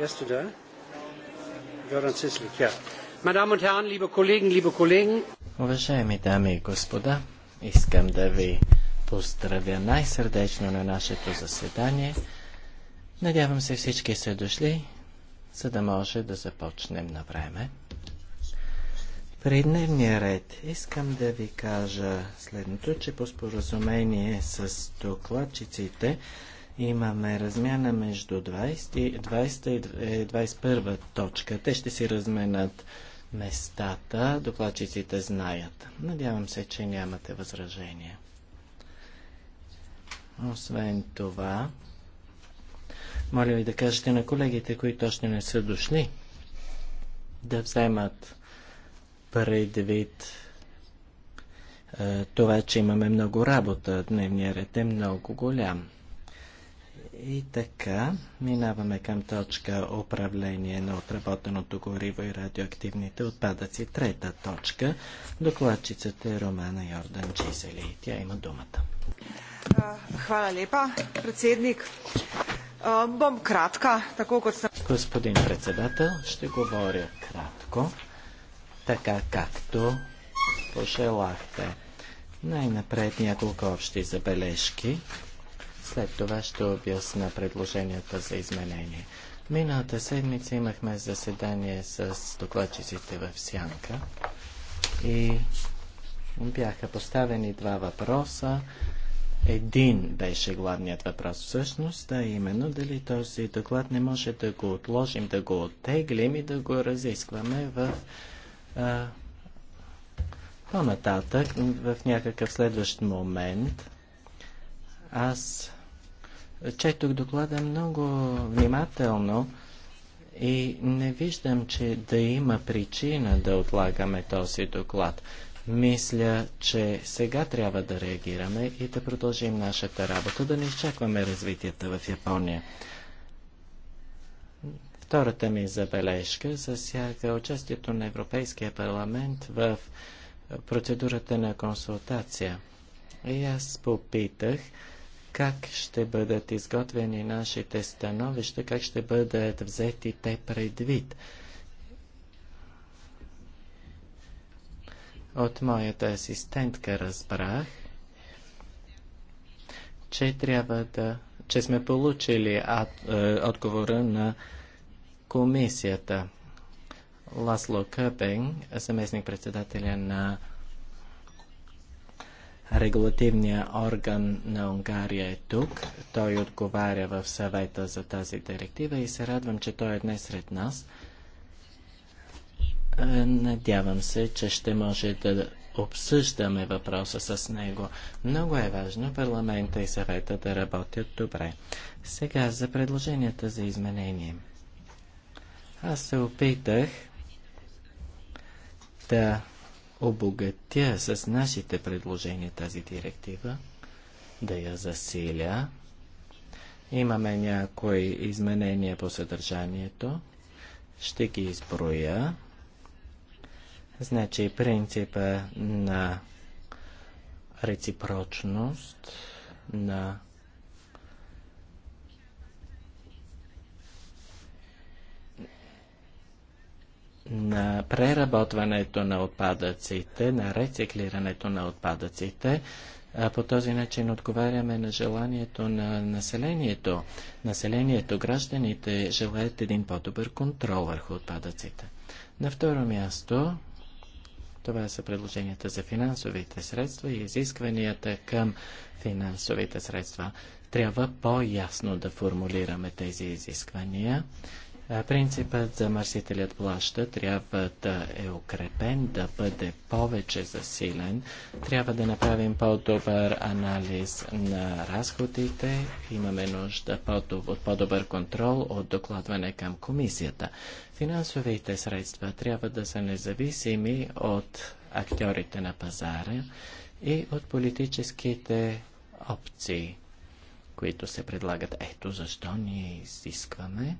erste da? Göran Zislik, ja. Meine Damen und Herren, liebe Kollegen, liebe Kollegen. Уважаеми дами и господа, искам да ви поздравя най-сърдечно на нашето заседание. Надявам се всички са дошли, за да може да започнем на време. При дневния ред искам да ви кажа следното, че по споразумение с докладчиците имаме размяна между 20, 20 и 21 е, точка. Те ще си разменят местата, докладчиците знаят. Надявам се, че нямате възражение. Освен това, моля ви да кажете на колегите, които още не са дошли, да вземат предвид е, това, че имаме много работа. Дневният ред е много голям. И така, минаваме към точка управление на отработеното гориво и радиоактивните отпадъци. Трета точка. Докладчицата е Романа Йордан Чизели. Тя има думата. Хвала лепа, председник. Бом кратка, тако като съм... Господин председател, ще говоря кратко, така както пожелахте. Най-напред няколко общи забележки след това ще обясна предложенията за изменение. Миналата седмица имахме заседание с докладчиците в Сянка и бяха поставени два въпроса. Един беше главният въпрос всъщност, а именно дали този доклад не може да го отложим, да го оттеглим и да го разискваме в а, по-нататък, в някакъв следващ момент, аз четох доклада много внимателно и не виждам, че да има причина да отлагаме този доклад. Мисля, че сега трябва да реагираме и да продължим нашата работа, да не изчакваме развитията в Япония. Втората ми забележка засяга участието на Европейския парламент в процедурата на консултация. И аз попитах как ще бъдат изготвени нашите становища, как ще бъдат взети те предвид. От моята асистентка разбрах, че трябва да, че сме получили от, е, отговора на комисията. Ласло Къпен, съместник председателя на Регулативният орган на Унгария е тук. Той отговаря в съвета за тази директива и се радвам, че той е днес сред нас. Е, надявам се, че ще може да обсъждаме въпроса с него. Много е важно парламента и съвета да работят добре. Сега за предложенията за изменение. Аз се опитах да обогатя с нашите предложения тази директива, да я засиля. Имаме някои изменения по съдържанието. Ще ги изброя. Значи принципа на реципрочност, на на преработването на отпадъците, на рециклирането на отпадъците. По този начин отговаряме на желанието на населението. Населението, гражданите желаят един по-добър контрол върху отпадъците. На второ място, това са предложенията за финансовите средства и изискванията към финансовите средства. Трябва по-ясно да формулираме тези изисквания. Принципът замърсителят плаща трябва да е укрепен, да бъде повече засилен. Трябва да направим по-добър анализ на разходите. Имаме нужда от по-добър контрол от докладване към комисията. Финансовите средства трябва да са независими от актьорите на пазара и от политическите опции, които се предлагат. Ето защо ние изискваме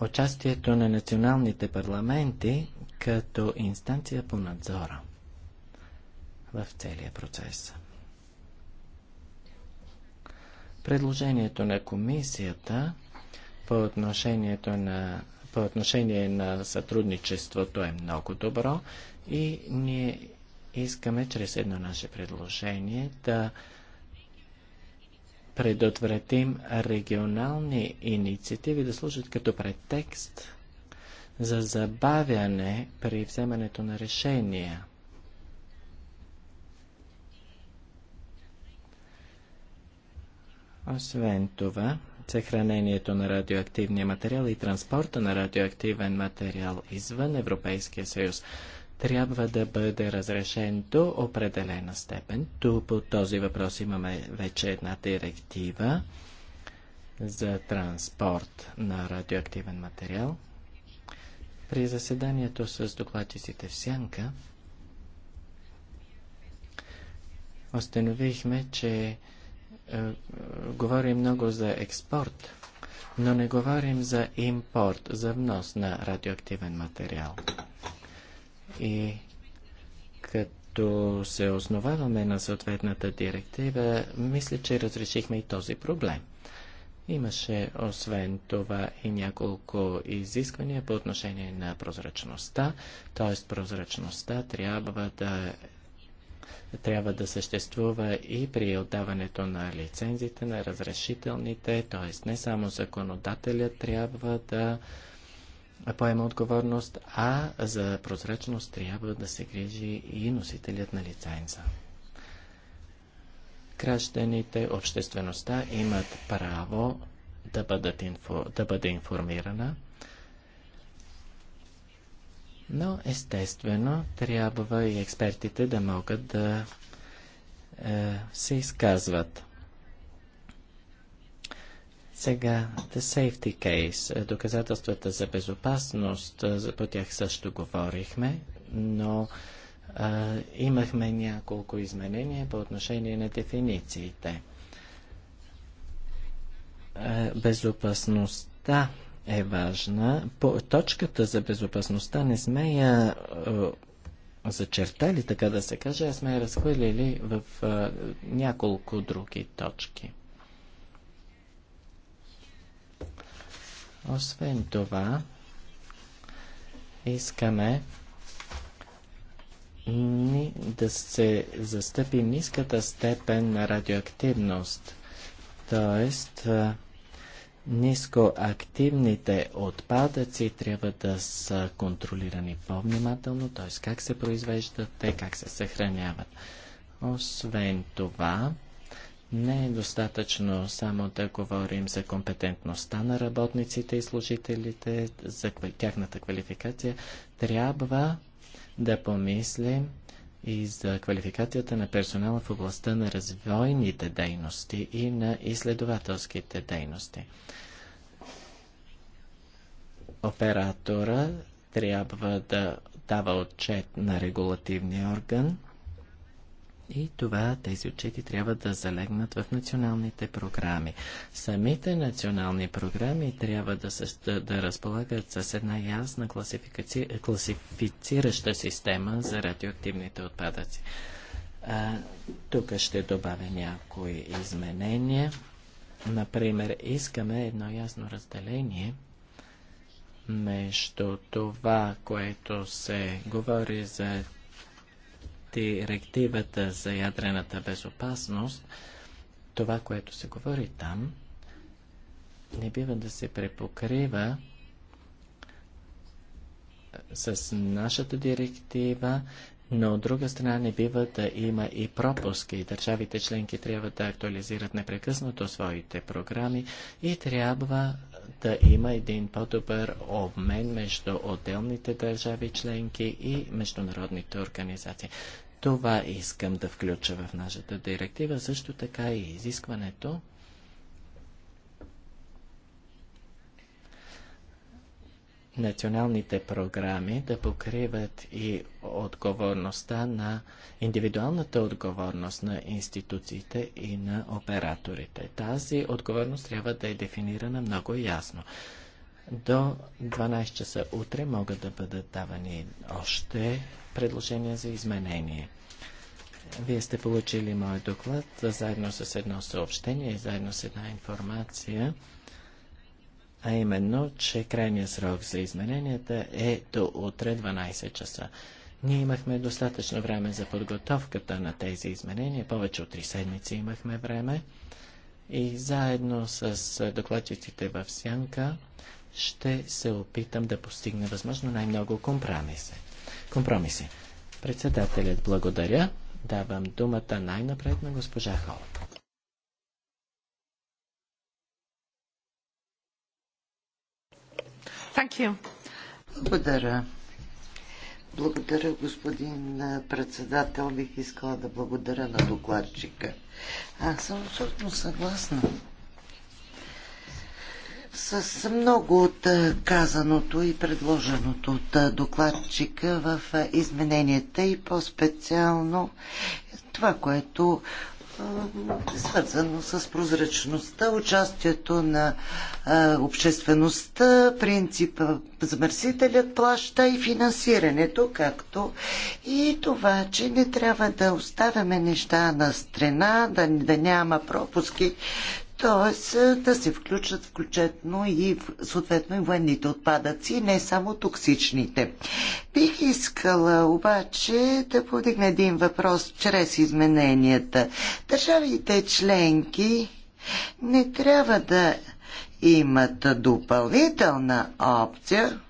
участието на националните парламенти като инстанция по надзора в целия процес. Предложението на комисията по, отношението на, по отношение на сътрудничеството е много добро и ние искаме чрез едно наше предложение да предотвратим регионални инициативи да служат като претекст за забавяне при вземането на решения. Освен това, съхранението на радиоактивния материал и транспорта на радиоактивен материал извън Европейския съюз трябва да бъде разрешен до определена степен. Ту по този въпрос имаме вече една директива за транспорт на радиоактивен материал. При заседанието с докладчиците в Сянка установихме, че е, говорим много за експорт, но не говорим за импорт, за внос на радиоактивен материал. И като се основаваме на съответната директива, мисля, че разрешихме и този проблем. Имаше освен това и няколко изисквания по отношение на прозрачността, т.е. прозрачността трябва да трябва да съществува и при отдаването на лицензите, на разрешителните, т.е. не само законодателят трябва да поема отговорност, а за прозрачност трябва да се грижи и носителят на лиценза. Гражданите, обществеността имат право да, бъдат инфо, да бъде информирана, но естествено трябва и експертите да могат да е, се изказват. Сега, the safety case, доказателствата за безопасност, по тях също говорихме, но а, имахме няколко изменения по отношение на дефинициите. А, безопасността е важна. По точката за безопасността не сме я а, зачертали, така да се каже, а сме я разхвърлили в а, няколко други точки. Освен това, искаме ни да се застъпи ниската степен на радиоактивност, т.е. нискоактивните отпадъци трябва да са контролирани по-внимателно, т.е. как се произвеждат те, как се съхраняват. Освен това, не е достатъчно само да говорим за компетентността на работниците и служителите, за тяхната квалификация. Трябва да помислим и за квалификацията на персонала в областта на развойните дейности и на изследователските дейности. Оператора трябва да дава отчет на регулативния орган – и това, тези отчети трябва да залегнат в националните програми. Самите национални програми трябва да, се, да разполагат с една ясна класифици, класифицираща система за радиоактивните отпадъци. А, тук ще добавя някои изменения. Например, искаме едно ясно разделение между това, което се говори за директивата за ядрената безопасност, това, което се говори там, не бива да се препокрива с нашата директива, но от друга страна не бива да има и пропуски. Държавите членки трябва да актуализират непрекъснато своите програми и трябва да има един по-добър обмен между отделните държави членки и международните организации. Това искам да включа в нашата директива, също така и изискването националните програми да покриват и отговорността на индивидуалната отговорност на институциите и на операторите. Тази отговорност трябва да е дефинирана много ясно. До 12 часа утре могат да бъдат давани още предложения за изменение. Вие сте получили моят доклад заедно с едно съобщение, и заедно с една информация а именно, че крайният срок за измененията е до утре 12 часа. Ние имахме достатъчно време за подготовката на тези изменения, повече от 3 седмици имахме време и заедно с докладчиците в Сянка ще се опитам да постигне възможно най-много компромиси. компромиси. Председателят благодаря. Давам думата най-напред на госпожа Холт. Благодаря. Благодаря, господин председател. Бих искала да благодаря на докладчика. Аз съм абсолютно съгласна с много от казаното и предложеното от докладчика в измененията и по-специално това, което свързано с прозрачността, участието на обществеността, принципа замърсителят плаща и финансирането, както и това, че не трябва да оставяме неща на страна, да, да няма пропуски. Тоест е, да се включат включително и съответно и военните отпадъци, не само токсичните. Бих искала обаче да подигна един въпрос чрез измененията. Държавите членки не трябва да имат допълнителна опция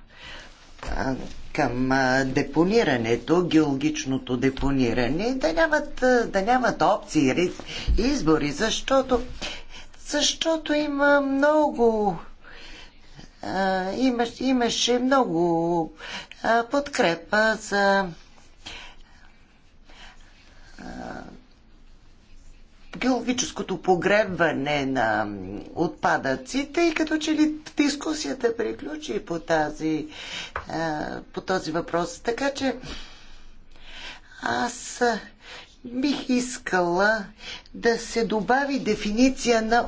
към депонирането, геологичното депониране, да нямат, да нямат опции и избори, защото защото има много имаш, имаше много подкрепа за геологическото погребване на отпадъците и като че ли дискусията приключи по, тази, по този въпрос. Така че аз бих искала да се добави дефиниция на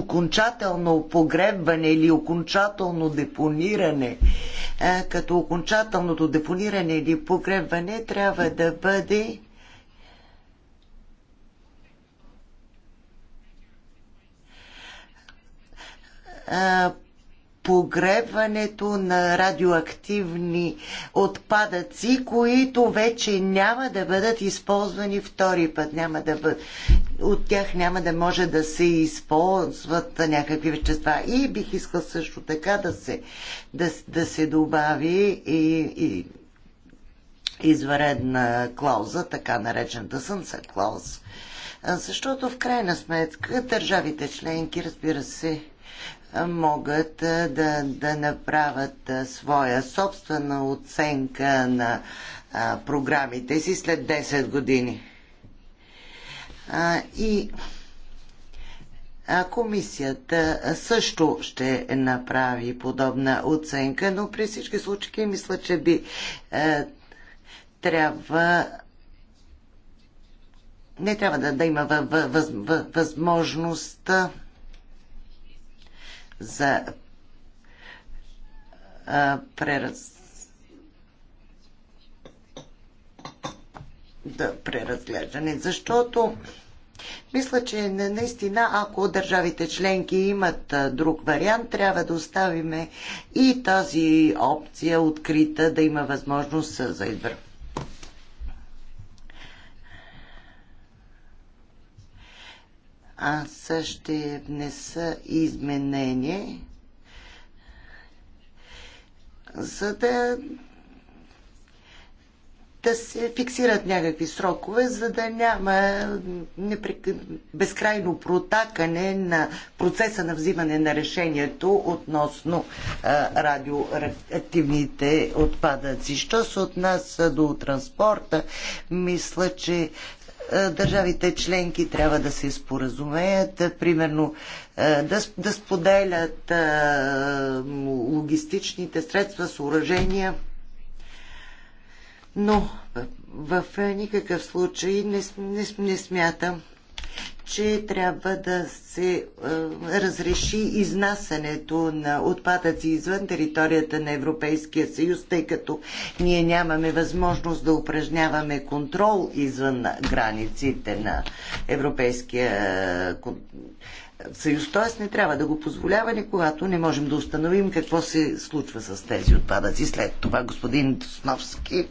окончателно погребване или окончателно депониране. Е, като окончателното депониране или погребване трябва да бъде погребването на радиоактивни отпадъци, които вече няма да бъдат използвани втори път. Няма да бъд... От тях няма да може да се използват някакви вещества. И бих искал също така да се, да, да се добави и, и изваредна клауза, така наречената Сънце клауз. Защото в крайна сметка държавите членки, разбира се, могат да, да направят своя собствена оценка на програмите си след 10 години. И Комисията също ще направи подобна оценка, но при всички случаи мисля, че би трябва не трябва да, да има въз, въз, възможността за прераз... да, преразглеждане, защото мисля, че наистина, ако държавите членки имат друг вариант, трябва да оставиме и тази опция открита, да има възможност за избор. Аз ще внеса изменение, за да да се фиксират някакви срокове, за да няма непрек... безкрайно протакане на процеса на взимане на решението относно а, радиоактивните отпадъци. Що се отнася до транспорта, мисля, че е, държавите членки трябва да се споразумеят, е, примерно е, да, да споделят логистичните средства, съоръжения, но в никакъв случай не, не, не смятам, че трябва да се е, разреши изнасянето на отпадъци извън територията на Европейския съюз, тъй като ние нямаме възможност да упражняваме контрол извън границите на Европейския е, съюз. Т.е. не трябва да го позволяваме, когато не можем да установим какво се случва с тези отпадъци. След това господин Досновски.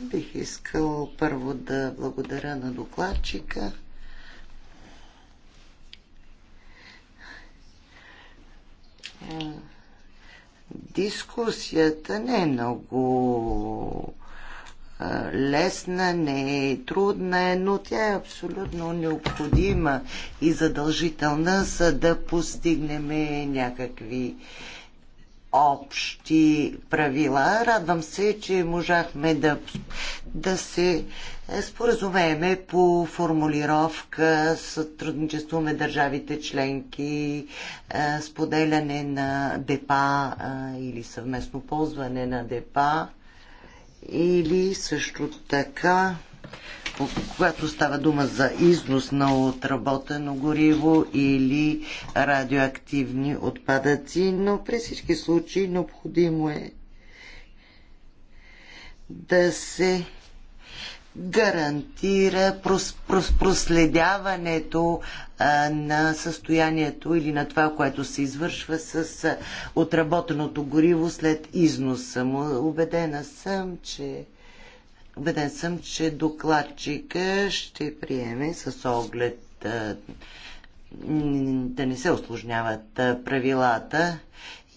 Бих искал първо да благодаря на докладчика. Дискусията не е много лесна, не е трудна, но тя е абсолютно необходима и задължителна, за да постигнем някакви общи правила. Радвам се, че можахме да, да се споразумееме по формулировка, сътрудничество на държавите членки, е, споделяне на депа е, или съвместно ползване на депа или също така когато става дума за износ на отработено гориво или радиоактивни отпадъци, но при всички случаи необходимо е да се гарантира прос, прос, проследяването а, на състоянието или на това, което се извършва с а, отработеното гориво след износа му. Убедена съм, че Убеден съм, че докладчика ще приеме с оглед да не се осложняват правилата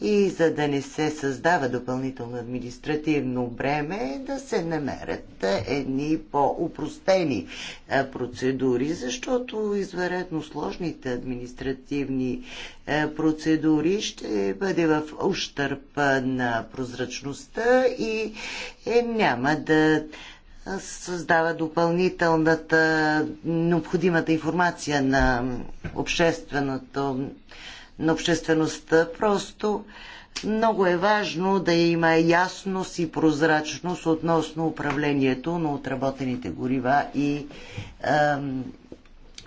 и за да не се създава допълнително административно бреме, да се намерят едни по-упростени процедури, защото извънредно сложните административни процедури ще бъде в ущърп на прозрачността и е, няма да създава допълнителната необходимата информация на общественото на обществеността. Просто много е важно да има ясност и прозрачност относно управлението на отработените горива и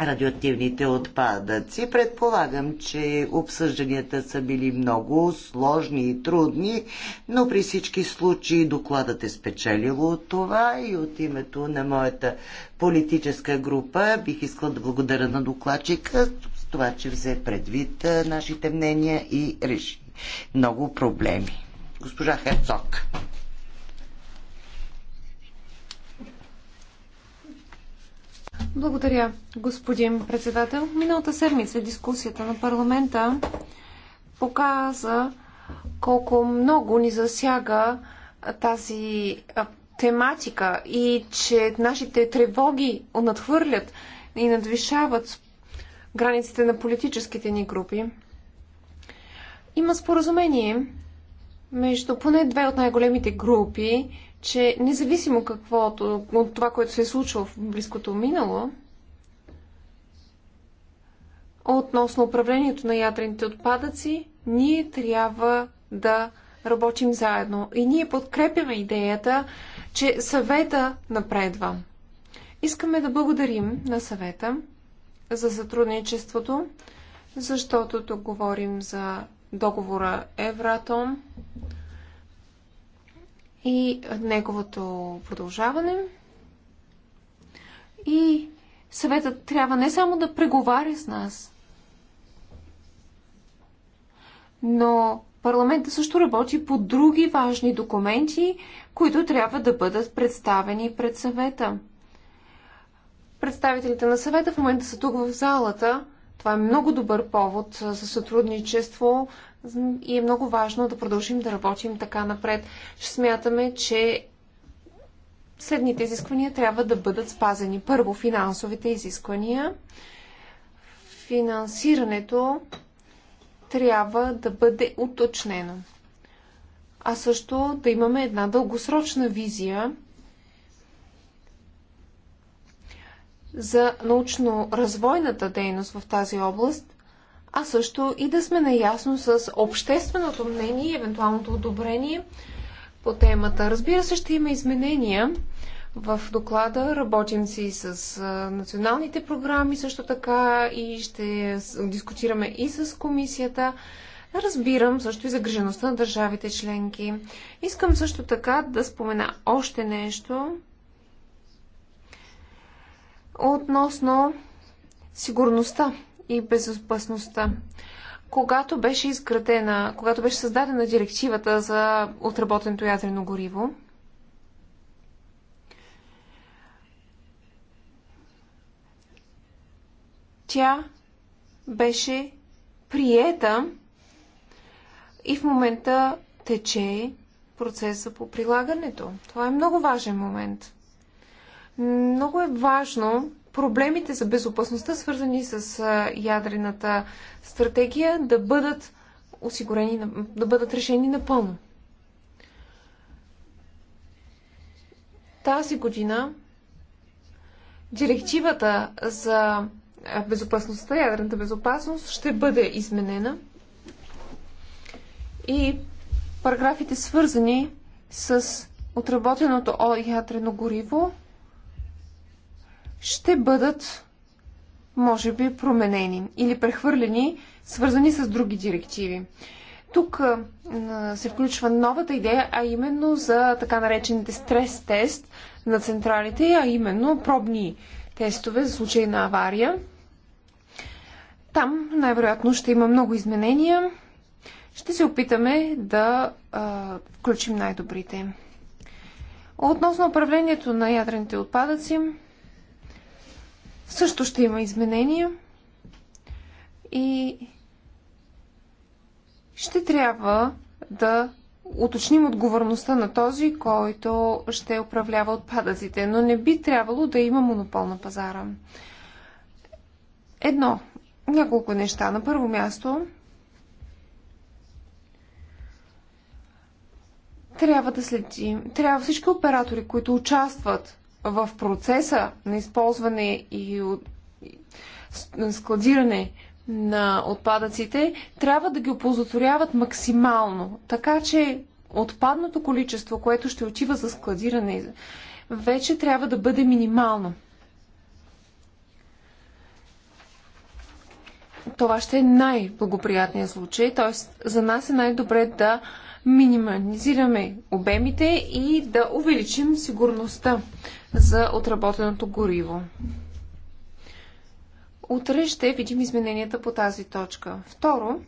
радиоактивните отпадъци. Предполагам, че обсъжданията са били много сложни и трудни, но при всички случаи докладът е спечелил от това и от името на моята политическа група бих искал да благодаря на докладчика с това, че взе предвид нашите мнения и реши много проблеми. Госпожа Херцог. Благодаря, господин председател. Миналата седмица дискусията на парламента показа колко много ни засяга тази тематика и че нашите тревоги надхвърлят и надвишават границите на политическите ни групи. Има споразумение между поне две от най-големите групи че независимо каквото от това, което се е случило в близкото минало, относно управлението на ядрените отпадъци, ние трябва да работим заедно. И ние подкрепяме идеята, че съвета напредва. Искаме да благодарим на съвета за сътрудничеството, защото тук говорим за договора Евратом, и неговото продължаване. И съветът трябва не само да преговаря с нас, но парламентът също работи по други важни документи, които трябва да бъдат представени пред съвета. Представителите на съвета в момента са тук в залата това е много добър повод за сътрудничество и е много важно да продължим да работим така напред. Ще смятаме, че следните изисквания трябва да бъдат спазени. Първо, финансовите изисквания. Финансирането трябва да бъде уточнено. А също да имаме една дългосрочна визия за научно-развойната дейност в тази област, а също и да сме наясно с общественото мнение и евентуалното одобрение по темата. Разбира се, ще има изменения в доклада. Работим си с националните програми, също така и ще дискутираме и с комисията. Разбирам също и загрижеността на държавите членки. Искам също така да спомена още нещо, относно сигурността и безопасността. Когато беше изградена, когато беше създадена директивата за отработеното ядрено гориво, тя беше приета и в момента тече процеса по прилагането. Това е много важен момент. Много е важно проблемите за безопасността, свързани с ядрената стратегия, да бъдат осигурени, да бъдат решени напълно. Тази година директивата за безопасността, ядрената безопасност ще бъде изменена и параграфите свързани с отработеното ядрено гориво ще бъдат, може би, променени или прехвърлени, свързани с други директиви. Тук се включва новата идея, а именно за така наречените стрес-тест на централите, а именно пробни тестове за случай на авария. Там най-вероятно ще има много изменения. Ще се опитаме да а, включим най-добрите. Относно управлението на ядрените отпадъци, също ще има изменения и ще трябва да уточним отговорността на този, който ще управлява отпадъците, но не би трябвало да има монопол на пазара. Едно, няколко неща. На първо място, трябва да следим, трябва всички оператори, които участват в процеса на използване и складиране на отпадъците, трябва да ги оползотворяват максимално. Така че отпадното количество, което ще отива за складиране, вече трябва да бъде минимално. Това ще е най-благоприятният случай, т.е. за нас е най-добре да минимализираме обемите и да увеличим сигурността за отработеното гориво. Утре ще видим измененията по тази точка. Второ,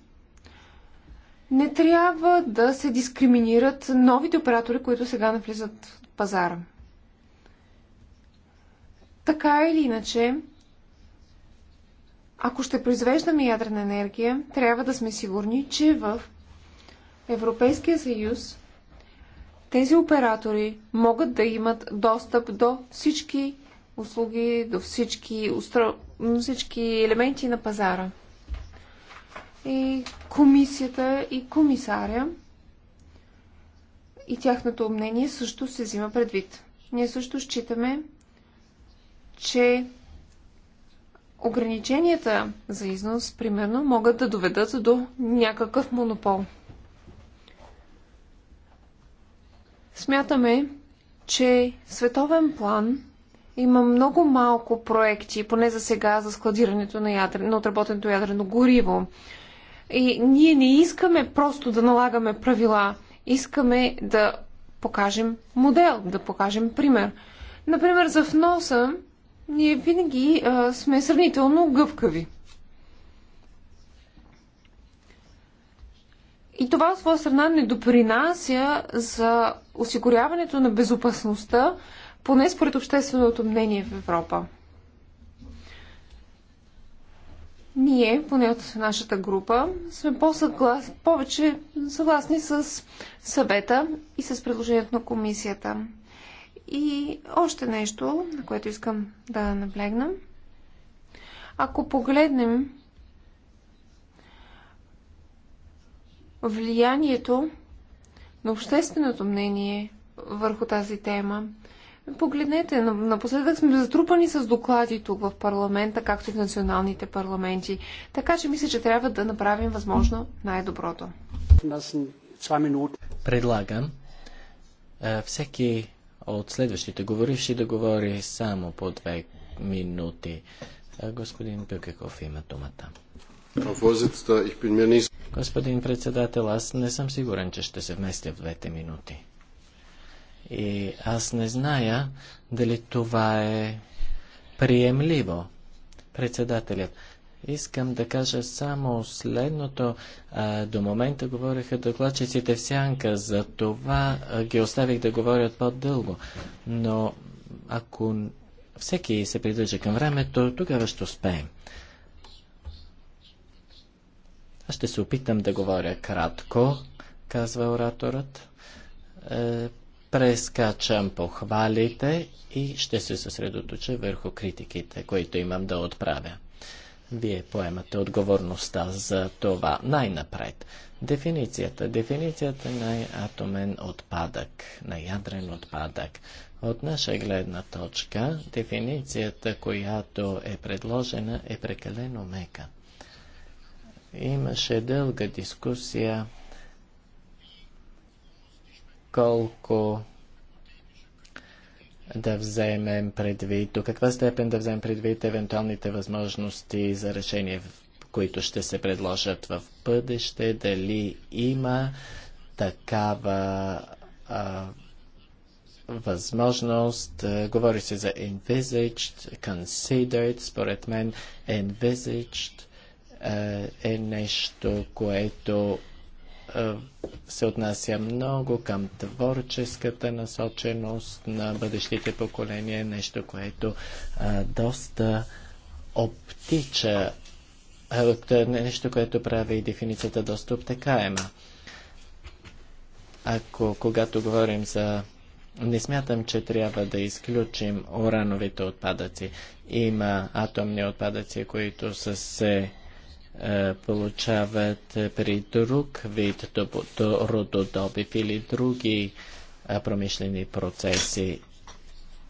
не трябва да се дискриминират новите оператори, които сега навлизат в пазара. Така или иначе, ако ще произвеждаме ядрена енергия, трябва да сме сигурни, че в Европейския съюз тези оператори могат да имат достъп до всички услуги, до всички, устро... всички елементи на пазара. И комисията и комисаря и тяхното мнение също се взима предвид. Ние също считаме, че ограниченията за износ, примерно, могат да доведат до някакъв монопол. Смятаме, че в световен план има много малко проекти, поне за сега, за складирането на, ядр... на отработеното ядрено гориво. И ние не искаме просто да налагаме правила, искаме да покажем модел, да покажем пример. Например, за вноса ние винаги а, сме сравнително гъвкави. И това от своя страна не допринася за осигуряването на безопасността, поне според общественото мнение в Европа. Ние, поне от нашата група, сме по-съглас... повече съгласни с съвета и с предложението на комисията. И още нещо, на което искам да наблегна. Ако погледнем влиянието на общественото мнение върху тази тема. Погледнете, напоследък сме затрупани с доклади тук в парламента, както и в националните парламенти. Така че мисля, че трябва да направим възможно най-доброто. Предлагам всеки от следващите говоривши да говори само по две минути. Господин Бюкеков има думата. Господин председател, аз не съм сигурен, че ще се вместя в двете минути. И аз не зная дали това е приемливо. Председателят, искам да кажа само следното. А, до момента говориха докладчиците в сянка, за това ги оставих да говорят по-дълго. Но ако всеки се придържа към времето, тогава ще успеем. Аз ще се опитам да говоря кратко, казва ораторът. Е, прескачам похвалите и ще се съсредоточа върху критиките, които имам да отправя. Вие поемате отговорността за това най-напред. Дефиницията. Дефиницията на атомен отпадък, на ядрен отпадък. От наша гледна точка, дефиницията, която е предложена, е прекалено мека. Имаше дълга дискусия колко да вземем предвид, до каква степен да вземем предвид евентуалните възможности за решение, които ще се предложат в бъдеще, дали има такава а, възможност. Говори се за envisaged, considered, според мен envisaged е, е нещо, което е, се отнася много към творческата насоченост на бъдещите поколения, нещо, което а, е, доста обтича, а, нещо, което прави и дефиницията доста обтекаема. Ако, когато говорим за... Не смятам, че трябва да изключим урановите отпадъци. Има атомни отпадъци, които са се е, получават е, при друг вид рододобив или други е, промишлени процеси.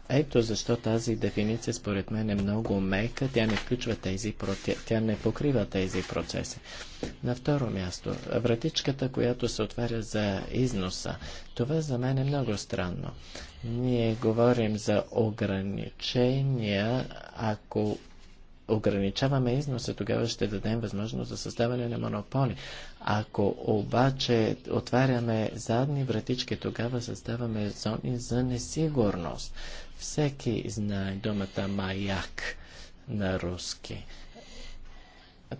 Ето защо тази дефиниция според мен е много мека. Тя не включва тези, тя не покрива тези процеси. На второ място, вратичката, която се отваря за износа. Това за мен е много странно. Ние говорим за ограничения, ако ограничаваме износа, тогава ще дадем възможност за създаване на монополи. Ако обаче отваряме задни вратички, тогава създаваме зони за несигурност. Всеки знае думата маяк на руски.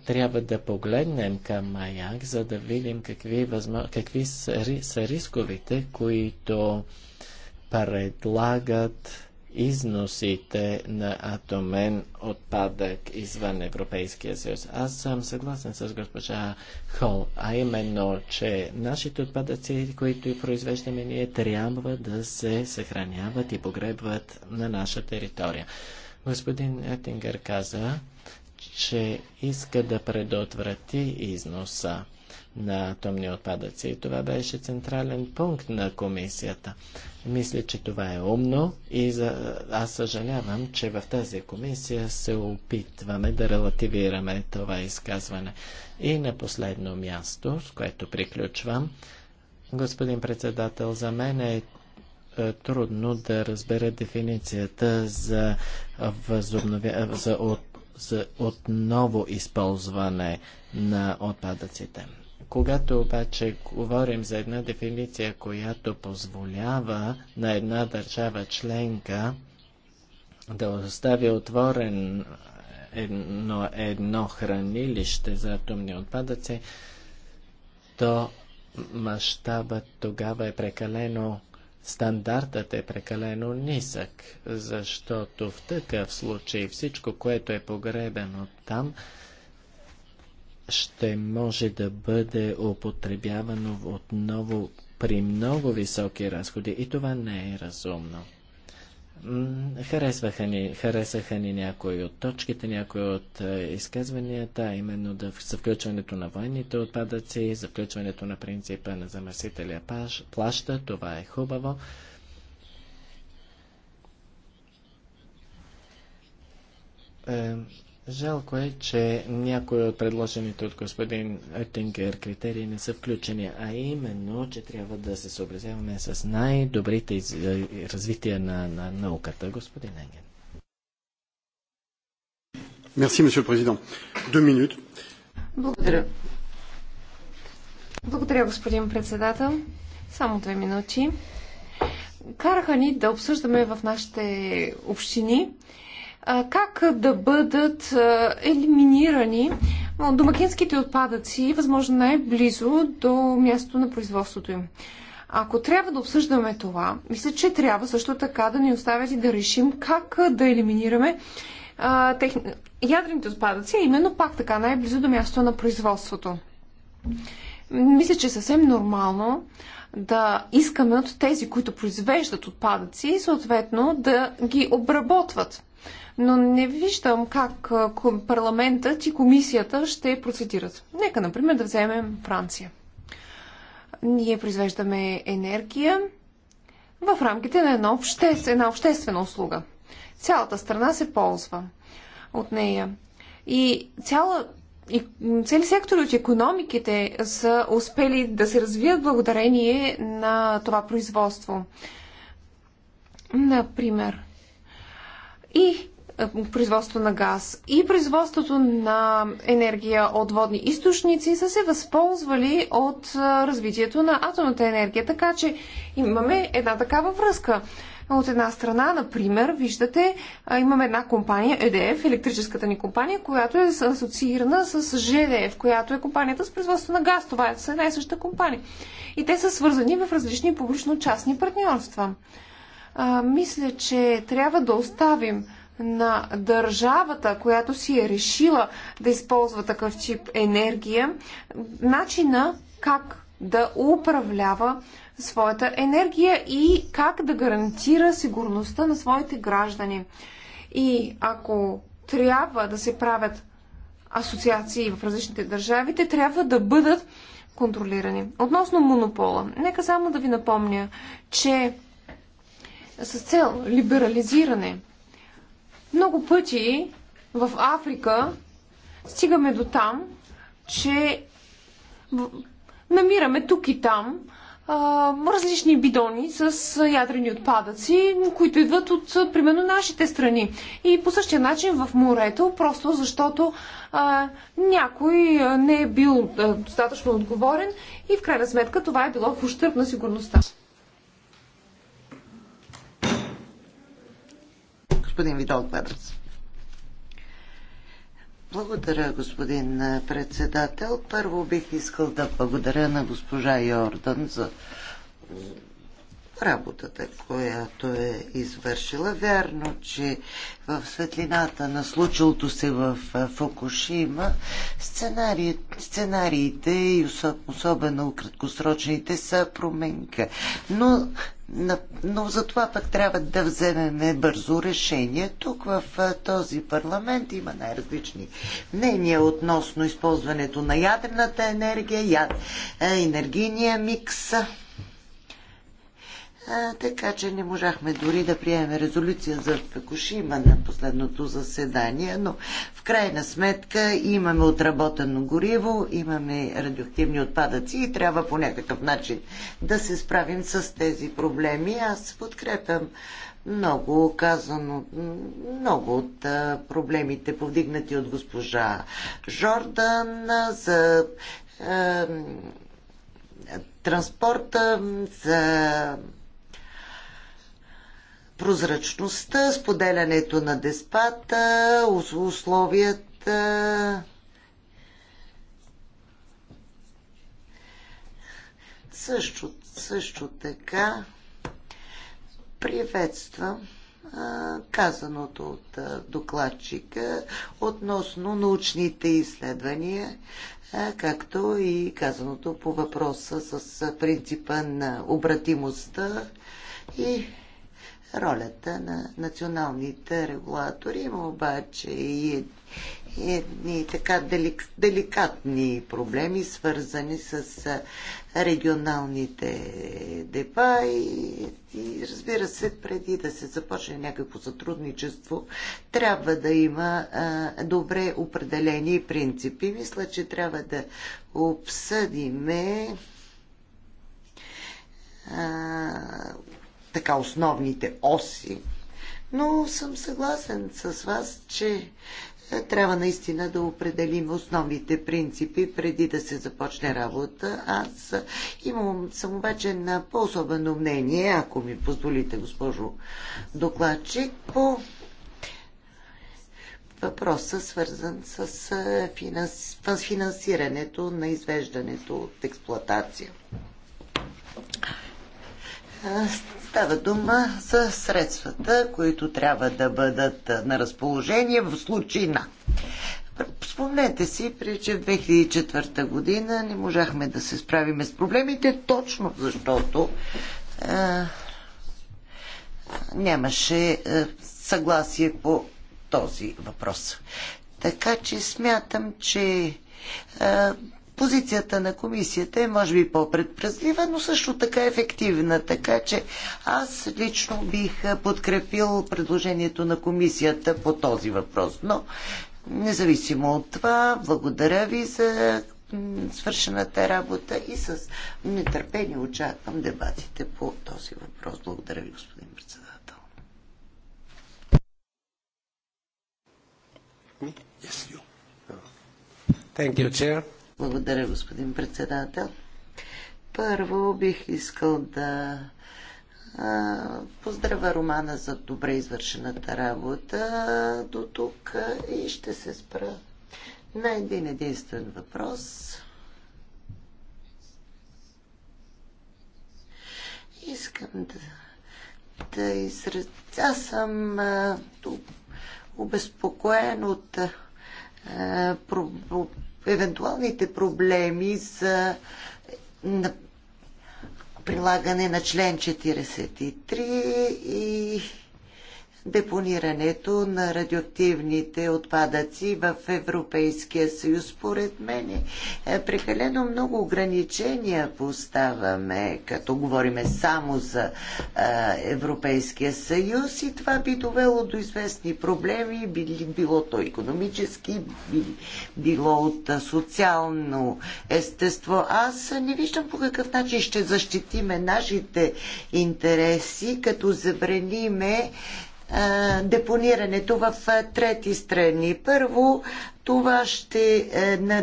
Трябва да погледнем към маяк, за да видим какви, възмо... какви са рисковите, които предлагат износите на атомен отпадък извън Европейския съюз. Аз съм съгласен с госпожа Хол, а именно, че нашите отпадъци, които и произвеждаме ние, трябва да се съхраняват и погребват на наша територия. Господин Етингър каза, че иска да предотврати износа на атомни отпадъци. И това беше централен пункт на комисията. Мисля, че това е умно и за... аз съжалявам, че в тази комисия се опитваме да релативираме това изказване. И на последно място, с което приключвам, господин председател, за мен е, е трудно да разбера дефиницията за, възобновя... за, от... за отново използване на отпадъците. Когато обаче говорим за една дефиниция, която позволява на една държава членка да остави отворен едно, едно хранилище за атомни отпадъци, то мащабът тогава е прекалено, стандартът е прекалено нисък, защото в такъв случай всичко, което е погребено там, ще може да бъде употребявано отново при много високи разходи и това не е разумно. Харесваха ни, харесаха ни някои от точките, някои от е, изказванията, именно да, за включването на военните отпадъци, за включването на принципа на замърсителя плаща. Това е хубаво. Е, Жалко е, че някои от предложените от господин Оттингер критерии не са включени, а именно, че трябва да се съобразяваме с най-добрите из... Е, развития на, на науката. Господин Енген. Мерси, месье президент. Две минути. Благодаря. Благодаря, господин председател. Само две минути. Караха ни да обсъждаме в нашите общини как да бъдат елиминирани домакинските отпадъци, възможно най-близо до мястото на производството им. Ако трябва да обсъждаме това, мисля, че трябва също така да ни оставят и да решим как да елиминираме ядрените отпадъци, а именно пак така най-близо до мястото на производството. Мисля, че е съвсем нормално да искаме от тези, които произвеждат отпадъци, съответно да ги обработват но не виждам как парламентът и комисията ще процедират. Нека, например, да вземем Франция. Ние произвеждаме енергия в рамките на една, обще... една обществена услуга. Цялата страна се ползва от нея. И цяла и цели сектори от економиките са успели да се развият благодарение на това производство. Например. И е, производство на газ и производството на енергия от водни източници са се възползвали от е, развитието на атомната енергия. Така че имаме една такава връзка. От една страна, например, виждате, е, имаме една компания, EDF, електрическата ни компания, която е асоциирана с ЖДФ, която е компанията с производство на газ. Това е една и съща компания. И те са свързани в различни публично-частни партньорства. А, мисля, че трябва да оставим на държавата, която си е решила да използва такъв тип енергия, начина как да управлява своята енергия и как да гарантира сигурността на своите граждани. И ако трябва да се правят асоциации в различните държави, те трябва да бъдат контролирани. Относно монопола, нека само да ви напомня, че с цел либерализиране много пъти в Африка стигаме до там, че намираме тук и там а, различни бидони с ядрени отпадъци, които идват от, примерно, нашите страни. И по същия начин в морето, просто защото а, някой не е бил а, достатъчно отговорен и в крайна сметка това е било в ущърп на сигурността. господин Видол Квадрас. Благодаря, господин председател. Първо бих искал да благодаря на госпожа Йордан за работата, която е извършила. Вярно, че в светлината на случилото се в Фукушима сценари... сценариите и особено краткосрочните са променка. Но но за това пък трябва да вземем бързо решение. Тук в този парламент има най-различни мнения относно използването на ядрената енергия, е, енергийния микс така че не можахме дори да приемем резолюция за Фекушима на последното заседание, но в крайна сметка имаме отработено гориво, имаме радиоактивни отпадъци и трябва по някакъв начин да се справим с тези проблеми. Аз подкрепям много казано, много от проблемите повдигнати от госпожа Жордан за транспорта, за прозрачността, споделянето на деспата, условията Също, също така приветствам казаното от докладчика относно научните изследвания, както и казаното по въпроса с принципа на обратимостта и ролята на националните регулатори. Има обаче и едни така делик, деликатни проблеми, свързани с регионалните депа и, и разбира се, преди да се започне някакво сътрудничество, трябва да има а, добре определени принципи. Мисля, че трябва да обсъдиме а, така основните оси. Но съм съгласен с вас, че е, трябва наистина да определим основните принципи преди да се започне работа. Аз е, имам, съм обаче на по-особено мнение, ако ми позволите, госпожо докладчик, по въпроса, свързан с е, финансирането на извеждането от експлоатация. Става дума за средствата, които трябва да бъдат на разположение в случай на. Спомнете си, преди че в 2004 година не можахме да се справиме с проблемите, точно защото а, нямаше а, съгласие по този въпрос. Така че смятам, че а, Позицията на комисията е може би по-предпразлива, но също така ефективна. Така че аз лично бих подкрепил предложението на комисията по този въпрос. Но независимо от това, благодаря ви за свършената работа и с нетърпение очаквам дебатите по този въпрос. Благодаря ви, господин председател. Thank you, Chair. Благодаря, господин председател. Първо бих искал да поздравя Романа за добре извършената работа до тук и ще се спра на един единствен въпрос. Искам да, да изразя. Аз съм а, обезпокоен от а, евентуалните проблеми за прилагане на член 43 и депонирането на радиоактивните отпадъци в Европейския съюз. Според мен е, е, прекалено много ограничения поставаме, като говориме само за е, Европейския съюз и това би довело до известни проблеми, било то економически, било от социално естество. Аз не виждам по какъв начин ще защитиме нашите интереси, като забраниме депонирането в трети страни. Първо, това ще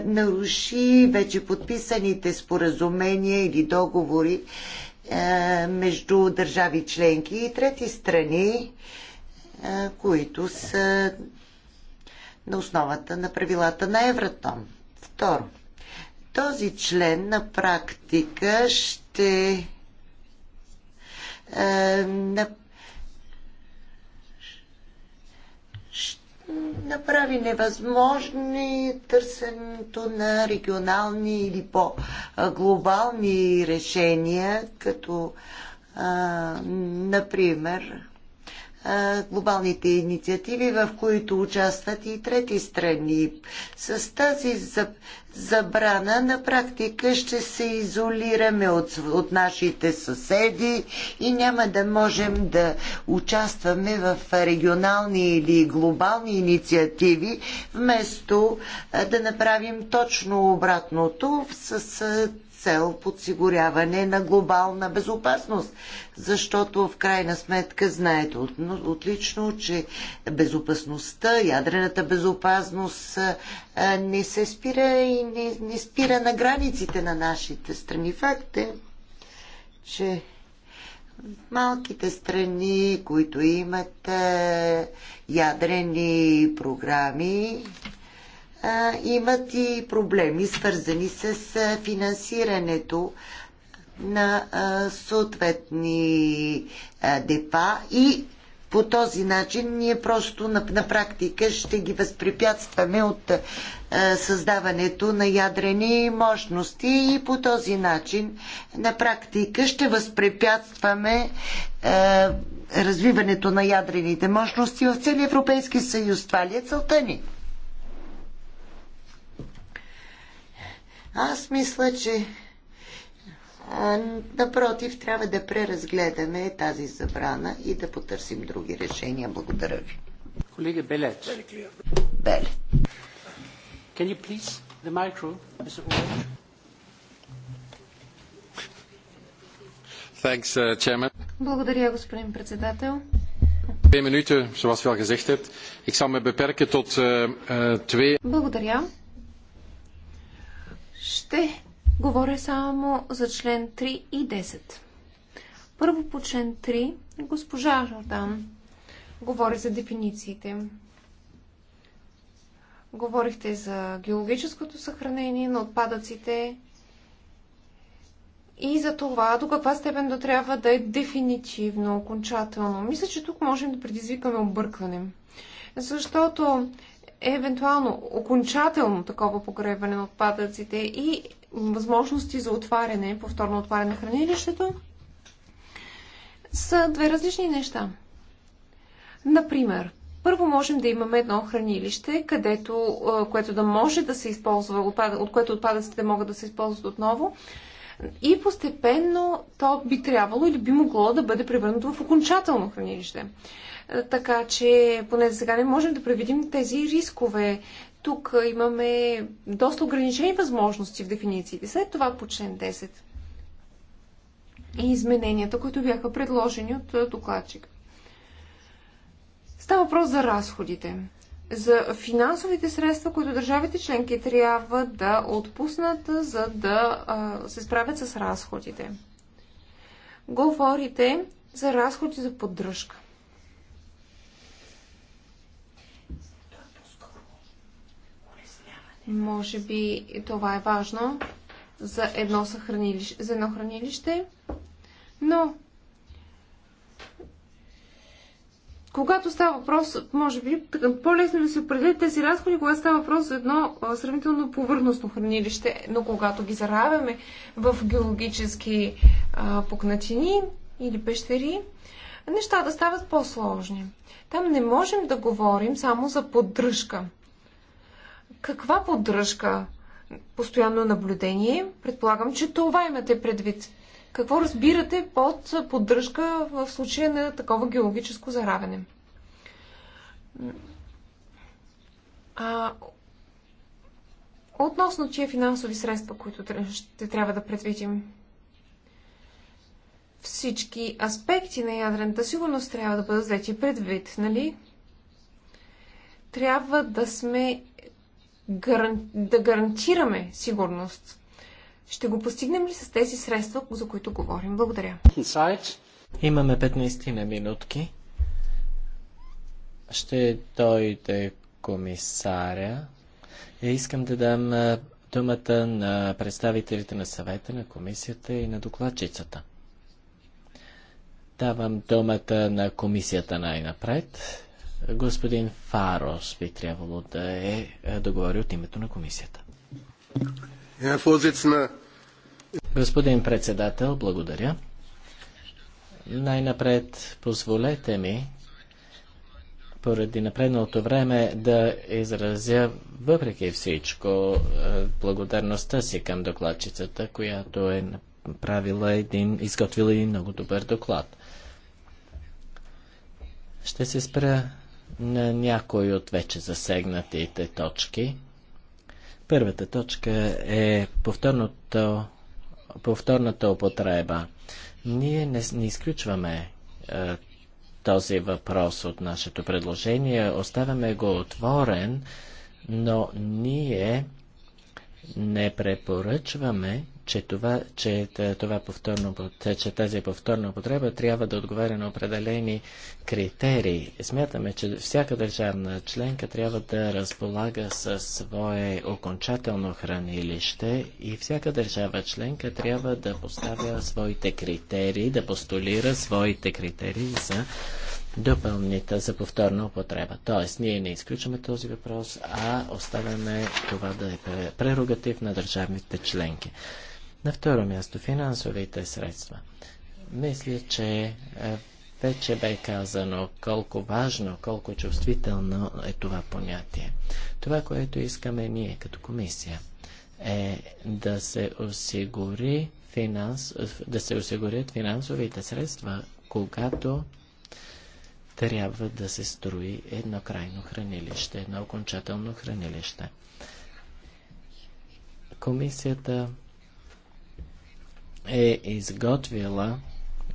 наруши вече подписаните споразумения или договори между държави членки и трети страни, които са на основата на правилата на Евратом. Второ, този член на практика ще на направи невъзможни търсенето на регионални или по-глобални решения, като, а, например, глобалните инициативи, в които участват и трети страни. С тази забрана на практика ще се изолираме от, от нашите съседи и няма да можем да участваме в регионални или глобални инициативи, вместо да направим точно обратното с цел подсигуряване на глобална безопасност. Защото в крайна сметка знаете отлично, че безопасността, ядрената безопасност не се спира и не, не спира на границите на нашите страни. Факт е, че малките страни, които имат ядрени програми, а, имат и проблеми, свързани с а, финансирането на а, съответни а, депа и по този начин ние просто на, на практика ще ги възпрепятстваме от а, създаването на ядрени мощности и по този начин на практика ще възпрепятстваме а, развиването на ядрените мощности в целия Европейски съюз. Това ли е целта ни? Аз мисля, че а, напротив, трябва да преразгледаме тази забрана и да потърсим други решения. Благодаря ви. Колега Белет. Белет. Can you please the micro, Mr. Orange? Thanks, uh, Chairman. Благодаря, господин председател. Twee minuten, zoals u al gezegd hebt. Ik zal me beperken tot uh, uh, twee. Благодаря. Ще говоря само за член 3 и 10. Първо по член 3 госпожа Жордан говори за дефинициите. Говорихте за геологическото съхранение на отпадъците и за това до каква степен да трябва да е дефинитивно, окончателно. Мисля, че тук можем да предизвикаме объркване. Защото евентуално окончателно такова погребане на отпадъците и възможности за отваряне, повторно отваряне на хранилището, са две различни неща. Например, първо можем да имаме едно хранилище, където, което да може да се използва, от което отпадъците могат да се използват отново. И постепенно то би трябвало или би могло да бъде превърнато в окончателно хранилище. Е, така че поне за сега не можем да предвидим тези рискове. Тук имаме доста ограничени възможности в дефинициите. След това по член 10 и измененията, които бяха предложени от е, докладчик. Става въпрос за разходите. За финансовите средства, които държавите членки трябва да отпуснат, за да а, се справят с разходите. Говорите за разходи за поддръжка. Може би това е важно за едно, съхранилище, за едно хранилище, но когато става въпрос, може би по-лесно да се определят тези разходи, когато става въпрос за едно сравнително повърхностно хранилище, но когато ги заравяме в геологически а, пукнатини или пещери, нещата стават по-сложни. Там не можем да говорим само за поддръжка. Каква поддръжка? Постоянно наблюдение? Предполагам, че това имате предвид. Какво разбирате под поддръжка в случая на такова геологическо заравяне? А, относно тия финансови средства, които ще трябва да предвидим, всички аспекти на ядрената сигурност трябва да бъдат взети предвид, нали? Трябва да сме да гарантираме сигурност. Ще го постигнем ли с тези средства, за които говорим? Благодаря. Имаме 15 на минутки. Ще дойде комисаря. Я е, искам да дам думата на представителите на съвета, на комисията и на докладчицата. Давам думата на комисията най-напред. Господин Фарос би трябвало да е, е договори от името на комисията. Господин председател, благодаря. Най-напред позволете ми поради напредналото време да изразя въпреки всичко е, благодарността си към докладчицата, която е направила един, изготвила един много добър доклад. Ще се спра на някои от вече засегнатите точки. Първата точка е повторното, повторната употреба. Ние не, не изключваме е, този въпрос от нашето предложение, оставяме го отворен, но ние не препоръчваме че това, че, това повторно, че тази повторна употреба трябва да отговаря на определени критерии. Смятаме, че всяка държавна членка трябва да разполага със свое окончателно хранилище и всяка държава членка трябва да поставя своите критерии, да постулира своите критерии за допълнита за повторна употреба. Тоест, ние не изключваме този въпрос, а оставяме това да е прерогатив на държавните членки. На второ място, финансовите средства. Мисля, че е, вече бе казано колко важно, колко чувствително е това понятие. Това, което искаме ние като комисия, е да се, осигури финанс, да се осигурят финансовите средства, когато трябва да се строи едно крайно хранилище, едно окончателно хранилище. Комисията е изготвила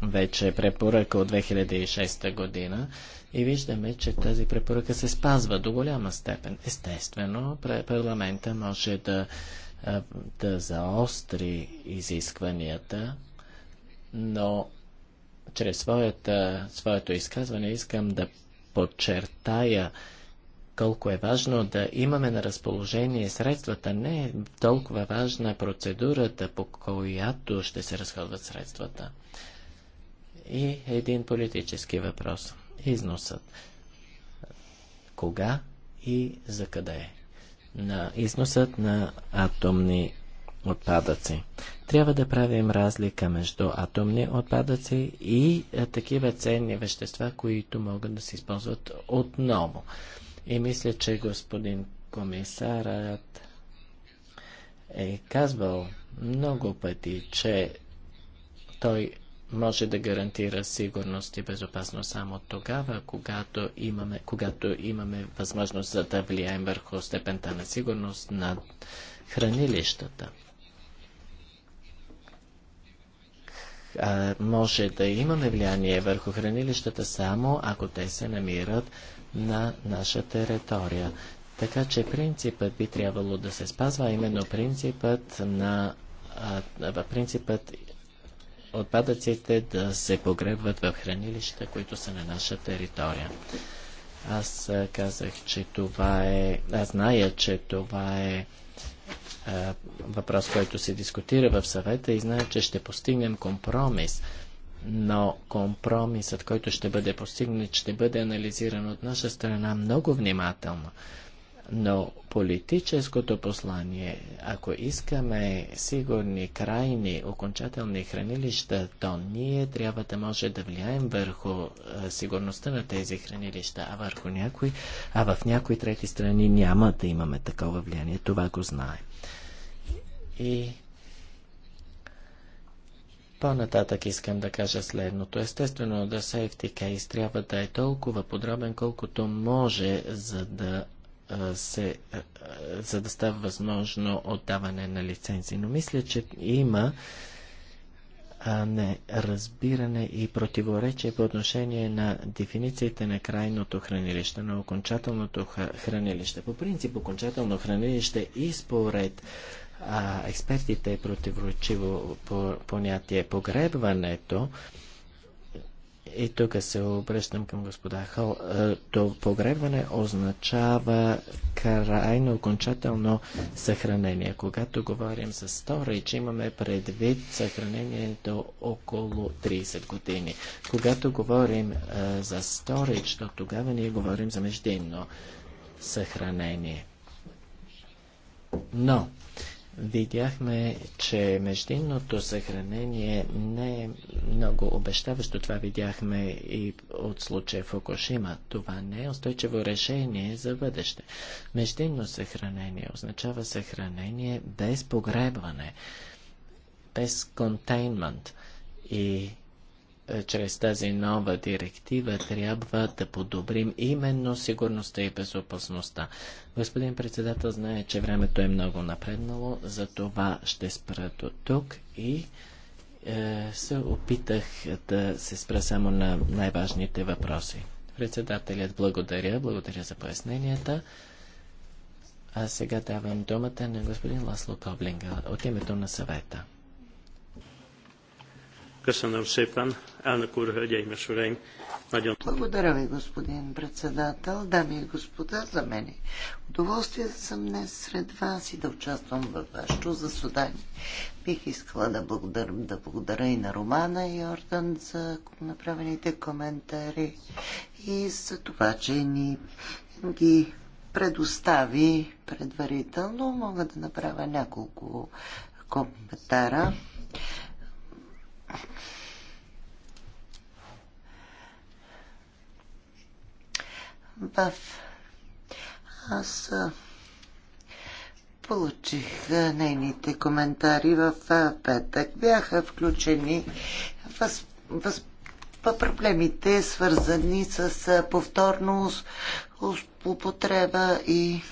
вече препоръка от 2006 година и виждаме, че тази препоръка се спазва до голяма степен. Естествено, парламента може да, да заостри изискванията, но чрез своята, своето изказване искам да подчертая колко е важно да имаме на разположение средствата. Не е толкова важна процедурата, по която ще се разходват средствата. И един политически въпрос. Износът. Кога и за къде е? На износът на атомни отпадъци. Трябва да правим разлика между атомни отпадъци и такива ценни вещества, които могат да се използват отново. И мисля, че господин комисарът е казвал много пъти, че той може да гарантира сигурност и безопасност само тогава, когато имаме, когато имаме възможност за да влияем върху степента на сигурност на хранилищата. А, може да имаме влияние върху хранилищата само ако те се намират на наша територия. Така че принципът би трябвало да се спазва, именно принципът на а, принципът отпадъците да се погребват в хранилища, които са на наша територия. Аз казах, че това е... Аз зная, че това е въпрос, който се дискутира в съвета и знае, че ще постигнем компромис но компромисът, който ще бъде постигнат, ще бъде анализиран от наша страна много внимателно. Но политическото послание, ако искаме сигурни, крайни, окончателни хранилища, то ние трябва да може да влияем върху сигурността на тези хранилища, а, върху някои, а в някои трети страни няма да имаме такова влияние. Това го знаем. И по-нататък искам да кажа следното. Естествено, да Safety Case трябва да е толкова подробен, колкото може, за да се, за да става възможно отдаване на лицензи. Но мисля, че има а не разбиране и противоречие по отношение на дефинициите на крайното хранилище, на окончателното хранилище. По принцип, окончателно хранилище и според а, експертите е противоречиво по, понятие погребването. И тук се обръщам към господа Хал, То погребване означава крайно окончателно съхранение. Когато говорим за сторич, имаме предвид съхранението около 30 години. Когато говорим а, за сторич, то тогава ние говорим за междинно съхранение. Но, видяхме, че междинното съхранение не е много обещаващо. Това видяхме и от случая Фукушима. Това не е устойчиво решение за бъдеще. Междинно съхранение означава съхранение без погребване, без контейнмент. И е, чрез тази нова директива трябва да подобрим именно сигурността и безопасността. Господин председател знае, че времето е много напреднало, за това ще спра до тук и е, се опитах да се спра само на най-важните въпроси. Председателят благодаря, благодаря за поясненията. А сега давам думата на господин Ласло Коблинга от името на съвета. Köszönöm szépen. Благодаря ви, господин председател. Дами и господа, за мен е удоволствие да съм днес сред вас и да участвам във вашето заседание. Бих искала да благодаря, да благодаря и на Романа и Ордан за направените коментари и за това, че ни ги предостави предварително. Мога да направя няколко коментара. В Аз получих нейните коментари в петък. Бяха включени въз, въз, проблемите, свързани с повторно употреба и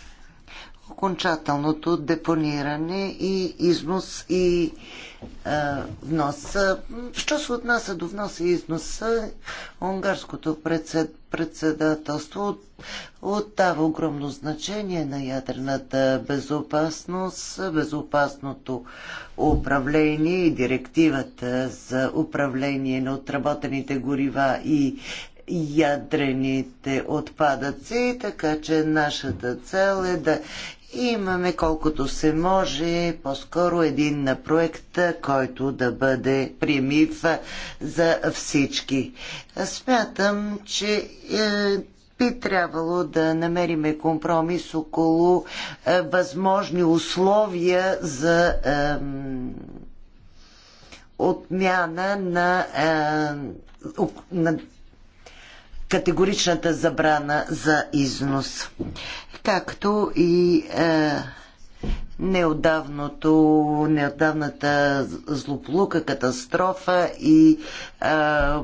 окончателното депониране и износ и а, внос. Що се отнася до внос и износ, унгарското председ, председателство от, отдава огромно значение на ядрената безопасност, безопасното управление и директивата за управление на отработените горива и ядрените отпадъци, така че нашата цел е да Имаме колкото се може по-скоро един проект, който да бъде примив за всички. Смятам, че е, би трябвало да намериме компромис около е, възможни условия за е, отмяна на, е, на категоричната забрана за износ, както и е, неодавното, неодавната злополука, катастрофа и е,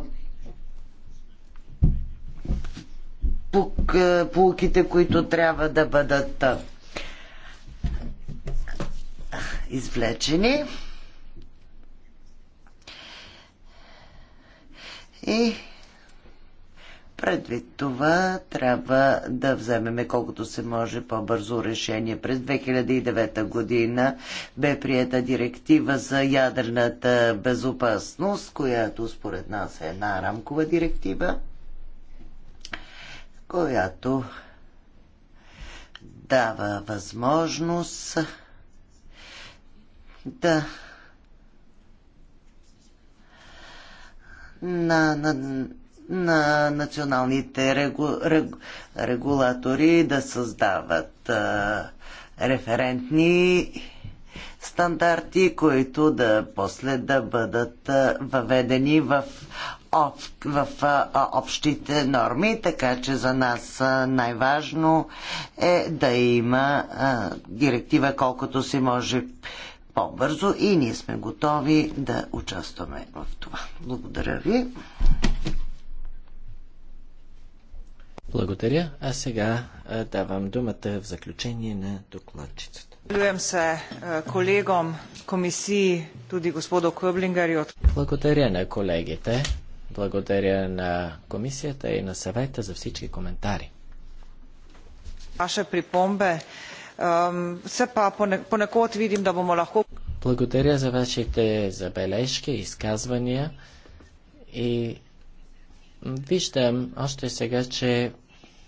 е които трябва да бъдат е, извлечени. И Предвид това, трябва да вземеме колкото се може по-бързо решение. През 2009 година бе приета директива за ядрената безопасност, която според нас е една рамкова директива, която дава възможност да на, на на националните регу, рег, регулатори да създават а, референтни стандарти, които да после да бъдат а, въведени в, об, в а, общите норми, така че за нас най-важно е да има а, директива колкото си може по-бързо и ние сме готови да участваме в това. Благодаря ви. Благодаря. А сега давам думата в заключение на докладчицата. Zahvaljujem se kolegom komisiji, tudi gospodu Köblingerju. Благодаря на колегите, благодаря на комисията и на съвета за всички коментари. Ваше припомбе. Все па понекот видим да бомо лахко. Благодаря за вашите забележки, изказвания и виждам още сега, че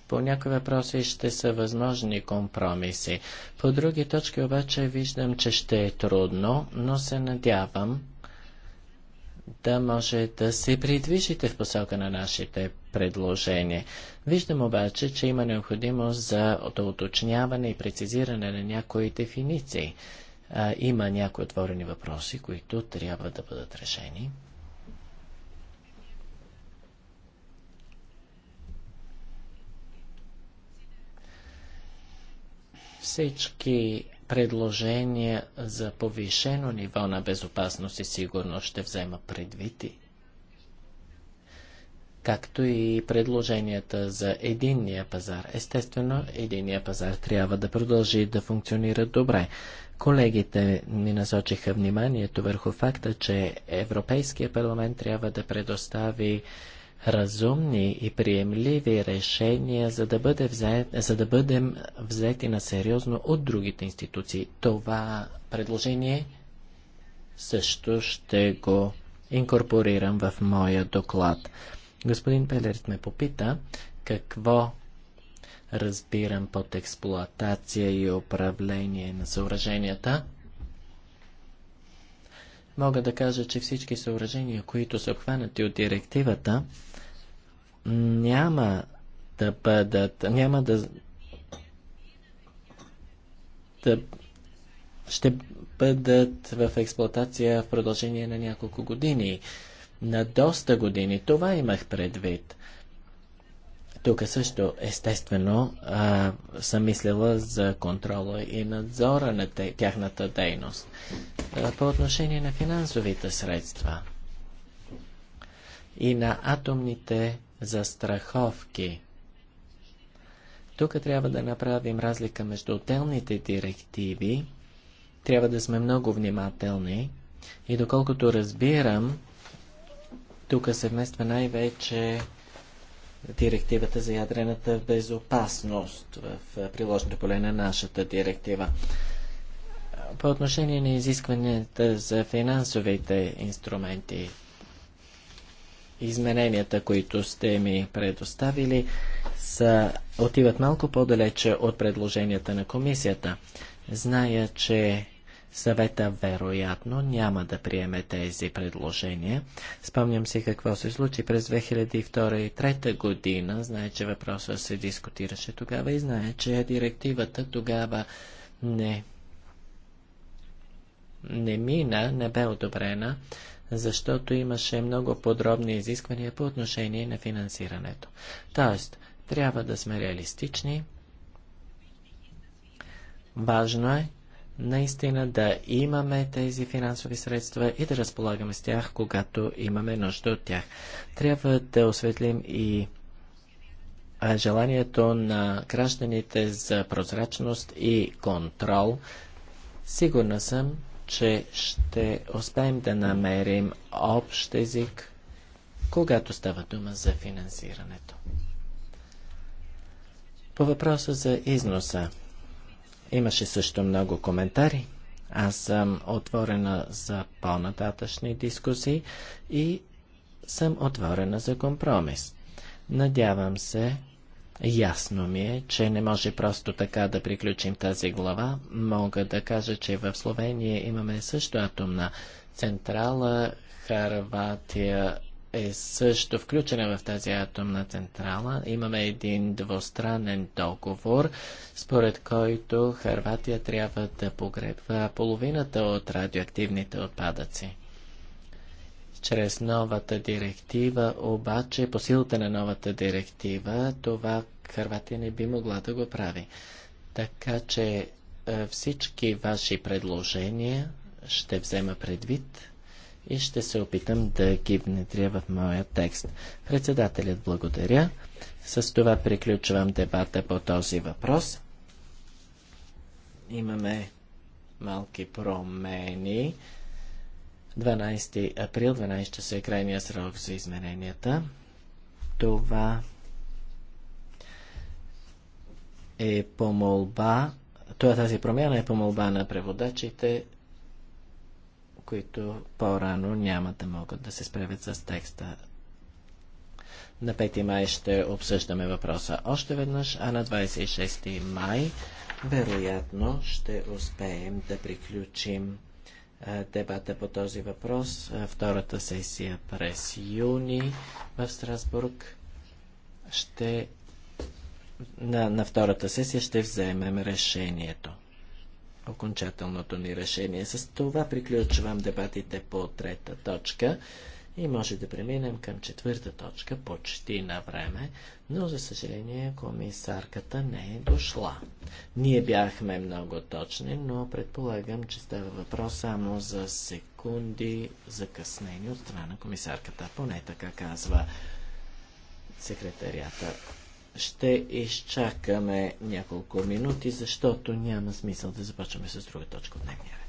по някои въпроси ще са възможни компромиси. По други точки обаче виждам, че ще е трудно, но се надявам да може да се придвижите в посока на нашите предложения. Виждам обаче, че има необходимост за уточняване и прецизиране на някои дефиниции. има някои отворени въпроси, които трябва да бъдат решени. Всички предложения за повишено ниво на безопасност и сигурност ще взема предвид както и предложенията за единния пазар. Естествено, единния пазар трябва да продължи да функционира добре. Колегите ни насочиха вниманието върху факта, че Европейския парламент трябва да предостави разумни и приемливи решения, за да, бъде взет, за да бъдем взети на сериозно от другите институции. Това предложение също ще го инкорпорирам в моя доклад. Господин Пелерт ме попита какво разбирам под експлоатация и управление на съоръженията. Мога да кажа, че всички съоръжения, които са обхванати от директивата, няма да бъдат, няма да, да ще бъдат в експлоатация в продължение на няколко години, на доста години. Това имах предвид. Тук също, естествено, а, съм мислила за контрола и надзора на те, тяхната дейност. А, по отношение на финансовите средства и на атомните застраховки. Тук трябва да направим разлика между отделните директиви. Трябва да сме много внимателни. И доколкото разбирам, тук се вмества най-вече директивата за ядрената безопасност в приложното поле на нашата директива. По отношение на изискванията за финансовите инструменти, измененията, които сте ми предоставили, са, отиват малко по-далече от предложенията на комисията. Зная, че Съвета вероятно няма да приеме тези предложения. Спомням си какво се случи през 2002 и 2003 година. Знае, че въпросът се дискутираше тогава и знае, че директивата тогава не не мина, не бе одобрена, защото имаше много подробни изисквания по отношение на финансирането. Тоест, трябва да сме реалистични. Важно е наистина да имаме тези финансови средства и да разполагаме с тях, когато имаме нужда от тях. Трябва да осветлим и желанието на гражданите за прозрачност и контрол. Сигурна съм, че ще успеем да намерим общ език, когато става дума за финансирането. По въпроса за износа. Имаше също много коментари. Аз съм отворена за по-нататъчни дискусии и съм отворена за компромис. Надявам се, ясно ми е, че не може просто така да приключим тази глава. Мога да кажа, че в Словения имаме също атомна централа, Харватия е също включена в тази атомна централа. Имаме един двустранен договор, според който Харватия трябва да погребва половината от радиоактивните отпадъци. Чрез новата директива, обаче по силата на новата директива, това Харватия не би могла да го прави. Така че е, всички ваши предложения ще взема предвид и ще се опитам да ги внедря в моя текст. Председателят благодаря. С това приключвам дебата по този въпрос. Имаме малки промени. 12 април, 12 часа е крайния срок за измененията. Това е по молба, това е- тази промяна е по молба на преводачите които по-рано няма да могат да се справят с текста. На 5 май ще обсъждаме въпроса още веднъж, а на 26 май вероятно ще успеем да приключим дебата по този въпрос. Втората сесия през юни в Страсбург ще на, на втората сесия ще вземем решението окончателното ни решение. С това приключвам дебатите по трета точка и може да преминем към четвърта точка почти на време, но за съжаление комисарката не е дошла. Ние бяхме много точни, но предполагам, че става въпрос само за секунди закъснение от страна на комисарката. Поне така казва секретарията ще изчакаме няколко минути, защото няма смисъл да започваме с друга точка от дневния ред.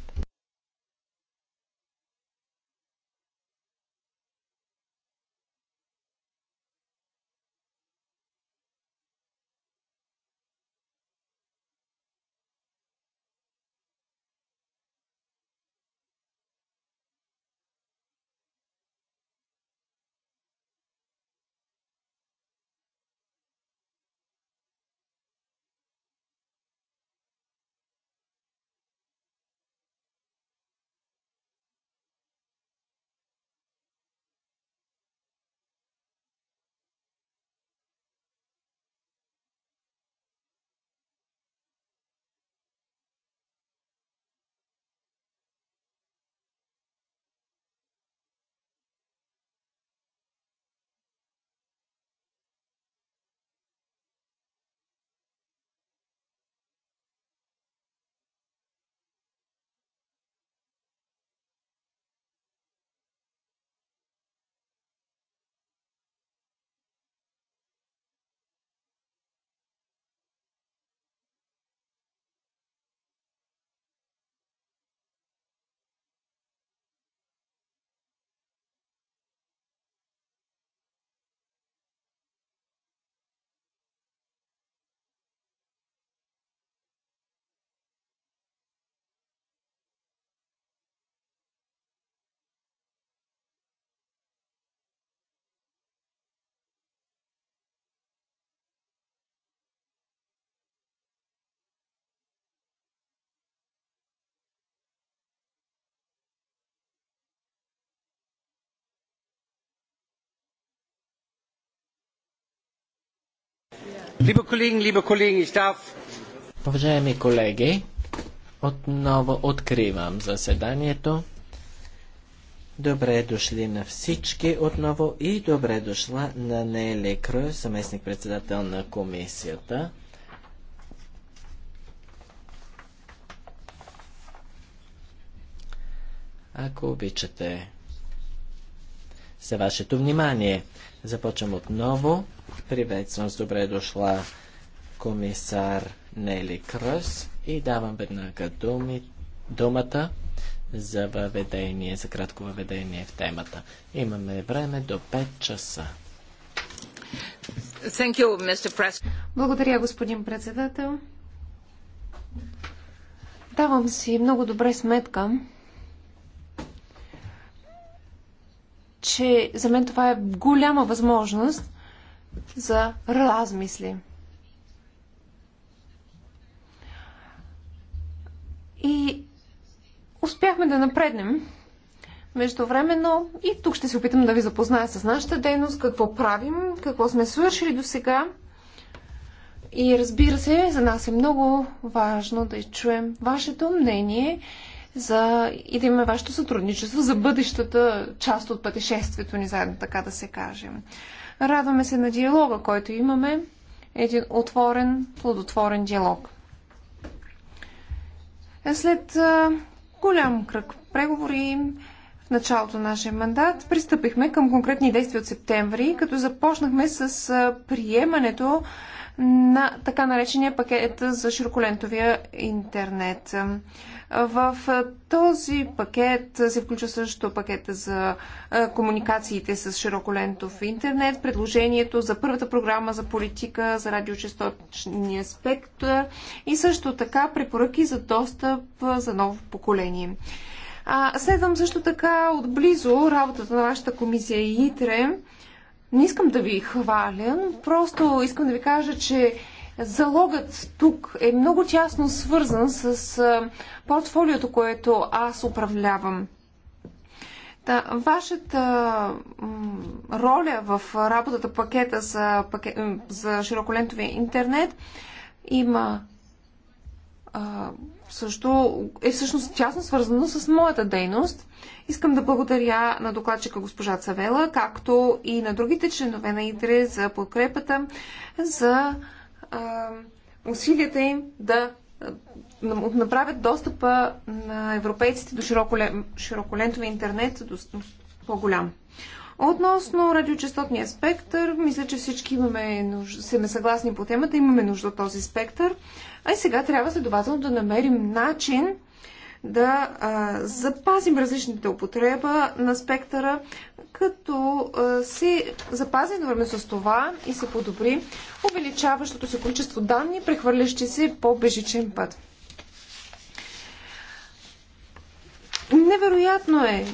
Уважаеми колеги, отново откривам заседанието. Добре дошли на всички отново и добре дошла на Нели Крой, съместник председател на комисията. Ако обичате, за вашето внимание. Започвам отново. Приветствам с добре дошла комисар Нели Кръс и давам веднага думи, думата за въведение, за кратко въведение в темата. Имаме време до 5 часа. You, Благодаря, господин председател. Давам си много добре сметка, че за мен това е голяма възможност за размисли. И успяхме да напреднем. Междувременно и тук ще се опитам да ви запозная с нашата дейност, какво правим, какво сме свършили до сега. И разбира се, за нас е много важно да чуем вашето мнение за, и да имаме вашето сътрудничество за бъдещата част от пътешествието ни заедно, така да се кажем. Радваме се на диалога, който имаме. Един отворен, плодотворен диалог. Е, след голям кръг преговори в началото на нашия мандат пристъпихме към конкретни действия от септември, като започнахме с приемането на така наречения пакет за широколентовия интернет. В този пакет се включва също пакета за комуникациите с широколентов интернет, предложението за първата програма за политика за радиочастотния спектър и също така препоръки за достъп за ново поколение. А, следвам също така отблизо работата на вашата комисия ИТРЕ. Не искам да ви хваля, просто искам да ви кажа, че Залогът тук е много тясно свързан с портфолиото, което аз управлявам. да, вашата роля в работата пакета за, пакет, за широколентовия интернет има а, също е всъщност тясно свързано с моята дейност. Искам да благодаря на докладчика госпожа Цавела, както и на другите членове на ИДРЕ за подкрепата, за а, усилията им да направят достъпа на европейците до широколентови интернет по-голям. Относно радиочастотния спектър, мисля, че всички имаме нужда, сме съгласни по темата, имаме нужда от този спектър. А и сега трябва следователно да намерим начин да а, запазим различните употреба на спектъра, като а, се запази едновременно с това и се подобри увеличаващото се количество данни, прехвърлящи се по бежичен път. Невероятно е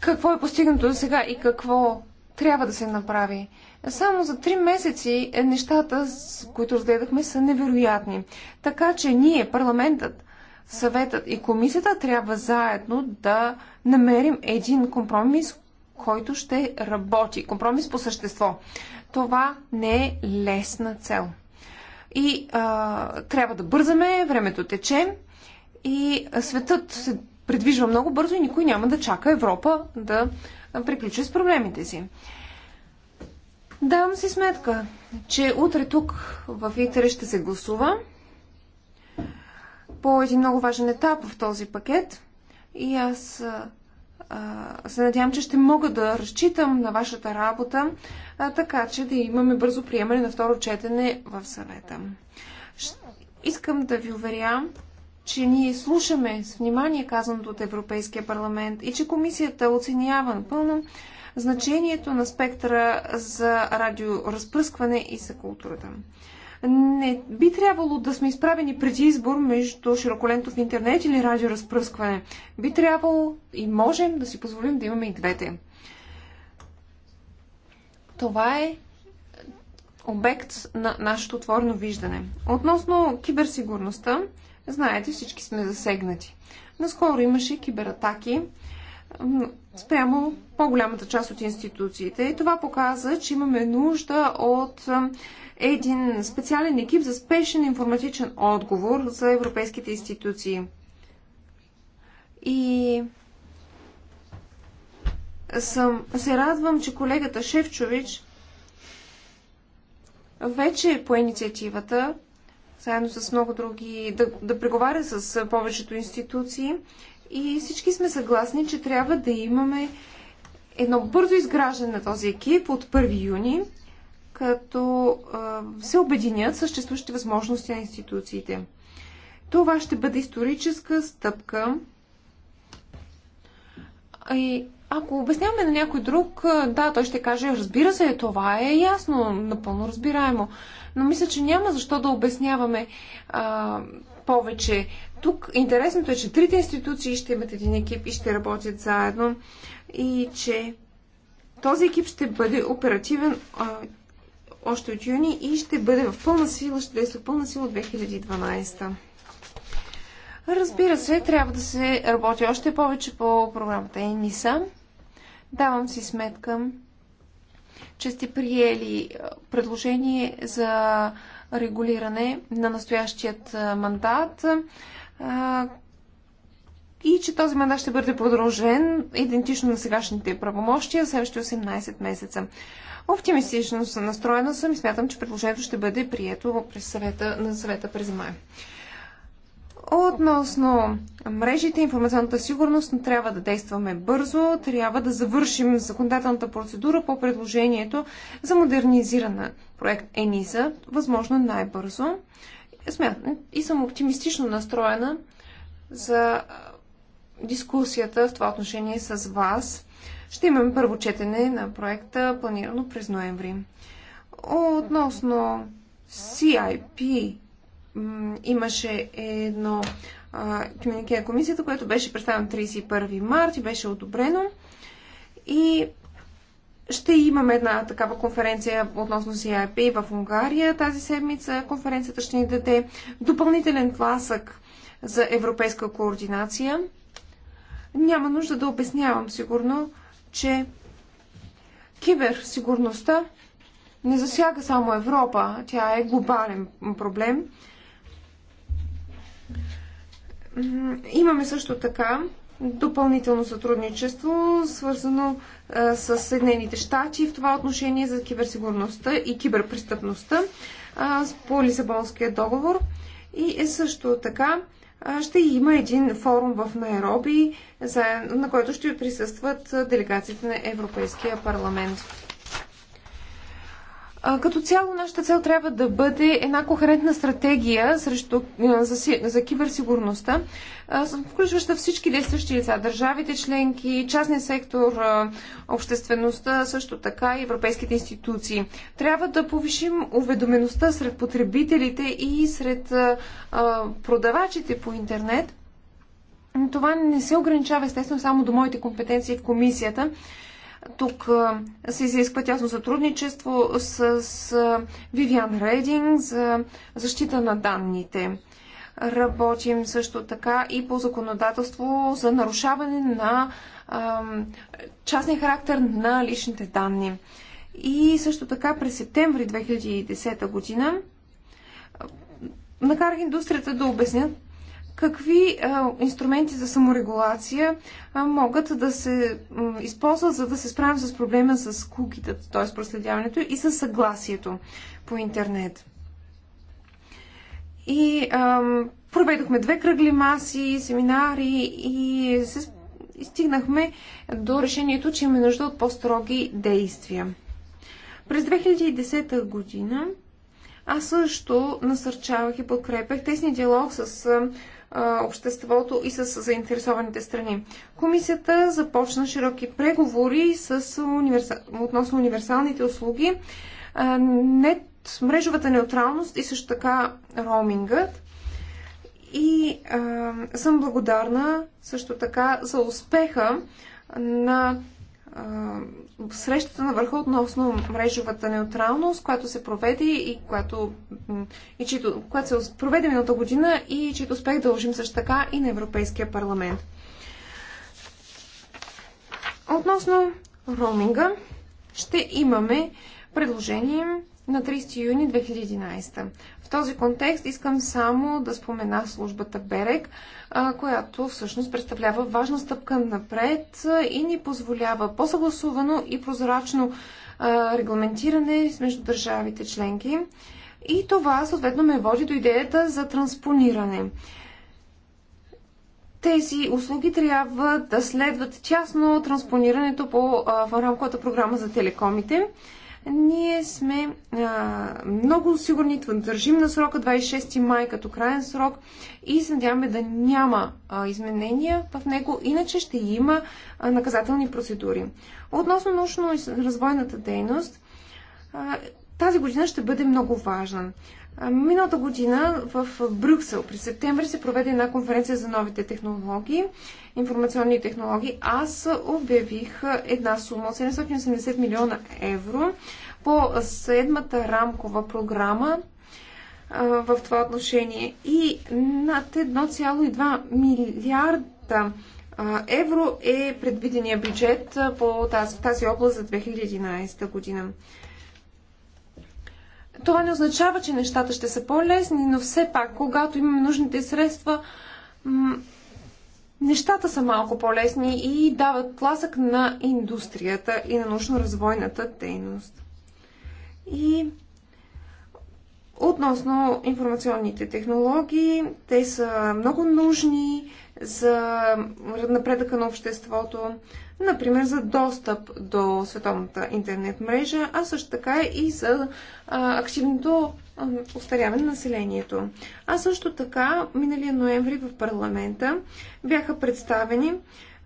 какво е постигнато до сега и какво трябва да се направи. Само за 3 месеци е, нещата, които разгледахме, са невероятни. Така че ние, парламентът, съветът и комисията трябва заедно да намерим един компромис, който ще работи. Компромис по същество. Това не е лесна цел. И а, трябва да бързаме, времето тече и светът се предвижва много бързо и никой няма да чака Европа да приключи с проблемите си. Давам си сметка, че утре тук в Итре ще се гласува по един много важен етап в този пакет и аз а, се надявам, че ще мога да разчитам на вашата работа а, така че да имаме бързо приемане на второ четене в съвета. Искам да ви уверя, че ние слушаме с внимание казаното от Европейския парламент и че комисията оценява напълно значението на спектъра за радиоразпръскване и за културата. Не би трябвало да сме изправени преди избор между широколентов интернет или радиоразпръскване. Би трябвало и можем да си позволим да имаме и двете. Това е обект на нашето отворено виждане. Относно киберсигурността, знаете, всички сме засегнати. Наскоро имаше кибератаки спрямо по-голямата част от институциите. И това показа, че имаме нужда от един специален екип за спешен информатичен отговор за европейските институции. И съм, се радвам, че колегата Шевчович вече е по инициативата, заедно с много други, да, да преговаря с повечето институции и всички сме съгласни, че трябва да имаме едно бързо изграждане на този екип от 1 юни, като а, се обединят съществуващите възможности на институциите. Това ще бъде историческа стъпка и ако обясняваме на някой друг, да, той ще каже, разбира се, това е ясно, напълно разбираемо. Но мисля, че няма защо да обясняваме а, повече. Тук интересното е, че трите институции ще имат един екип и ще работят заедно и че този екип ще бъде оперативен а, още от юни и ще бъде в пълна сила, ще действа в пълна сила от 2012. Разбира се, трябва да се работи още повече по програмата ЕНИСА. Давам си сметка, че сте приели е, предложение за регулиране на настоящият е, мандат е, и че този мандат ще бъде продължен идентично на сегашните правомощия следващите 18 месеца. Оптимистично съм настроена съм и смятам, че предложението ще бъде прието през съвета, на съвета през май. Относно мрежите, информационната сигурност трябва да действаме бързо, трябва да завършим законодателната процедура по предложението за модернизирана проект ЕНИСА, възможно най-бързо. и съм оптимистично настроена за дискусията в това отношение с вас. Ще имаме първо четене на проекта, планирано през ноември. Относно CIP имаше едно комюнике на комисията, което беше представено 31 март и беше одобрено. И ще имаме една такава конференция относно CIP в Унгария тази седмица. Конференцията ще ни даде допълнителен тласък за европейска координация. Няма нужда да обяснявам сигурно, че киберсигурността не засяга само Европа, тя е глобален проблем Имаме също така допълнително сътрудничество, свързано с Съединените щати в това отношение за киберсигурността и киберпрестъпността по Лисабонския договор. И е също така ще има един форум в Найроби, на който ще присъстват делегациите на Европейския парламент. Като цяло нашата цел трябва да бъде една кохерентна стратегия срещу, за, за киберсигурността, включваща всички действащи лица, държавите членки, частния сектор, обществеността, също така и европейските институции. Трябва да повишим уведомеността сред потребителите и сред продавачите по интернет. Това не се ограничава естествено само до моите компетенции в комисията. Тук се изисква тясно сътрудничество с Вивиан Рейдинг за защита на данните. Работим също така и по законодателство за нарушаване на частния характер на личните данни. И също така през септември 2010 година накарах индустрията да обяснят какви а, инструменти за саморегулация а, могат да се м, използват, за да се справим с проблема с куките, т.е. проследяването и с съгласието по интернет. И а, проведохме две кръгли маси, семинари и, се, и стигнахме до решението, че имаме нужда от по-строги действия. През 2010 година аз също насърчавах и подкрепях тесния диалог с обществото и с заинтересованите страни. Комисията започна широки преговори с универсал... относно универсалните услуги, нет, мрежовата неутралност и също така роумингът. И а, съм благодарна също така за успеха на срещата на върха относно мрежовата неутралност, която се проведе и която, и чието, която се проведе миналата година и чието успех дължим също така и на Европейския парламент. Относно роуминга, ще имаме предложение на 30 юни 2011 този контекст искам само да спомена службата Берег, която всъщност представлява важна стъпка напред и ни позволява по-съгласувано и прозрачно регламентиране между държавите членки. И това съответно ме води до идеята за транспониране. Тези услуги трябва да следват тясно транспонирането по рамковата програма за телекомите. Ние сме а, много сигурни, държим на срока 26 май като крайен срок и се надяваме да няма а, изменения в него, иначе ще има а, наказателни процедури. Относно научно-развойната дейност, а, тази година ще бъде много важна. Миналата година в Брюксел през септември се проведе една конференция за новите технологии, информационни технологии. Аз обявих една сума от 780 милиона евро по седмата рамкова програма в това отношение и над 1,2 милиарда евро е предвидения бюджет по тази, тази област за 2011 година. Това не означава, че нещата ще са по-лесни, но все пак, когато имаме нужните средства, нещата са малко по-лесни и дават тласък на индустрията и на научно-развойната дейност. И относно информационните технологии, те са много нужни за напредъка на обществото, например за достъп до световната интернет мрежа, а също така и за а, активното устаряване на населението. А също така, миналия ноември в парламента бяха представени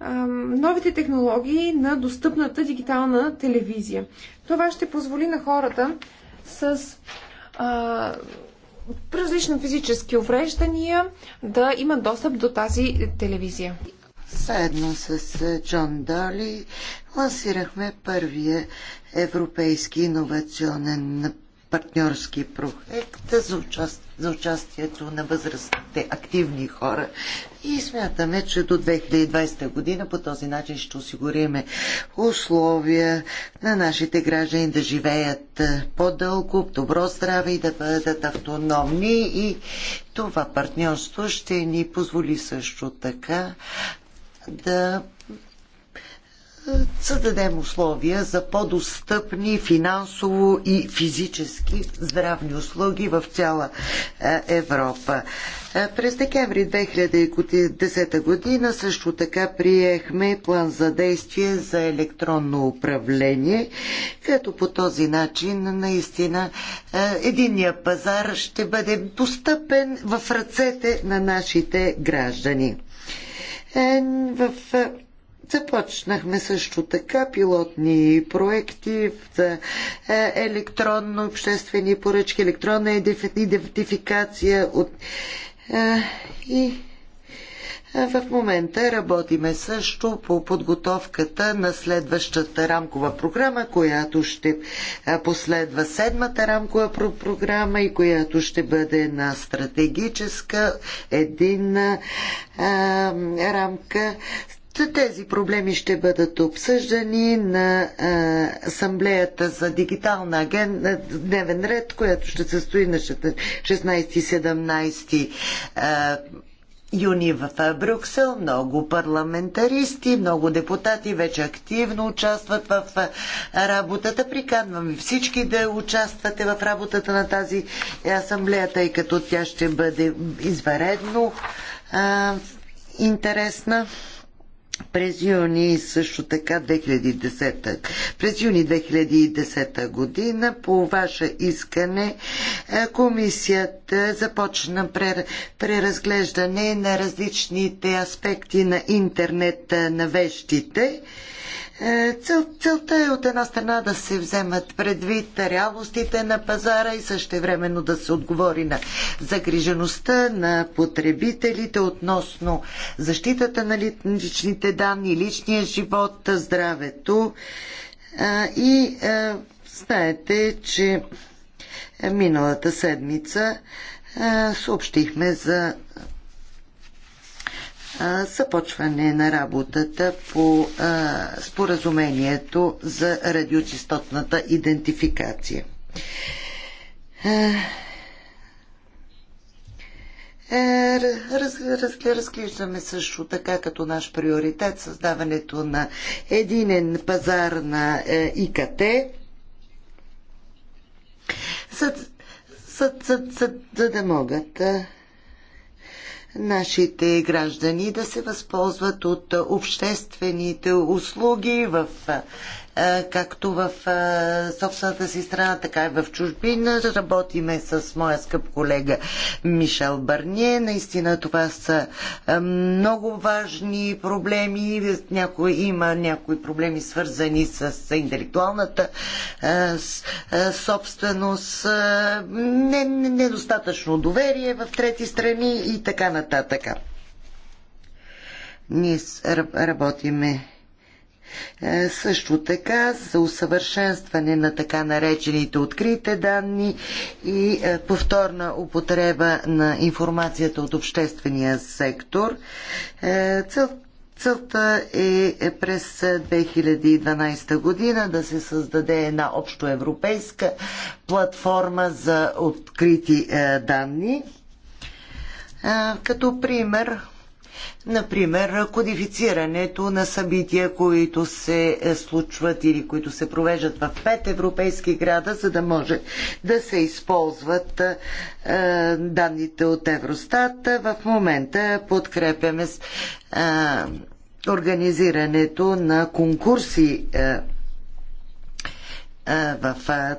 а, новите технологии на достъпната дигитална телевизия. Това ще позволи на хората с а, различни физически увреждания да имат достъп до тази телевизия. Заедно с е, Джон Дали лансирахме първия европейски иновационен партньорски проект за, участ... за участието на възрастните активни хора и смятаме, че до 2020 година по този начин ще осигуриме условия на нашите граждани да живеят е, по-дълго, добро здраве и да бъдат автономни и това партньорство ще ни позволи също така да създадем е, условия за по-достъпни финансово и физически здравни услуги в цяла е, Европа. Е, през декември 2010 година също така приехме план за действие за електронно управление, като по този начин наистина единния пазар ще бъде достъпен в ръцете на нашите граждани. В Започнахме също така пилотни проекти за е, електронно обществени поръчки, електронна идентификация от, е, и е, в момента работиме също по подготовката на следващата рамкова програма, която ще последва седмата рамкова програма и която ще бъде на стратегическа, единна рамка. Тези проблеми ще бъдат обсъждани на Асамблеята за дигитална агенда, дневен ред, която ще се стои на 16-17 юни в Брюксел. Много парламентаристи, много депутати вече активно участват в работата. Приканвам всички да участвате в работата на тази асамблея, тъй като тя ще бъде изваредно интересна. През юни също така 2010, през юни 2010 година по ваше искане е, комисията започна преразглеждане на различните аспекти на интернет е, на вещите. Е, цел, целта е от една страна да се вземат предвид реалностите на пазара и същевременно да се отговори на загрижеността на потребителите относно защитата на личните данни, личния живот, здравето. Е, и е, знаете, че миналата седмица съобщихме за започване на работата по споразумението за радиочастотната идентификация. Е, раз, раз, разглеждаме също така като наш приоритет създаването на единен пазар на е, ИКТ. За, за, за, за, за да могат е, нашите граждани да се възползват от обществените услуги в както в собствената си страна, така и в чужбина. Работиме с моя скъп колега Мишел Барние. Наистина това са много важни проблеми. Някой, има някои проблеми свързани с интелектуалната собственост, недостатъчно доверие в трети страни и така нататък. Ние работиме е, също така за усъвършенстване на така наречените открите данни и е, повторна употреба на информацията от обществения сектор. Е, цел, целта е през 2012 година да се създаде една общоевропейска платформа за открити данни. Като пример Например, кодифицирането на събития, които се е, случват или които се провеждат в пет европейски града, за да може да се използват е, данните от Евростат. В момента подкрепяме е, организирането на конкурси в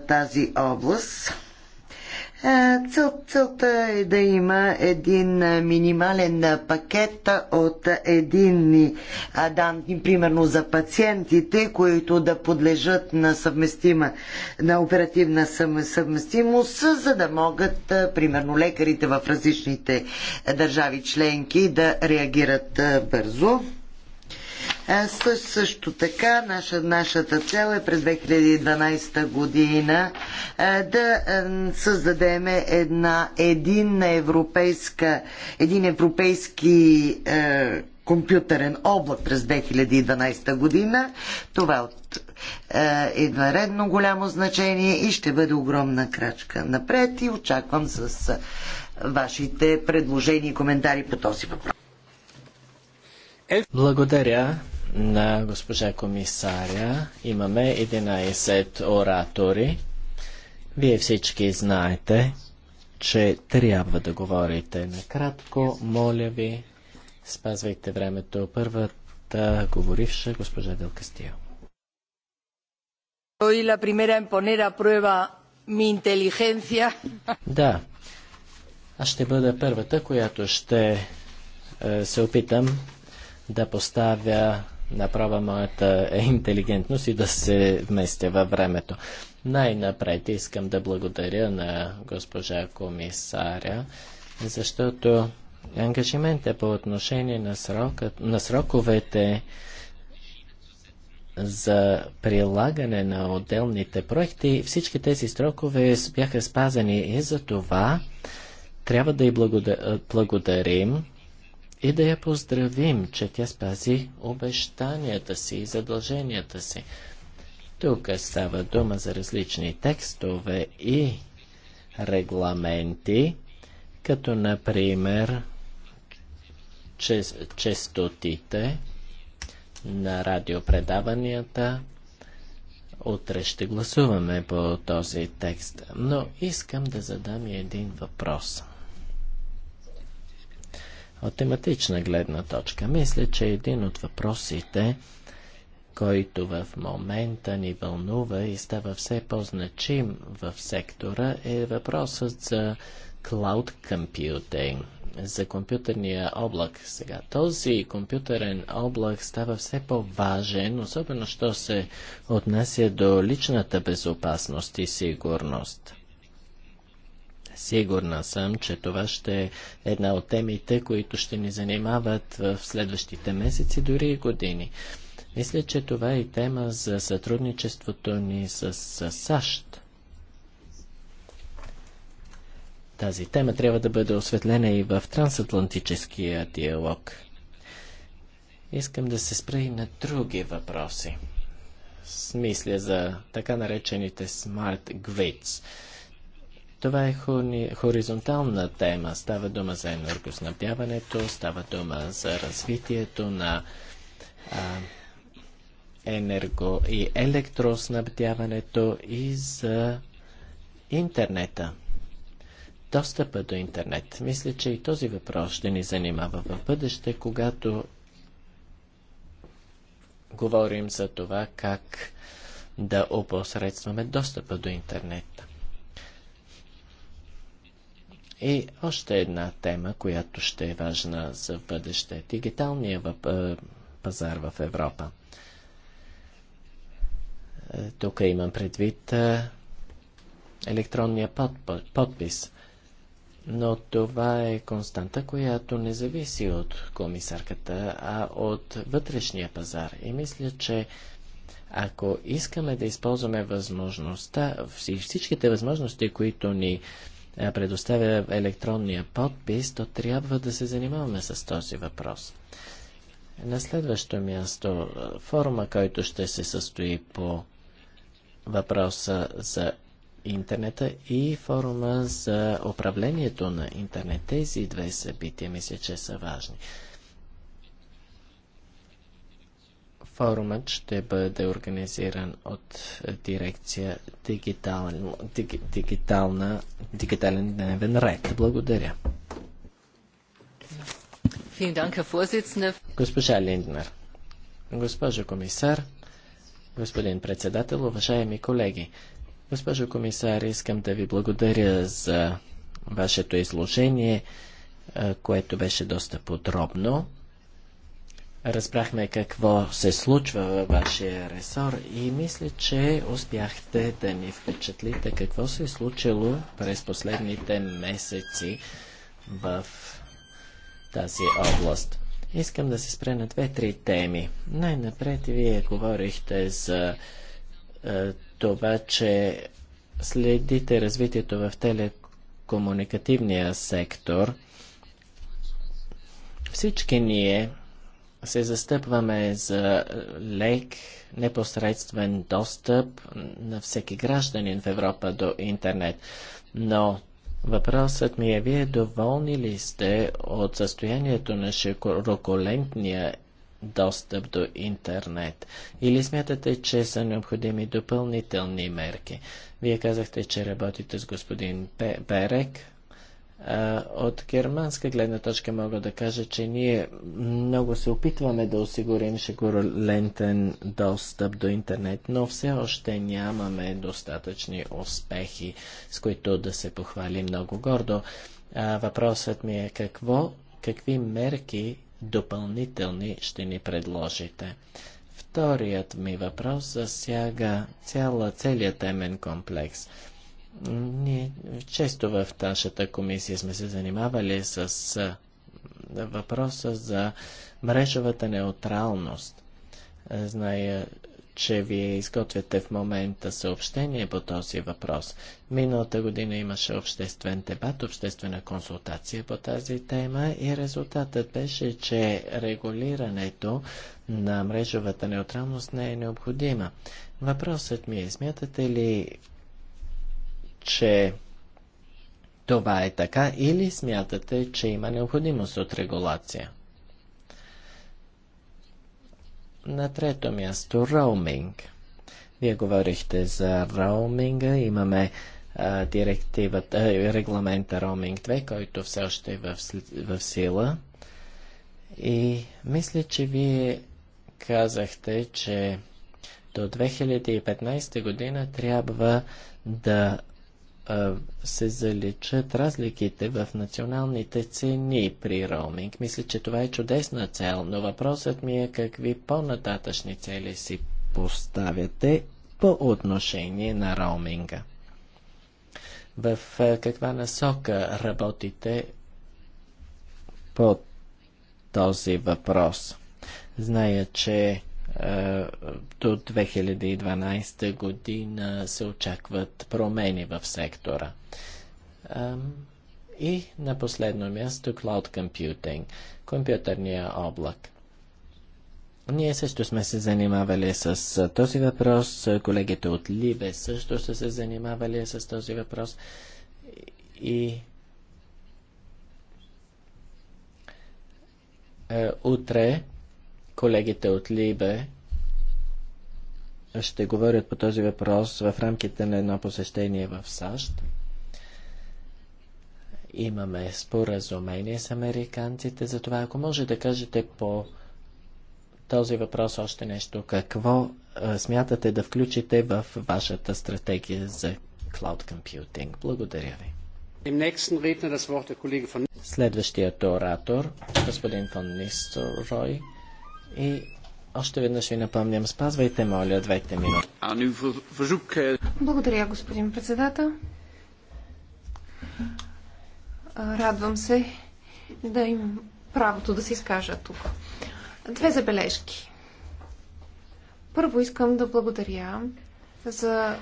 тази област. Е, цел, целта е да има един е, минимален е, пакет от единни данни, примерно за пациентите, които да подлежат на съвместима, на оперативна съвместимост, за да могат, примерно, лекарите в различните държави членки да реагират бързо. Е, също, също така наша, нашата цел е през 2012 година е, да е, създадем една единна европейска, един европейски е, компютърен облак през 2012 година. Това от е, едваредно голямо значение и ще бъде огромна крачка напред и очаквам с вашите предложения и коментари по този въпрос. Благодаря на госпожа комисаря. Имаме 11 оратори. Вие всички знаете, че трябва да говорите накратко. Моля ви, спазвайте времето. Първата говоривша госпожа Дел Кастио. Soy la primera en poner a prueba mi inteligencia. Да. Аз ще бъда първата, която ще е, се опитам да поставя направа моята интелигентност и да се вместя във времето. Най-напред искам да благодаря на госпожа комисаря, защото ангажиментът е по отношение на, срокът, на сроковете за прилагане на отделните проекти, всички тези срокове бяха спазени и за това трябва да й благодарим и да я поздравим, че тя спази обещанията си и задълженията си. Тук става дума за различни текстове и регламенти, като например честотите на радиопредаванията. Утре ще гласуваме по този текст, но искам да задам и един въпрос – от тематична гледна точка, мисля, че един от въпросите, който в момента ни вълнува и става все по-значим в сектора, е въпросът за cloud computing, за компютърния облак сега. Този компютърен облак става все по-важен, особено що се отнася до личната безопасност и сигурност. Сигурна съм, че това ще е една от темите, които ще ни занимават в следващите месеци, дори и години. Мисля, че това е и тема за сътрудничеството ни с, с САЩ. Тази тема трябва да бъде осветлена и в трансатлантическия диалог. Искам да се спра и на други въпроси. Смисля за така наречените Smart Grids – това е хоризонтална тема. Става дума за енергоснабдяването, става дума за развитието на а, енерго и електроснабдяването и за интернета. Достъпа до интернет. Мисля, че и този въпрос ще ни занимава в бъдеще, когато говорим за това как да опосредстваме достъпа до интернета. И още една тема, която ще е важна за бъдеще – дигиталния въп... Е, пазар в Европа. Е, тук имам предвид е, електронния подпис. Но това е константа, която не зависи от комисарката, а от вътрешния пазар. И мисля, че ако искаме да използваме възможността, всичките възможности, които ни е, предоставя електронния подпис, то трябва да се занимаваме с този въпрос. На следващо място, форума, който ще се състои по въпроса за интернета и форума за управлението на интернет. Тези две събития мисля, че са важни. Форумът ще бъде организиран от дирекция дигитален, диг, дигитална, дигитален дневен ред. Благодаря. Госпожа Линднер, госпожо комисар, господин председател, уважаеми колеги, госпожо комисар, искам да ви благодаря за вашето изложение, което беше доста подробно. Разбрахме какво се случва във вашия ресор и мисля, че успяхте да ни впечатлите какво се е случило през последните месеци в тази област. Искам да се спре на две-три теми. Най-напред вие говорихте за е, това, че следите развитието в телекомуникативния сектор. Всички ние се застъпваме за лек, непосредствен достъп на всеки гражданин в Европа до интернет. Но въпросът ми е, вие доволни ли сте от състоянието на широколентния достъп до интернет? Или смятате, че са необходими допълнителни мерки? Вие казахте, че работите с господин Берек от германска гледна точка мога да кажа, че ние много се опитваме да осигурим широколентен достъп до интернет, но все още нямаме достатъчни успехи, с които да се похвали много гордо. Въпросът ми е какво, какви мерки допълнителни ще ни предложите? Вторият ми въпрос засяга цяла, целият темен комплекс – ние често в нашата комисия сме се занимавали с въпроса за мрежовата неутралност. Е, зная, че вие изготвяте в момента съобщение по този въпрос. Миналата година имаше обществен дебат, обществена консултация по тази тема и резултатът беше, че регулирането на мрежовата неутралност не е необходима. Въпросът ми е, смятате ли че това е така или смятате, че има необходимост от регулация? На трето място роуминг. Вие говорихте за роуминга. Имаме а, директивата, а, регламента роуминг 2, който все още е в, в сила. И мисля, че вие казахте, че до 2015 година трябва да се заличат разликите в националните цени при роуминг. Мисля, че това е чудесна цел, но въпросът ми е какви по-нататъчни цели си поставяте по отношение на роуминга. В каква насока работите по този въпрос? Зная, че е, до 2012 година се очакват промени в сектора. И на последно място Cloud Computing, компютърния облак. Ние също сме се занимавали с този въпрос, колегите от Либе също са се занимавали с този въпрос и е, утре колегите от Либе ще говорят по този въпрос в рамките на едно посещение в САЩ. Имаме споразумение с американците, затова ако може да кажете по този въпрос още нещо. Какво а, смятате да включите в вашата стратегия за cloud computing? Благодаря ви. Следващият оратор, господин фон Нисторой и още веднъж ви напомням, спазвайте, моля, двете минути. Е, благодаря, господин председател. Радвам се да им правото да се изкажа тук. Две забележки. Първо искам да благодаря за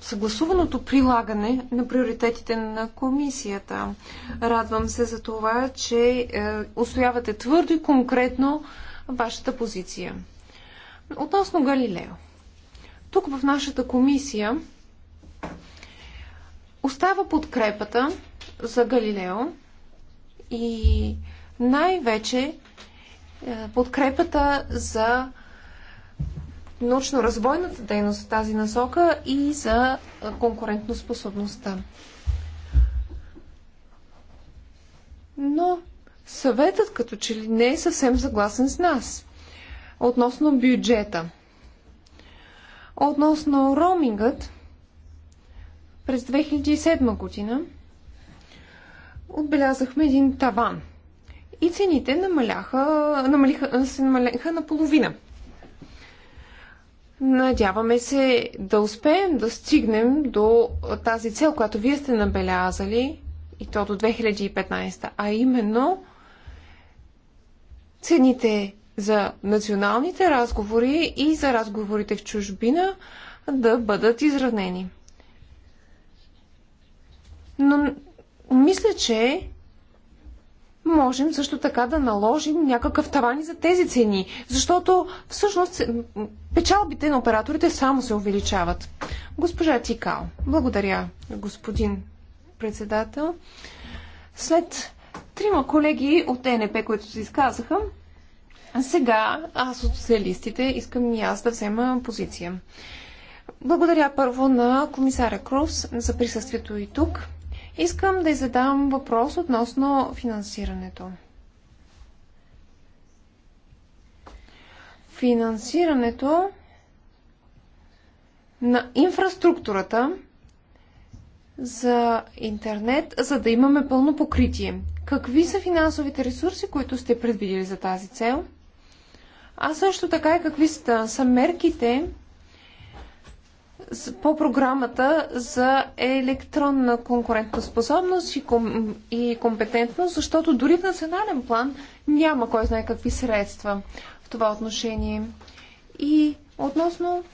съгласуваното прилагане на приоритетите на комисията. Радвам се за това, че устоявате е, твърдо и конкретно вашата позиция. Относно Галилео. Тук в нашата комисия остава подкрепата за Галилео и най-вече е, подкрепата за научно-развойната дейност в тази насока и за е, конкурентоспособността. Но Съветът като че ли не е съвсем съгласен с нас относно бюджета. Относно роумингът през 2007 година отбелязахме един таван и цените намаляха, намалиха, се намаляха наполовина. Надяваме се да успеем да стигнем до тази цел, която вие сте набелязали, и то до 2015, а именно цените за националните разговори и за разговорите в чужбина да бъдат изравнени. Но мисля, че можем също така да наложим някакъв таван за тези цени, защото всъщност печалбите на операторите само се увеличават. Госпожа Тикал, благодаря, господин председател. След Трима колеги от ЕНП, които се изказаха. А сега аз от социалистите искам и аз да взема позиция. Благодаря първо на комисаря Круз за присъствието и тук. Искам да задам въпрос относно финансирането. Финансирането на инфраструктурата за интернет, за да имаме пълно покритие. Какви са финансовите ресурси, които сте предвидели за тази цел? А също така и какви са, са мерките по програмата за електронна конкурентоспособност и, ком, и компетентност, защото дори в национален план няма кой знае какви средства в това отношение. И относно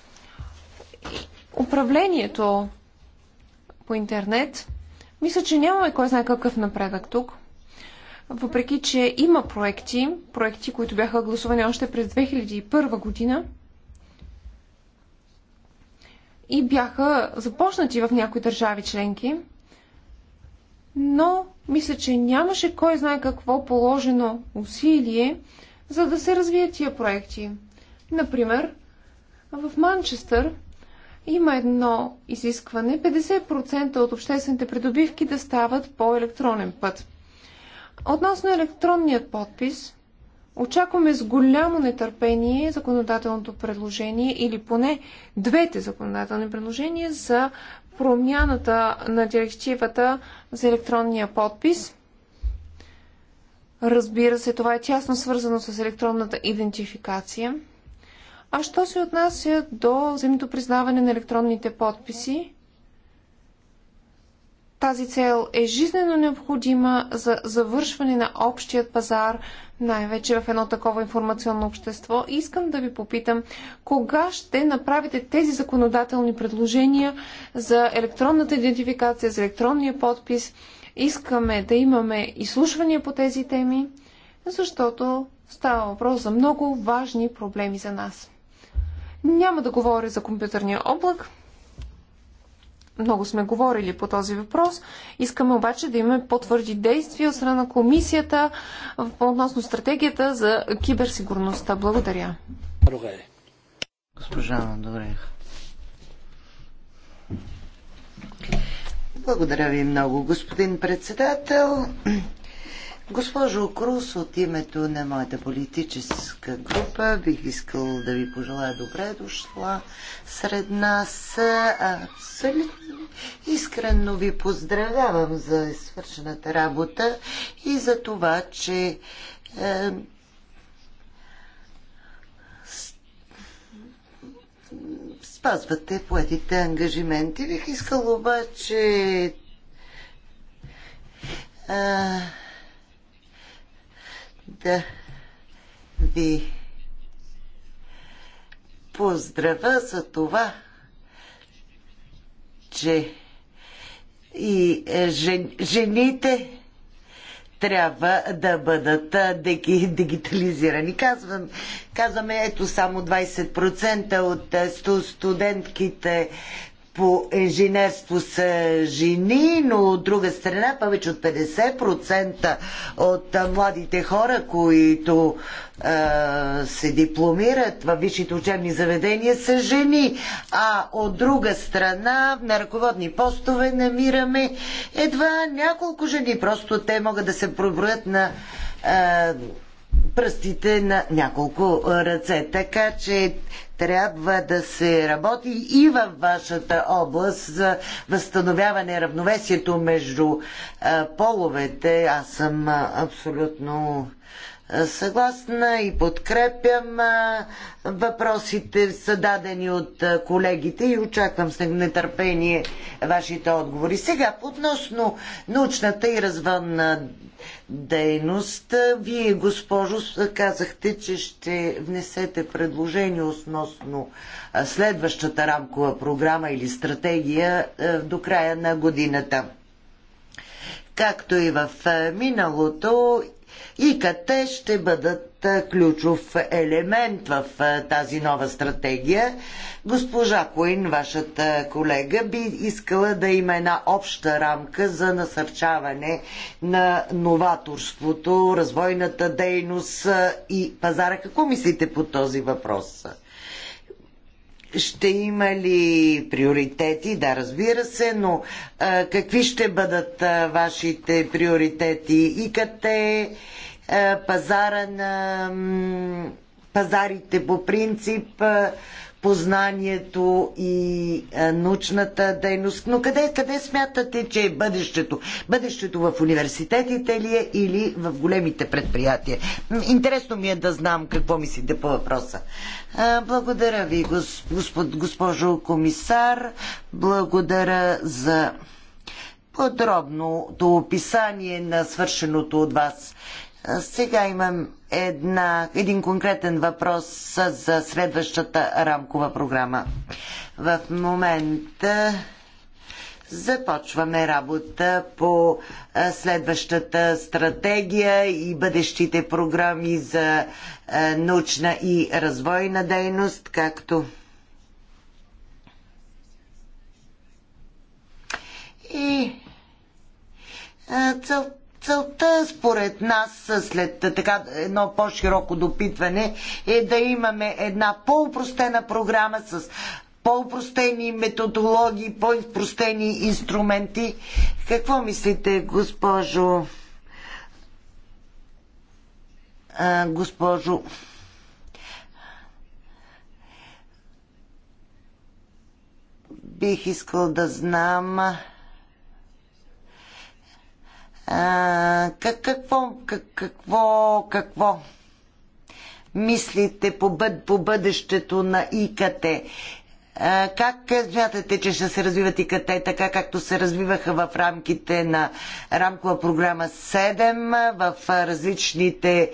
управлението по интернет. Мисля, че нямаме кой знае какъв напредък тук. Въпреки, че има проекти, проекти, които бяха гласувани още през 2001 година и бяха започнати в някои държави членки, но мисля, че нямаше кой знае какво положено усилие, за да се развият тия проекти. Например, в Манчестър има едно изискване 50% от обществените придобивки да стават по електронен път. Относно електронният подпис, очакваме с голямо нетърпение законодателното предложение или поне двете законодателни предложения за промяната на директивата за електронния подпис. Разбира се, това е тясно свързано с електронната идентификация – а що се отнася до взаимното признаване на електронните подписи? Тази цел е жизнено необходима за завършване на общият пазар, най-вече в едно такова информационно общество. И искам да ви попитам, кога ще направите тези законодателни предложения за електронната идентификация, за електронния подпис? Искаме да имаме изслушвания по тези теми, защото става въпрос за много важни проблеми за нас. Няма да говоря за компютърния облак. Много сме говорили по този въпрос. Искаме обаче да имаме потвърди действия от страна на комисията относно стратегията за киберсигурността. Благодаря. Госпожа Добре. Благодаря ви много, господин председател. Госпожо Крус, от името на моята политическа група бих искал да ви пожелая добре дошла сред нас. Абсолютно искрено ви поздравявам за свършената работа и за това, че е, спазвате поетите ангажименти. Бих искал обаче е, да ви поздравя за това, че и е, жените трябва да бъдат е, дигитализирани. Казвам, казваме, ето само 20% от е, студентките по инженерство са жени, но от друга страна повече от 50% от младите хора, които се дипломират във висшите учебни заведения са жени, а от друга страна на ръководни постове намираме едва няколко жени. Просто те могат да се проброят на пръстите на няколко ръце. Така че трябва да се работи и във вашата област за възстановяване равновесието между половете. Аз съм абсолютно съгласна и подкрепям. Въпросите са дадени от колегите и очаквам с нетърпение вашите отговори. Сега, относно научната и развънна дейност. Вие, госпожо, казахте, че ще внесете предложение относно следващата рамкова програма или стратегия до края на годината. Както и в миналото, и къде ще бъдат ключов елемент в тази нова стратегия. Госпожа Коин, вашата колега, би искала да има една обща рамка за насърчаване на новаторството, развойната дейност и пазара. Какво мислите по този въпрос? ще има ли приоритети? Да, разбира се, но а, какви ще бъдат а, вашите приоритети? ИКТ, а, пазара на пазарите по принцип, а, познанието и а, научната дейност. Но къде, къде смятате, че е бъдещето? Бъдещето в университетите ли е или в големите предприятия? Интересно ми е да знам какво мислите по въпроса. А, благодаря ви, господ, госпожо комисар. Благодаря за подробното описание на свършеното от вас. Сега имам една, един конкретен въпрос за следващата рамкова програма. В момента започваме работа по следващата стратегия и бъдещите програми за научна и развойна дейност, както и целта целта, според нас, след е, така едно по-широко допитване, е да имаме една по-упростена програма с по-упростени методологии, по-упростени инструменти. Какво мислите, госпожо? А, госпожо. Бих искал да знам как, какво, как, какво, какво мислите по, бъд, по бъдещето на ИКТ? Как смятате, че ще се развиват и къде, така както се развиваха в рамките на рамкова програма 7, в различните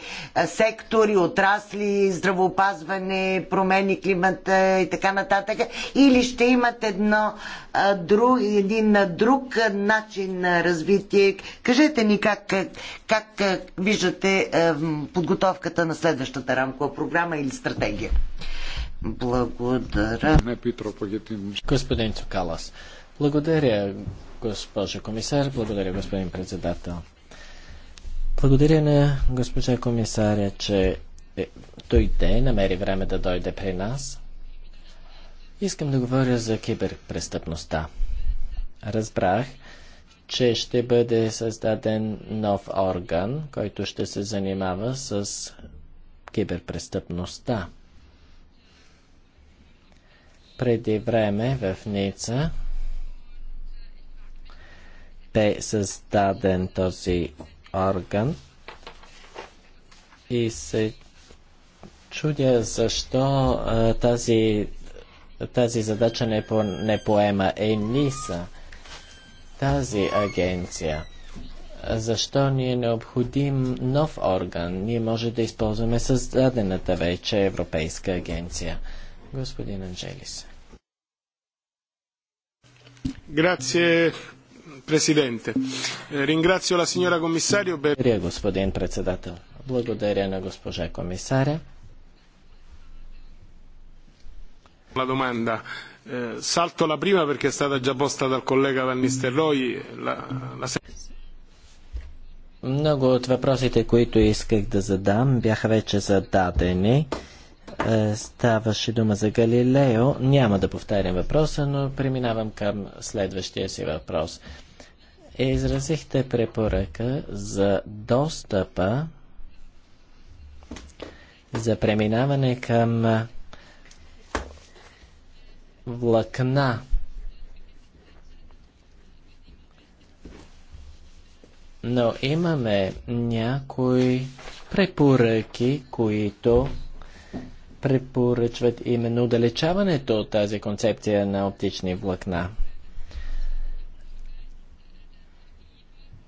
сектори, отрасли, здравоопазване, промени климата и така нататък? Или ще имат едно, друг, един друг начин на развитие? Кажете ни как, как виждате подготовката на следващата рамкова програма или стратегия. Благодаря. Господин Цукалас. Благодаря, госпожа комисар. Благодаря, господин председател. Благодаря на госпожа комисаря, че е, дойде, намери време да дойде при нас. Искам да говоря за киберпрестъпността. Разбрах, че ще бъде създаден нов орган, който ще се занимава с киберпрестъпността преди време в Ница бе създаден този орган и се чудя защо а, тази, тази задача не, по, не поема ЕНИСА, тази агенция. Защо ни е необходим нов орган? Ние може да използваме създадената вече Европейска агенция. Господин Анджелис. Grazie, Президенте. Eh, ringrazio la signora commissario per... Благодаря, господин председател. Благодаря на госпожа комисаря. La domanda. Eh, salto la prima perché è stata già posta dal collega Van Nistelrooy. La, la... Много от въпросите, които исках да задам, бяха вече зададени. Е, ставаше дума за Галилео. Няма да повтарям въпроса, но преминавам към следващия си въпрос. Изразихте препоръка за достъпа за преминаване към влакна. Но имаме някои препоръки, които препоръчват именно удалечаването от тази концепция на оптични влакна.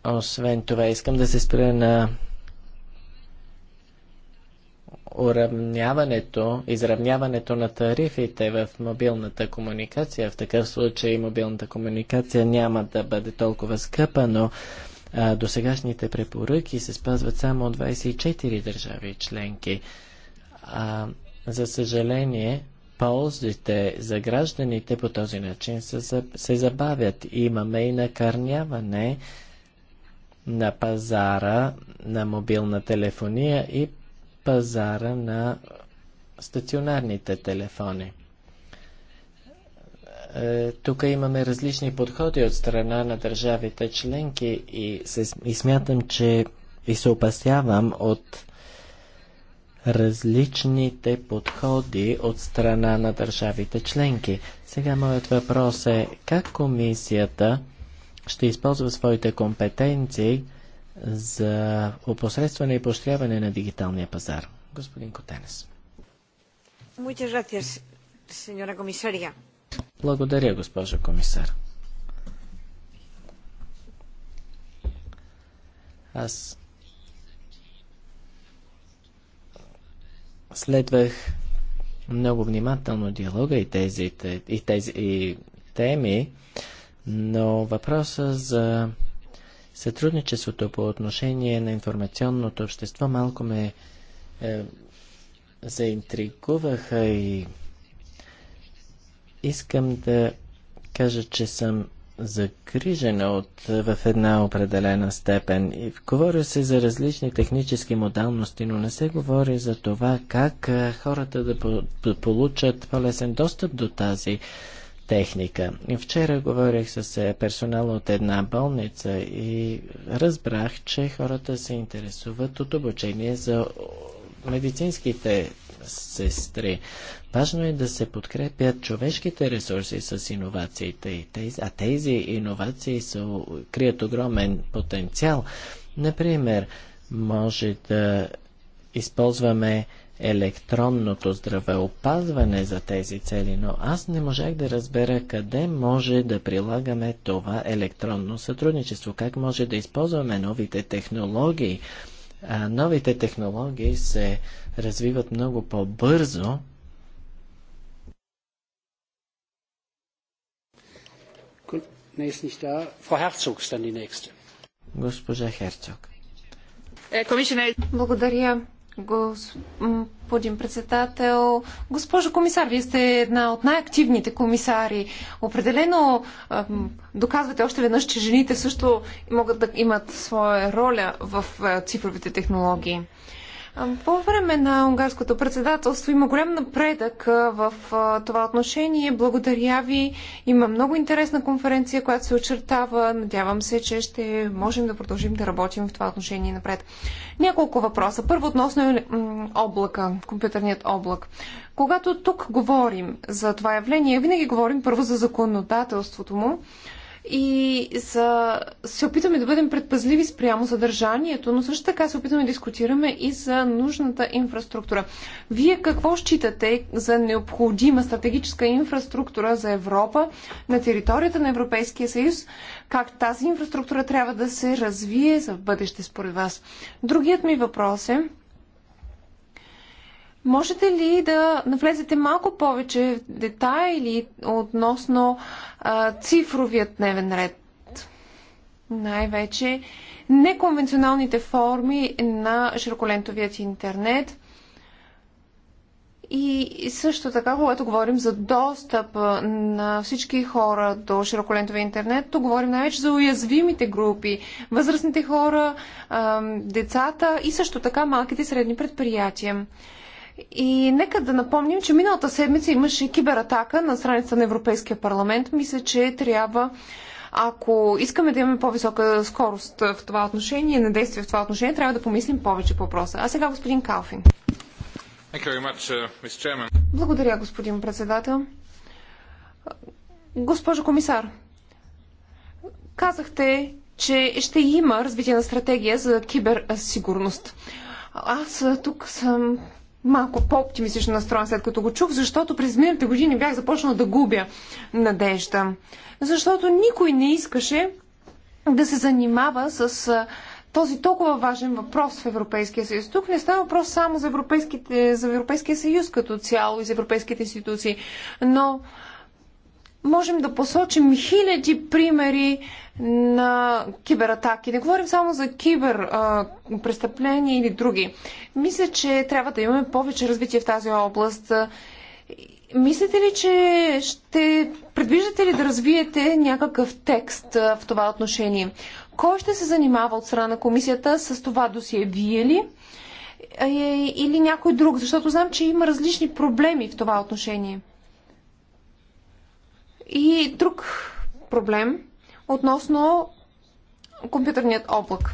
Освен това, искам да се спра на уравняването, изравняването на тарифите в мобилната комуникация. В такъв случай мобилната комуникация няма да бъде толкова скъпа, но а, досегашните препоръки се спазват само от 24 държави членки. А, за съжаление, ползите за гражданите по този начин се, се забавят. Имаме и накърняване на пазара на мобилна телефония и пазара на стационарните телефони. Е, тук имаме различни подходи от страна на държавите членки и, се, и смятам, че и се опасявам от различните подходи от страна на държавите членки. Сега моят въпрос е как комисията ще използва своите компетенции за опосредстване и поощряване на дигиталния пазар. Господин Котенес. Благодаря, госпожо комисар. Аз Следвах много внимателно диалога и тези, и тези и теми, но въпроса за сътрудничеството по отношение на информационното общество малко ме е, заинтригуваха и искам да кажа, че съм загрижена от, в една определена степен. И говори се за различни технически модалности, но не се говори за това как хората да получат по-лесен достъп до тази техника. И вчера говорих с е, персонал от една болница и разбрах, че хората се интересуват от обучение за медицинските сестри. Важно е да се подкрепят човешките ресурси с иновациите, а тези иновации са, крият огромен потенциал. Например, може да използваме електронното здравеопазване за тези цели, но аз не можах да разбера къде може да прилагаме това електронно сътрудничество, как може да използваме новите технологии новите технологии се развиват много по-бързо. Госпожа Херцог. Е, Благодаря. Господин председател, госпожо комисар, вие сте една от най-активните комисари. Определено доказвате още веднъж, че жените също могат да имат своя роля в цифровите технологии. По време на унгарското председателство има голям напредък в това отношение. Благодаря ви. Има много интересна конференция, която се очертава. Надявам се, че ще можем да продължим да работим в това отношение напред. Няколко въпроса. Първо относно облака, компютърният облак. Когато тук говорим за това явление, винаги говорим първо за законодателството му и за... се опитваме да бъдем предпазливи спрямо съдържанието, но също така се опитваме да дискутираме и за нужната инфраструктура. Вие какво считате за необходима стратегическа инфраструктура за Европа на територията на Европейския съюз? Как тази инфраструктура трябва да се развие за бъдеще според вас? Другият ми въпрос е, Можете ли да навлезете малко повече в детайли относно а, цифровият дневен ред? Най-вече неконвенционалните форми на широколентовият интернет. И също така, когато говорим за достъп на всички хора до широколентови интернет, то говорим най-вече за уязвимите групи, възрастните хора, децата и също така малките и средни предприятия. И нека да напомним, че миналата седмица имаше кибератака на страница на Европейския парламент. Мисля, че трябва ако искаме да имаме по-висока скорост в това отношение, на действие в това отношение, трябва да помислим повече по въпроса. А сега господин Калфин. Much, uh, Благодаря, господин председател. Госпожо комисар, казахте, че ще има развитие на стратегия за киберсигурност. Аз тук съм малко по-оптимистично настроен след като го чух, защото през миналите години бях започнал да губя надежда. Защото никой не искаше да се занимава с този толкова важен въпрос в Европейския съюз. Тук не става въпрос само за, за Европейския съюз като цяло и за европейските институции, но можем да посочим хиляди примери на кибератаки. Не говорим само за кибер а, престъпления или други. Мисля, че трябва да имаме повече развитие в тази област. Мислите ли, че ще предвиждате ли да развиете някакъв текст в това отношение? Кой ще се занимава от страна на комисията с това досие? Вие ли? Е, или някой друг? Защото знам, че има различни проблеми в това отношение. И друг проблем относно компютърният облак.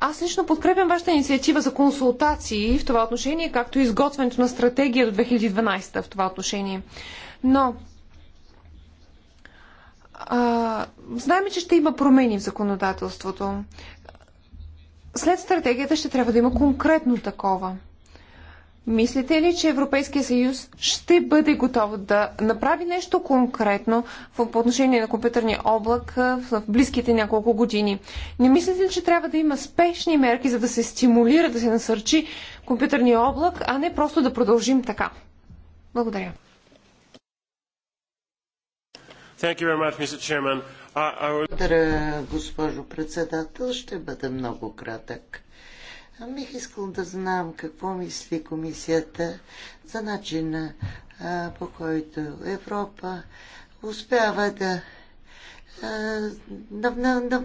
Аз лично подкрепям вашата инициатива за консултации в това отношение, както и изготвянето на стратегия до 2012 в това отношение. Но а, знаем, че ще има промени в законодателството. След стратегията ще трябва да има конкретно такова. Мислите ли, че Европейския съюз ще бъде готов да направи нещо конкретно в отношение на компютърния облак в близките няколко години? Не мислите ли, че трябва да има спешни мерки, за да се стимулира, да се насърчи компютърния облак, а не просто да продължим така? Благодаря. Uh, Благодаря, госпожо председател. Ще бъда много кратък. Бих искал да знам какво мисли комисията за начина по който Европа успява да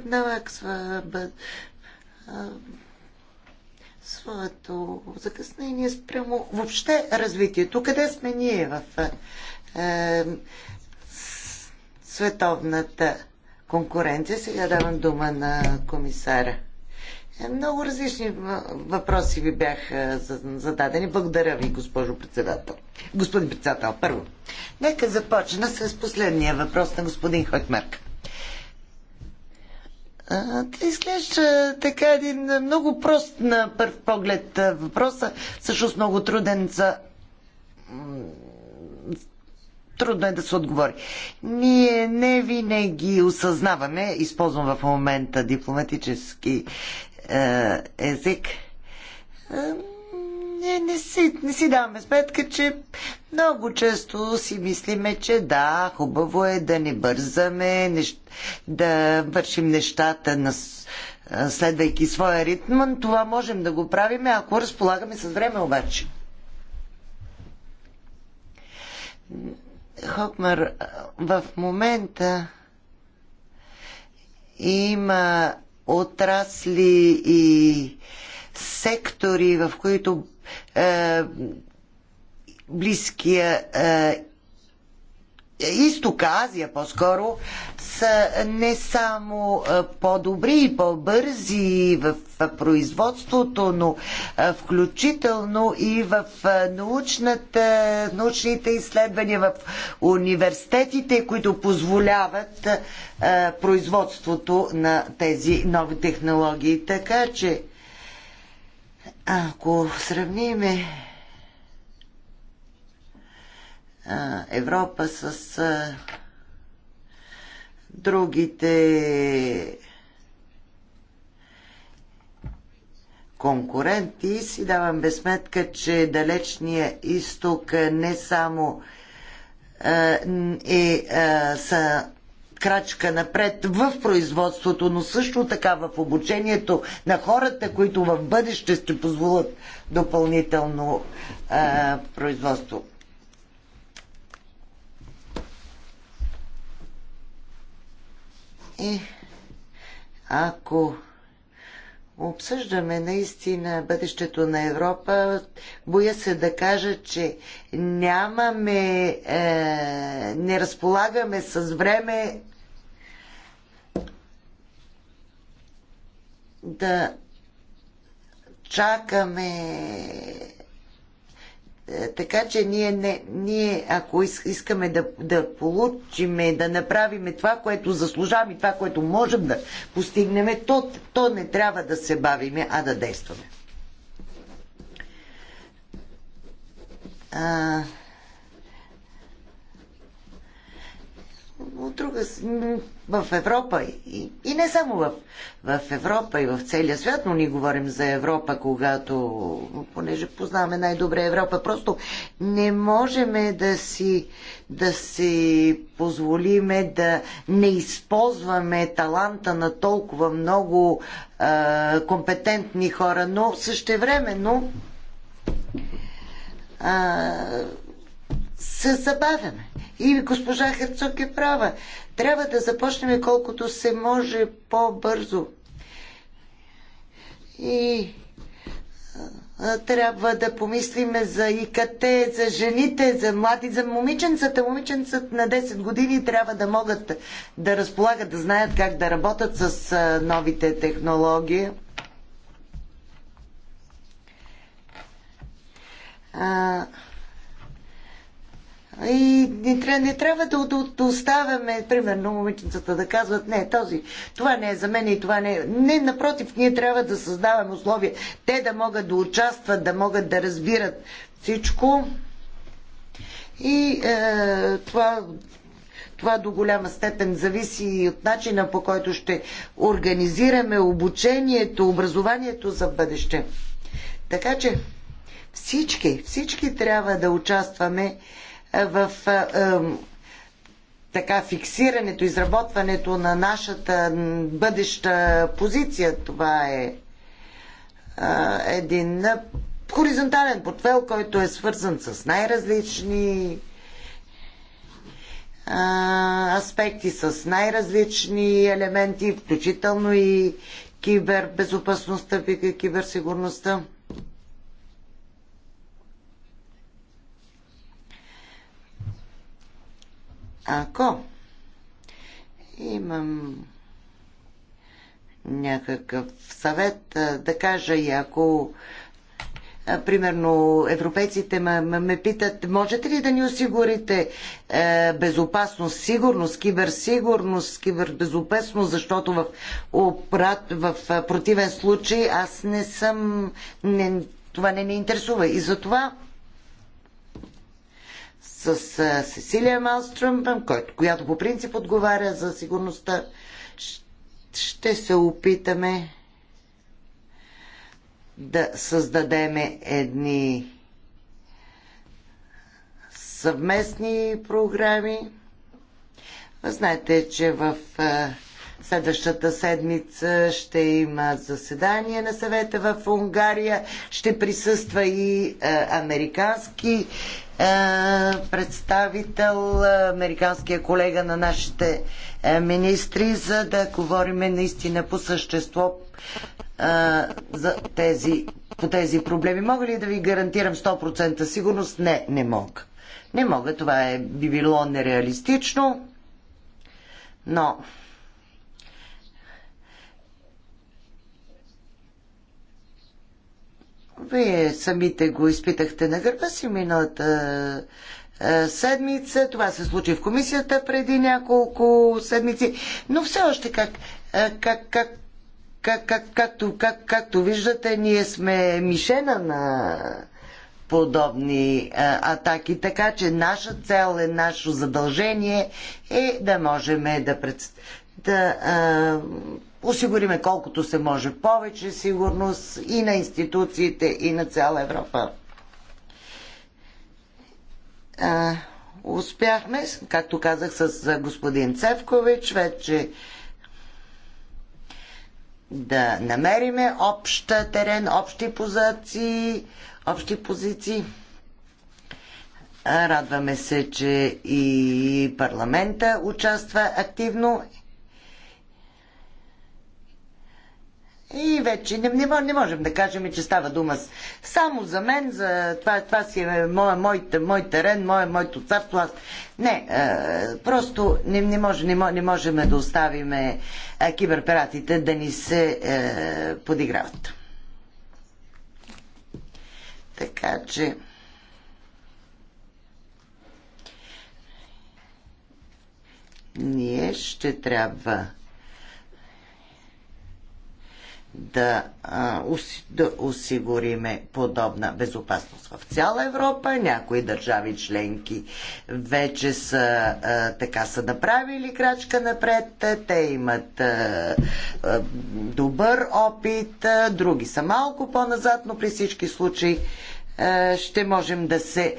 наваксва своето закъснение спрямо въобще развитието. Къде сме ние в е, световната конкуренция? Сега давам дума на комисара. Много различни въпроси ви бяха зададени. Благодаря ви, госпожо председател. Господин председател, първо. Нека започна с последния въпрос на господин Хойкмерк. Ти изглежда така един много прост на първ поглед въпроса, всъщност много труден за трудно е да се отговори. Ние не винаги осъзнаваме, използвам в момента дипломатически е, език, не, не, си, не си даваме сметка, че много често си мислиме, че да, хубаво е да не бързаме, нещ... да вършим нещата на следвайки своя ритм. Това можем да го правим, ако разполагаме с време обаче. Хокмар, в момента има отрасли и сектори, в които е, Близкия е, Изтока, Азия по-скоро, са не само по-добри и по-бързи в производството, но включително и в научната, научните изследвания в университетите, които позволяват производството на тези нови технологии. Така че, ако сравниме Европа с другите конкуренти, си давам безметка, че далечния изток не само е, са крачка напред в производството, но също така в обучението на хората, които в бъдеще ще позволят допълнително а, производство. И ако обсъждаме наистина бъдещето на Европа, боя се да кажа, че нямаме, е, не разполагаме с време да чакаме е, така че ние, не, ние ако искаме да, да получим, да направим това, което заслужаваме, това, което можем да постигнем, то, то не трябва да се бавиме, а да действаме. А... От друга в Европа и, и не само в, в Европа и в целия свят, но ние говорим за Европа, когато, понеже познаваме най-добре Европа, просто не можем да си, да си позволиме да не използваме таланта на толкова много е, компетентни хора, но същевременно е, се забавяме. И госпожа Херцог е права. Трябва да започнем колкото се може по-бързо. И трябва да помислиме за ИКТ, за жените, за млади, за момиченцата. Момиченцата на 10 години трябва да могат да разполагат, да знаят как да работят с новите технологии. А, и не, не трябва да, да, да оставяме, примерно, момичетата да казват, не, този, това не е за мен и това не е. Не, напротив, ние трябва да създаваме условия. Те да могат да участват, да могат да разбират всичко. И е, това, това до голяма степен зависи и от начина по който ще организираме обучението, образованието за бъдеще. Така че всички, всички трябва да участваме в така фиксирането, изработването на нашата бъдеща позиция. Това е един хоризонтален портфел, който е свързан с най-различни аспекти, с най-различни елементи, включително и кибербезопасността, киберсигурността. Ако имам някакъв съвет, да кажа и ако примерно европейците ме, ме питат, можете ли да ни осигурите е, безопасност, сигурност, киберсигурност, кибербезопасност, защото в, опрат, в противен случай аз не съм, не, това не ме интересува. И затова с Сесилия който, която по принцип отговаря за сигурността. Ще се опитаме да създадеме едни съвместни програми. Знаете, че в Следващата седмица ще има заседание на съвета в Унгария. Ще присъства и е, американски е, представител, е, американския колега на нашите министри, за да говорим наистина по същество за тези, по тези проблеми. Мога ли да ви гарантирам 100% сигурност? Не, не мога. Не мога, това е, би било нереалистично, но Вие самите го изпитахте на гърба си миналата седмица. Това се случи в комисията преди няколко седмици. Но все още как, как, как, как, как, както, как, както виждате, ние сме мишена на подобни а, атаки. Така че наша цел е, наше задължение е да можем да, пред, да а, осигуриме колкото се може повече сигурност и на институциите, и на цяла Европа. А, успяхме, както казах с господин Цевкович, вече да намериме обща терен, общи позиции, общи позиции. Радваме се, че и парламента участва активно И вече не, не, не можем да кажем, че става дума само за мен, за това, това си е мой, мой, мой терен, мой, моето царство. Аз... Не, а, просто не, не, може, не, не можем да оставим киберпиратите да ни се а, подиграват. Така че. Ние ще трябва да, а, да осигуриме подобна безопасност в цяла Европа. Някои държави членки вече са, а, така са направили крачка напред. Те имат а, а, добър опит, а, други са малко по-назад, но при всички случаи е, ще можем да се е,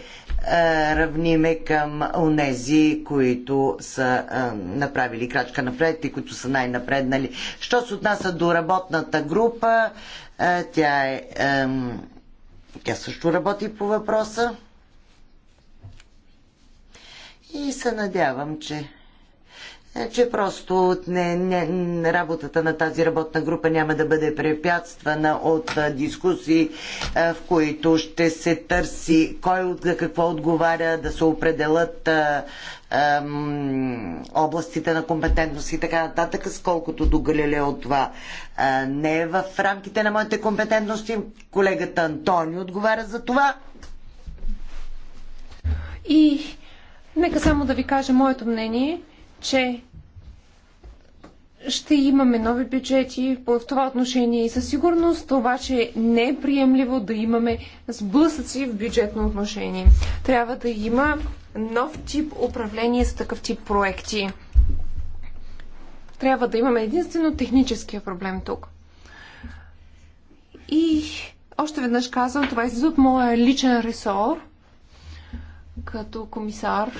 равниме към онези, които са е, направили крачка напред и които са най-напреднали. Що се отнася до работната група, тя е. Тя също работи по въпроса. И се надявам, че е, че просто не, не, работата на тази работна група няма да бъде препятствана от дискусии, е, в които ще се търси кой от какво отговаря, да се определят областите на компетентност и така нататък, сколкото до Галилео това не е в рамките на моите компетентности. Колегата Антони отговаря за това. И нека само да ви кажа моето мнение – че ще имаме нови бюджети в това отношение и със сигурност, обаче не е приемливо да имаме сблъсъци в бюджетно отношение. Трябва да има нов тип управление с такъв тип проекти. Трябва да имаме единствено техническия проблем тук. И още веднъж казвам, това е излиза от моя личен ресор като комисар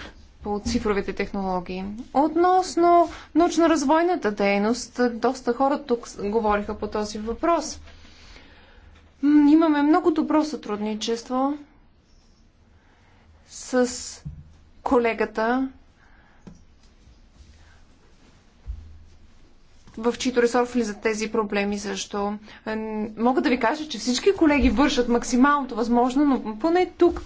по цифровите технологии. Относно научно-развойната дейност, доста хора тук говориха по този въпрос. Имаме много добро сътрудничество с колегата, в чието ресор влизат тези проблеми също. Е, мога да ви кажа, че всички колеги вършат максималното възможно, но поне тук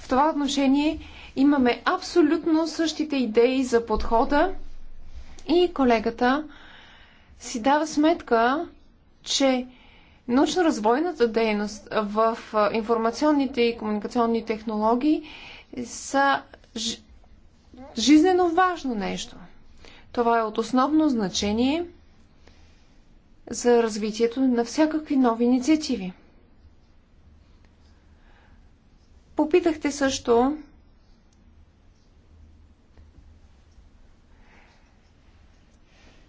в това отношение Имаме абсолютно същите идеи за подхода и колегата си дава сметка, че научно-развойната дейност в информационните и комуникационни технологии са жизнено важно нещо. Това е от основно значение за развитието на всякакви нови инициативи. Попитахте също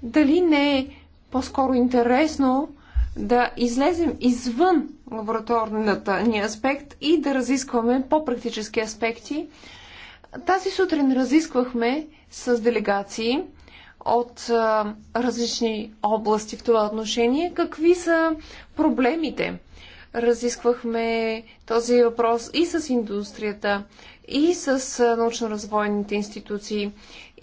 дали не е по-скоро интересно да излезем извън лабораторната ни аспект и да разискваме по-практически аспекти. Тази сутрин разисквахме с делегации от а, различни области в това отношение какви са проблемите. Разисквахме този въпрос и с индустрията, и с научно-развойните институции,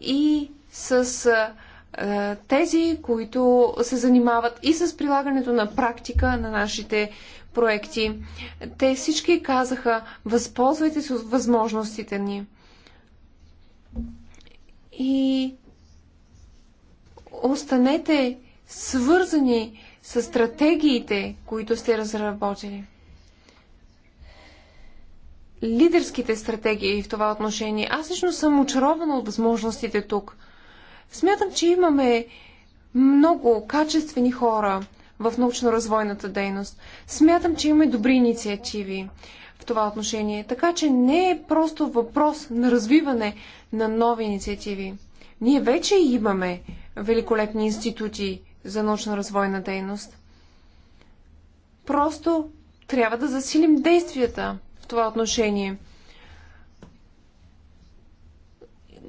и с а, е, тези, които се занимават и с прилагането на практика на нашите проекти. Те всички казаха, възползвайте се от възможностите ни. И останете свързани с стратегиите, които сте разработили. Лидерските стратегии в това отношение. Аз лично съм очарована от възможностите тук – Смятам, че имаме много качествени хора в научно-развойната дейност. Смятам, че имаме добри инициативи в това отношение. Така че не е просто въпрос на развиване на нови инициативи. Ние вече имаме великолепни институти за научно-развойна дейност. Просто трябва да засилим действията в това отношение.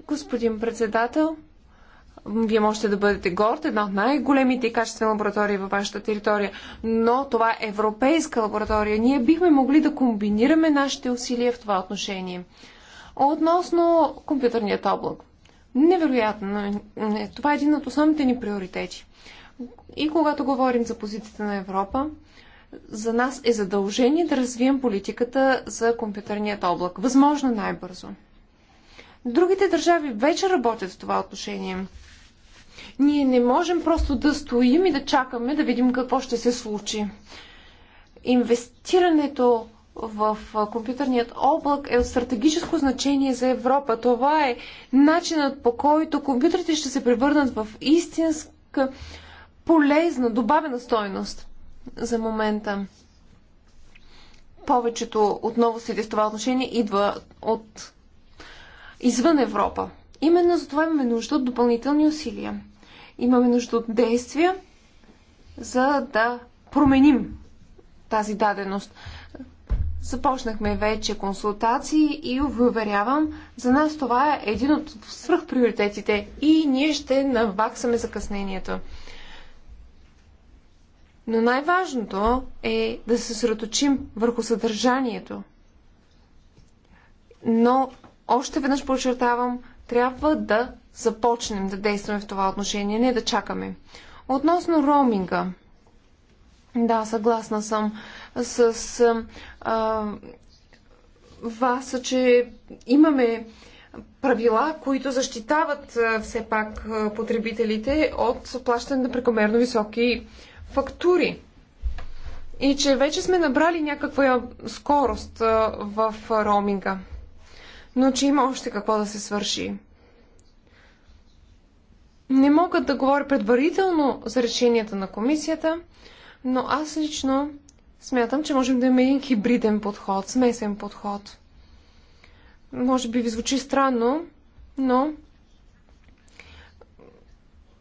Господин председател, вие можете да бъдете горд, една от най-големите и качествени лаборатории във вашата територия, но това е европейска лаборатория. Ние бихме могли да комбинираме нашите усилия в това отношение. Относно компютърният облак. Невероятно. Това е един от основните ни приоритети. И когато говорим за позицията на Европа, за нас е задължение да развием политиката за компютърният облак. Възможно най-бързо. Другите държави вече работят в това отношение. Ние не можем просто да стоим и да чакаме да видим какво ще се случи. Инвестирането в компютърният облак е от стратегическо значение за Европа. Това е начинът по който компютрите ще се превърнат в истинска полезна, добавена стойност за момента. Повечето отново с това отношение идва от извън Европа. Именно за това имаме нужда от допълнителни усилия. Имаме нужда от действия, за да променим тази даденост. Започнахме вече консултации и уверявам, за нас това е един от свръхприоритетите и ние ще наваксаме закъснението. Но най-важното е да се съсредоточим върху съдържанието. Но още веднъж подчертавам, трябва да започнем да действаме в това отношение, не да чакаме. Относно роуминга, да, съгласна съм с а, вас, че имаме правила, които защитават все пак потребителите от плащане на прекомерно високи фактури. И че вече сме набрали някаква скорост в роуминга. Но че има още какво да се свърши. Не мога да говоря предварително за решенията на комисията, но аз лично смятам, че можем да имаме един хибриден подход, смесен подход. Може би ви звучи странно, но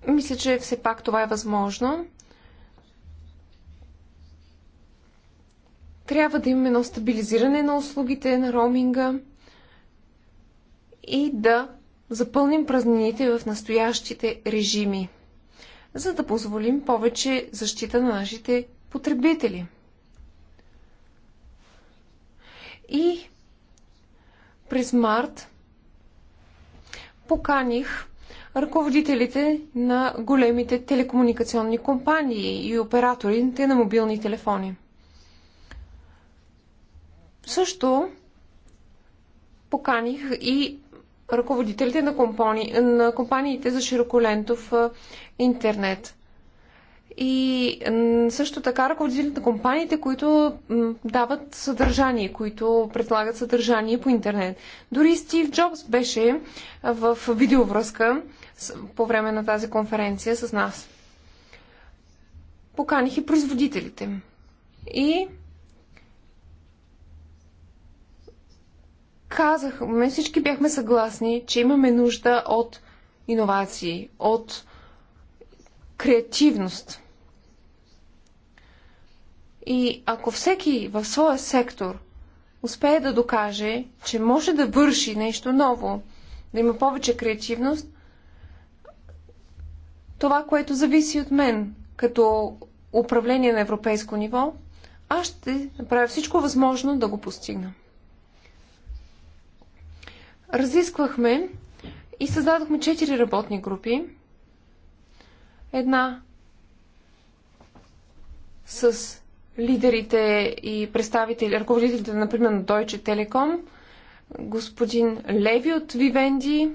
мисля, че все пак това е възможно. Трябва да имаме едно стабилизиране на услугите на роуминга и да запълним празнините в настоящите режими, за да позволим повече защита на нашите потребители. И през март поканих ръководителите на големите телекомуникационни компании и операторите на мобилни телефони. Също поканих и ръководителите на, компони, на компаниите за широколентов интернет. И също така ръководителите на компаниите, които дават съдържание, които предлагат съдържание по интернет. Дори Стив Джобс беше в видеовръзка по време на тази конференция с нас. Поканих и производителите. И казахме, всички бяхме съгласни, че имаме нужда от иновации, от креативност. И ако всеки в своя сектор успее да докаже, че може да върши нещо ново, да има повече креативност, това, което зависи от мен като управление на европейско ниво, аз ще направя всичко възможно да го постигна разисквахме и създадохме четири работни групи. Една с лидерите и представители, ръководителите, например, на Deutsche Telekom, господин Леви от Вивенди,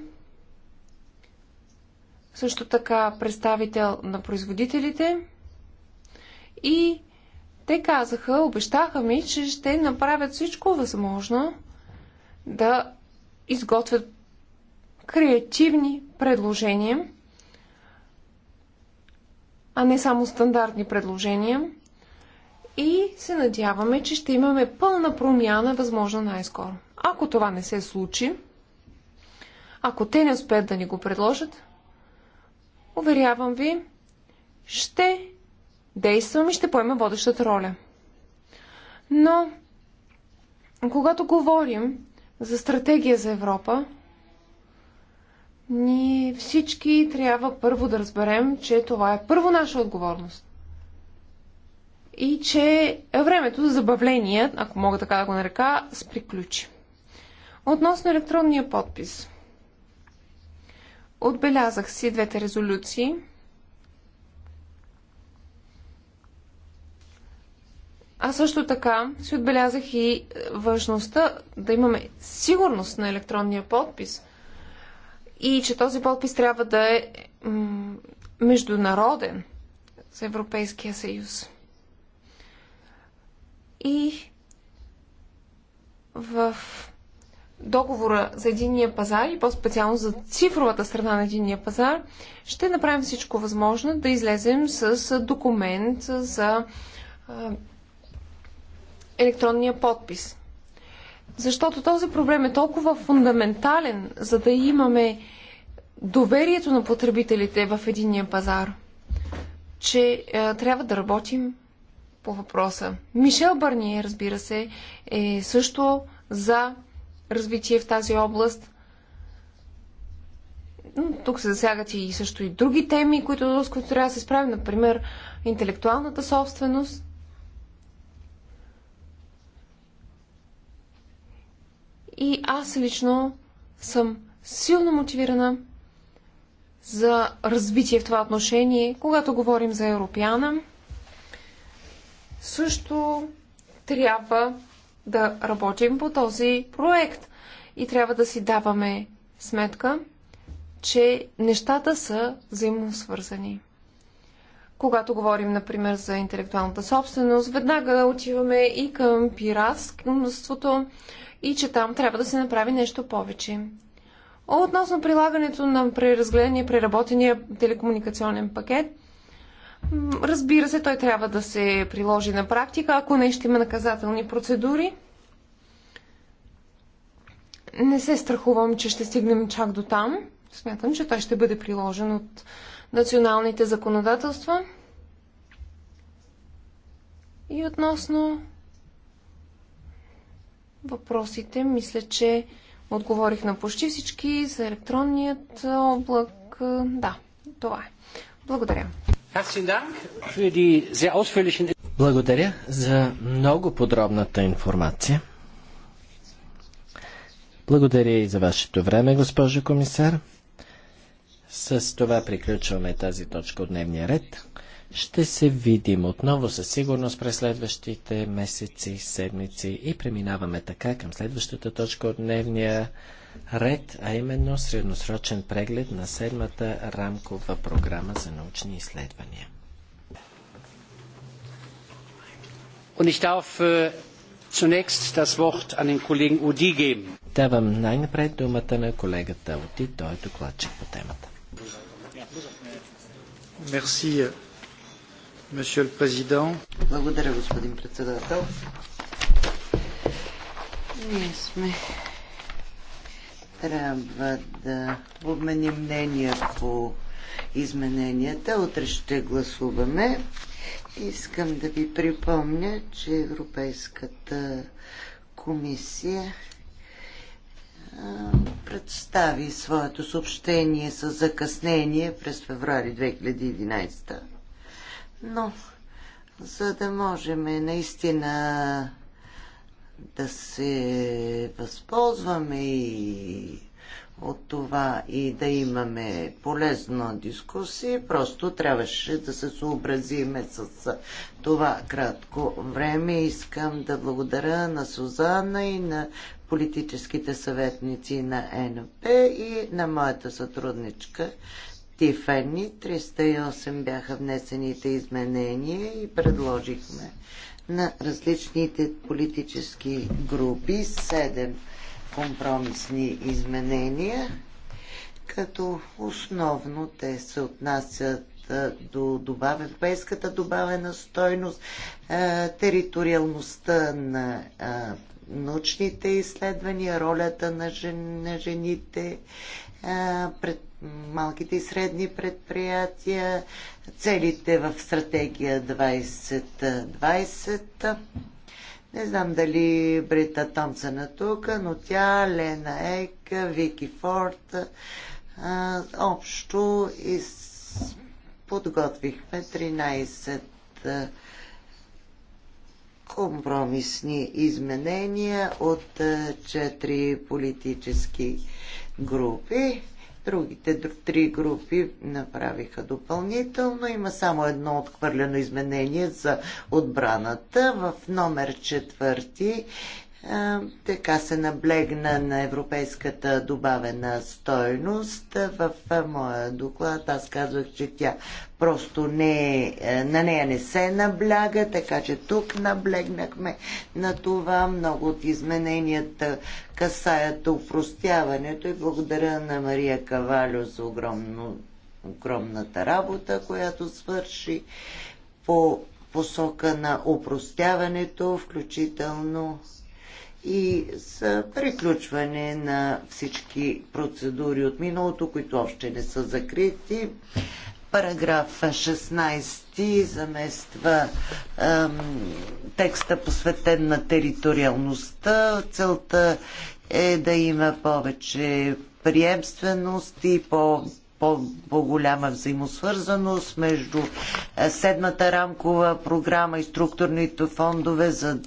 също така представител на производителите и те казаха, обещаха ми, че ще направят всичко възможно да изготвят креативни предложения, а не само стандартни предложения. И се надяваме, че ще имаме пълна промяна, възможно най-скоро. Ако това не се случи, ако те не успеят да ни го предложат, уверявам ви, ще действам и ще поема водещата роля. Но, когато говорим за стратегия за Европа, ние всички трябва първо да разберем, че това е първо наша отговорност. И че времето за забавление, ако мога така да го нарека, с приключи. Относно електронния подпис. Отбелязах си двете резолюции – А също така си отбелязах и важността да имаме сигурност на електронния подпис и че този подпис трябва да е международен за Европейския съюз. И в договора за единния пазар и по-специално за цифровата страна на единния пазар, ще направим всичко възможно да излезем с документ за електронния подпис. Защото този проблем е толкова фундаментален, за да имаме доверието на потребителите в единния пазар, че е, трябва да работим по въпроса. Мишел Бърние, разбира се, е също за развитие в тази област. Тук се засягат и също и други теми, които, с които трябва да се справим, например интелектуалната собственост. И аз лично съм силно мотивирана за развитие в това отношение, когато говорим за Европеана. Също трябва да работим по този проект и трябва да си даваме сметка, че нещата са взаимосвързани. Когато говорим, например, за интелектуалната собственост, веднага отиваме и към пиратството, и че там трябва да се направи нещо повече. Относно прилагането на преразгледания и преработения телекомуникационен пакет, разбира се, той трябва да се приложи на практика, ако не ще има наказателни процедури. Не се страхувам, че ще стигнем чак до там. Смятам, че той ще бъде приложен от националните законодателства. И относно въпросите. Мисля, че отговорих на почти всички за електронният облак. Да, това е. Благодаря. Благодаря за много подробната информация. Благодаря и за вашето време, госпожо комисар. С това приключваме тази точка от дневния ред. Ще се видим отново със сигурност през следващите месеци, седмици и преминаваме така към следващата точка от дневния ред, а именно средносрочен преглед на седмата рамкова програма за научни изследвания. Und ich darf äh, zunächst das Wort an den Kollegen Udi geben. Давам най-напред думата на колегата Уди, той е докладчик по темата. Merci, благодаря, господин председател. Ние сме трябва да обменим мнения по измененията. Утре ще гласуваме. Искам да ви припомня, че Европейската комисия представи своето съобщение с закъснение през феврари 2011 но, за да можем наистина да се възползваме и от това и да имаме полезна дискусия, просто трябваше да се съобразиме с това кратко време. Искам да благодаря на Сузана и на политическите съветници на НП и на моята сътрудничка Тифани. 308 бяха внесените изменения и предложихме на различните политически групи 7 компромисни изменения, като основно те се отнасят до добавя, европейската добавена стойност, териториалността на научните изследвания, ролята на, жен, на жените, пред малките и средни предприятия, целите в стратегия 2020. Не знам дали Брита Томсън е тук, но тя, Лена Ек, Вики Форд, а, общо из... подготвихме 13 компромисни изменения от четири политически групи. Другите три групи направиха допълнително. Има само едно отхвърлено изменение за отбраната. В номер четвърти така се наблегна на европейската добавена стойност. В моя доклад аз казвах, че тя просто не, е, на нея не се набляга, така че тук наблегнахме на това. Много от измененията касаят упростяването и благодаря на Мария Кавалю за огромно, огромната работа, която свърши по посока на упростяването, включително и за приключване на всички процедури от миналото, които още не са закрити. Параграф 16 замества ем, текста посветен на териториалността. Целта е да има повече приемственост и по по-голяма взаимосвързаност между е, седмата рамкова програма и структурните фондове за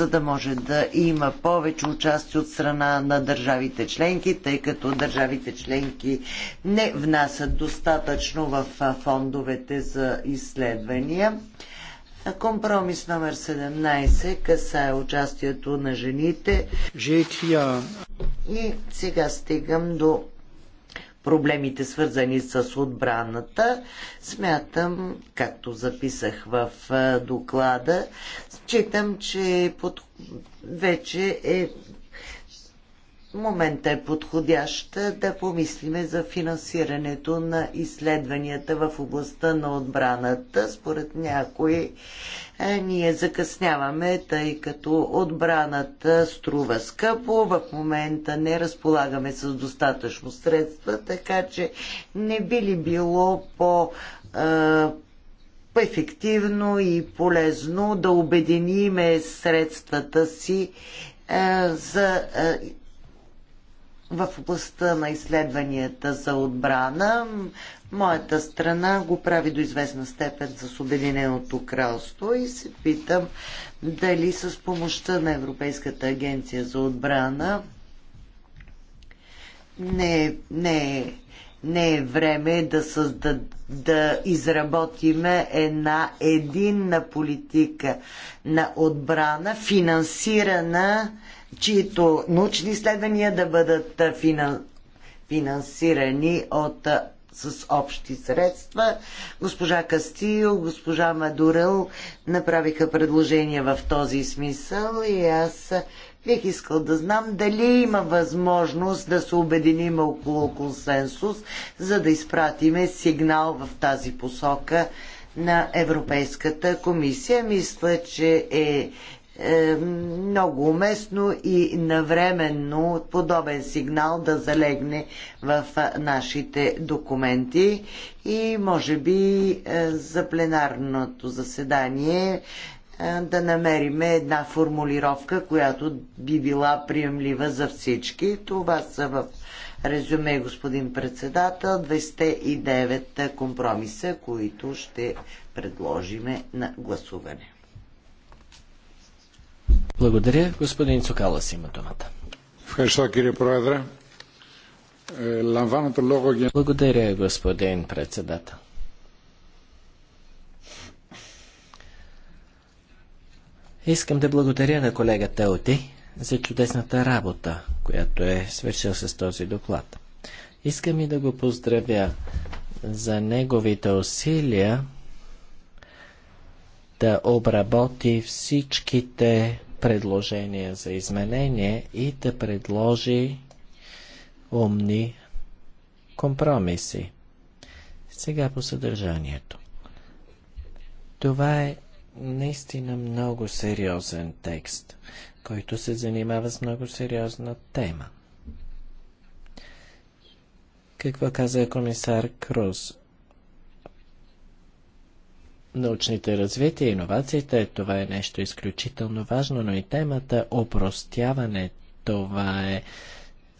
за да може да има повече участие от страна на държавите членки, тъй като държавите членки не внасят достатъчно в фондовете за изследвания. Компромис номер 17 касае участието на жените. И сега стигам до проблемите свързани с отбраната, смятам, както записах в доклада, считам, че под... вече е момента е подходящ е, да помислиме за финансирането на изследванията в областта на отбраната. Според някои е, ние закъсняваме, тъй като отбраната струва скъпо. В момента не разполагаме с достатъчно средства, така че не би ли било по е, ефективно и полезно да обединиме средствата си е, за е, в областта на изследванията за отбрана. Моята страна го прави до известна степен с Обединеното кралство и се питам дали с помощта на Европейската агенция за отбрана не, не, не е време да, създад, да изработиме една единна политика на отбрана, финансирана чието научни изследвания да бъдат финансирани от с общи средства. Госпожа Кастил, госпожа Мадурел направиха предложения в този смисъл и аз бих искал да знам дали има възможност да се обединим около консенсус, за да изпратиме сигнал в тази посока на Европейската комисия. Мисля, че е е, много уместно и навременно подобен сигнал да залегне в нашите документи и може би е, за пленарното заседание е, да намерим една формулировка, която би била приемлива за всички. Това са в резюме, господин председател, 209 компромиса, които ще предложиме на гласуване. Благодаря. Господин Цукалас има думата. Благодаря, господин председател. Искам да благодаря на колега Теоти за чудесната работа, която е свършил с този доклад. Искам и да го поздравя за неговите усилия да обработи всичките предложения за изменение и да предложи умни компромиси. Сега по съдържанието. Това е наистина много сериозен текст, който се занимава с много сериозна тема. Какво каза комисар Круз? научните развития и иновациите, това е нещо изключително важно, но и темата опростяване, това е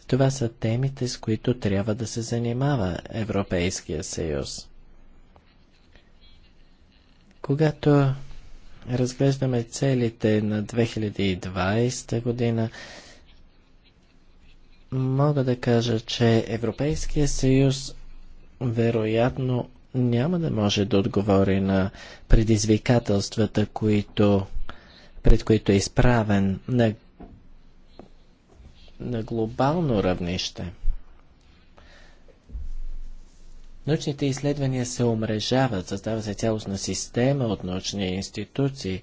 това са темите, с които трябва да се занимава Европейския съюз. Когато разглеждаме целите на 2020 година, мога да кажа, че Европейския съюз вероятно няма да може да отговори на предизвикателствата, които, пред които е изправен на, на глобално равнище. Научните изследвания се омрежават, създава се цялостна система от научни институции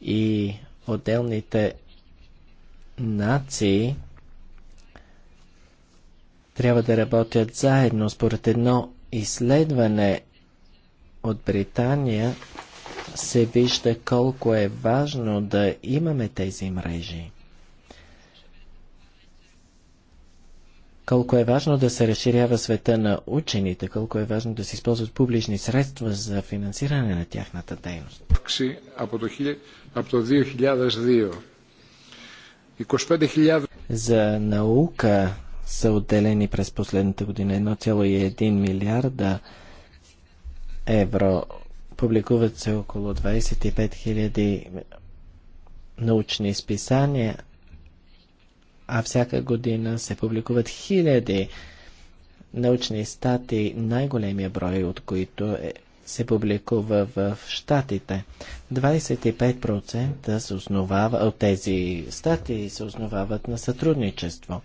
и отделните нации трябва да работят заедно според едно изследване от Британия се вижда колко е важно да имаме тези мрежи. Колко е важно да се разширява света на учените, колко е важно да се използват публични средства за финансиране на тяхната дейност. За наука са отделени през последната година 1,1 милиарда евро. Публикуват се около 25 000 научни изписания, а всяка година се публикуват хиляди научни статии, най-големия брой от които е, се публикува в Штатите. 25% се основава, от тези статии се основават на сътрудничество.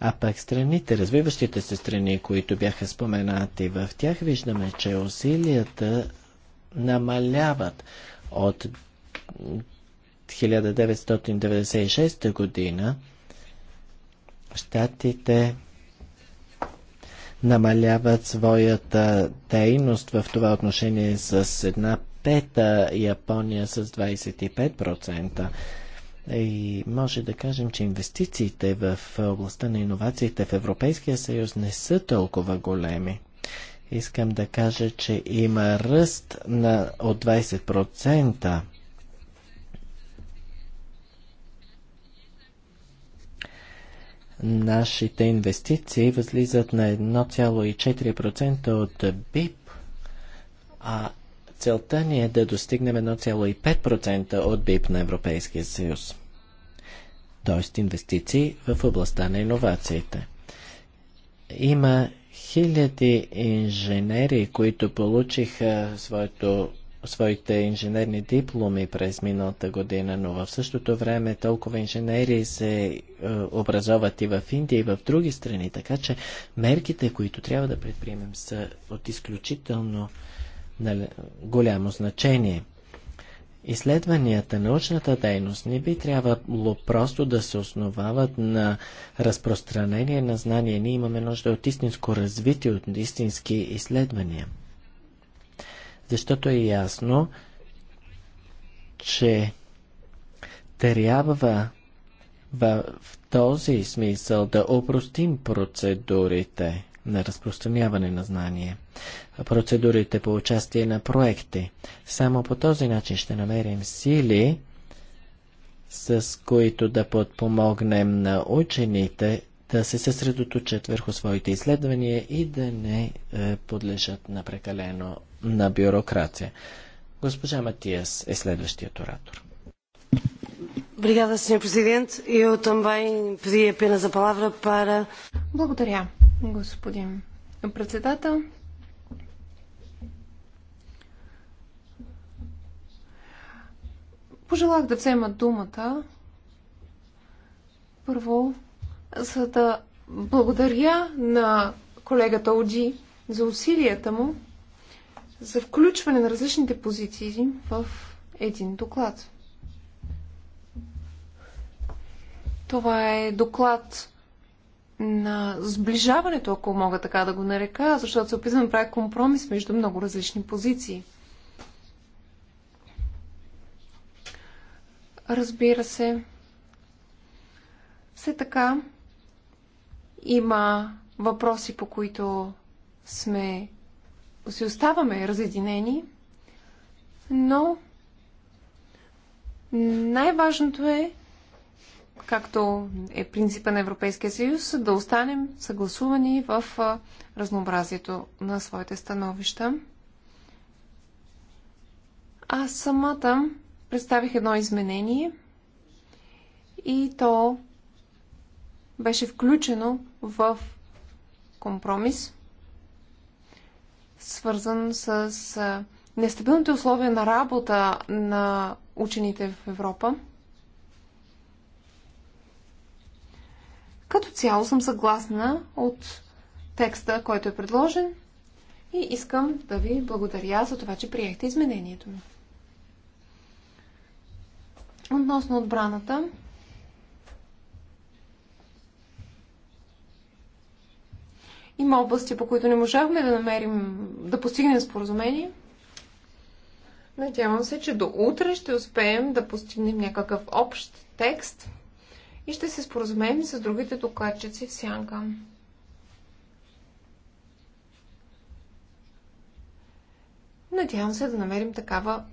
А пък страните, развиващите се страни, които бяха споменати в тях, виждаме, че усилията намаляват от 1996 година. Штатите намаляват своята дейност в това отношение с една пета, Япония с 25%. И може да кажем, че инвестициите в областта на иновациите в Европейския съюз не са толкова големи. Искам да кажа, че има ръст на, от 20%. Нашите инвестиции възлизат на 1,4% от БИП, а целта ни е да достигнем 1,5% от БИП на Европейския съюз т.е. инвестиции в областта на иновациите. Има хиляди инженери, които получиха своето, своите инженерни дипломи през миналата година, но в същото време толкова инженери се е, образоват и в Индия, и в други страни. Така че мерките, които трябва да предприемем, са от изключително нали, голямо значение. Изследванията, научната дейност не би трябвало просто да се основават на разпространение на знания. Ние имаме нужда от истинско развитие, от истински изследвания. Защото е ясно, че трябва в, този смисъл да опростим процедурите на разпространяване на знание, процедурите по участие на проекти. Само по този начин ще намерим сили, с които да подпомогнем на учените да се съсредоточат върху своите изследвания и да не е, подлежат на прекалено на бюрокрация. Госпожа Матиас е следващият оратор. Благодаря, Благодаря господин председател. Пожелах да взема думата първо, за да благодаря на колегата Оди за усилията му за включване на различните позиции в един доклад. Това е доклад на сближаването, ако мога така да го нарека, защото се опитвам да правя компромис между много различни позиции. Разбира се, все така има въпроси, по които сме си оставаме разединени, но най-важното е както е принципа на Европейския съюз, да останем съгласувани в разнообразието на своите становища. Аз самата представих едно изменение и то беше включено в компромис, свързан с нестабилните условия на работа на учените в Европа – Като цяло съм съгласна от текста, който е предложен и искам да ви благодаря за това, че приехте изменението ми. Относно отбраната, има области, по които не можахме да намерим, да постигнем споразумение. Надявам се, че до утре ще успеем да постигнем някакъв общ текст – и ще се споразумеем с другите докладчици в сянка. Надявам се да намерим такава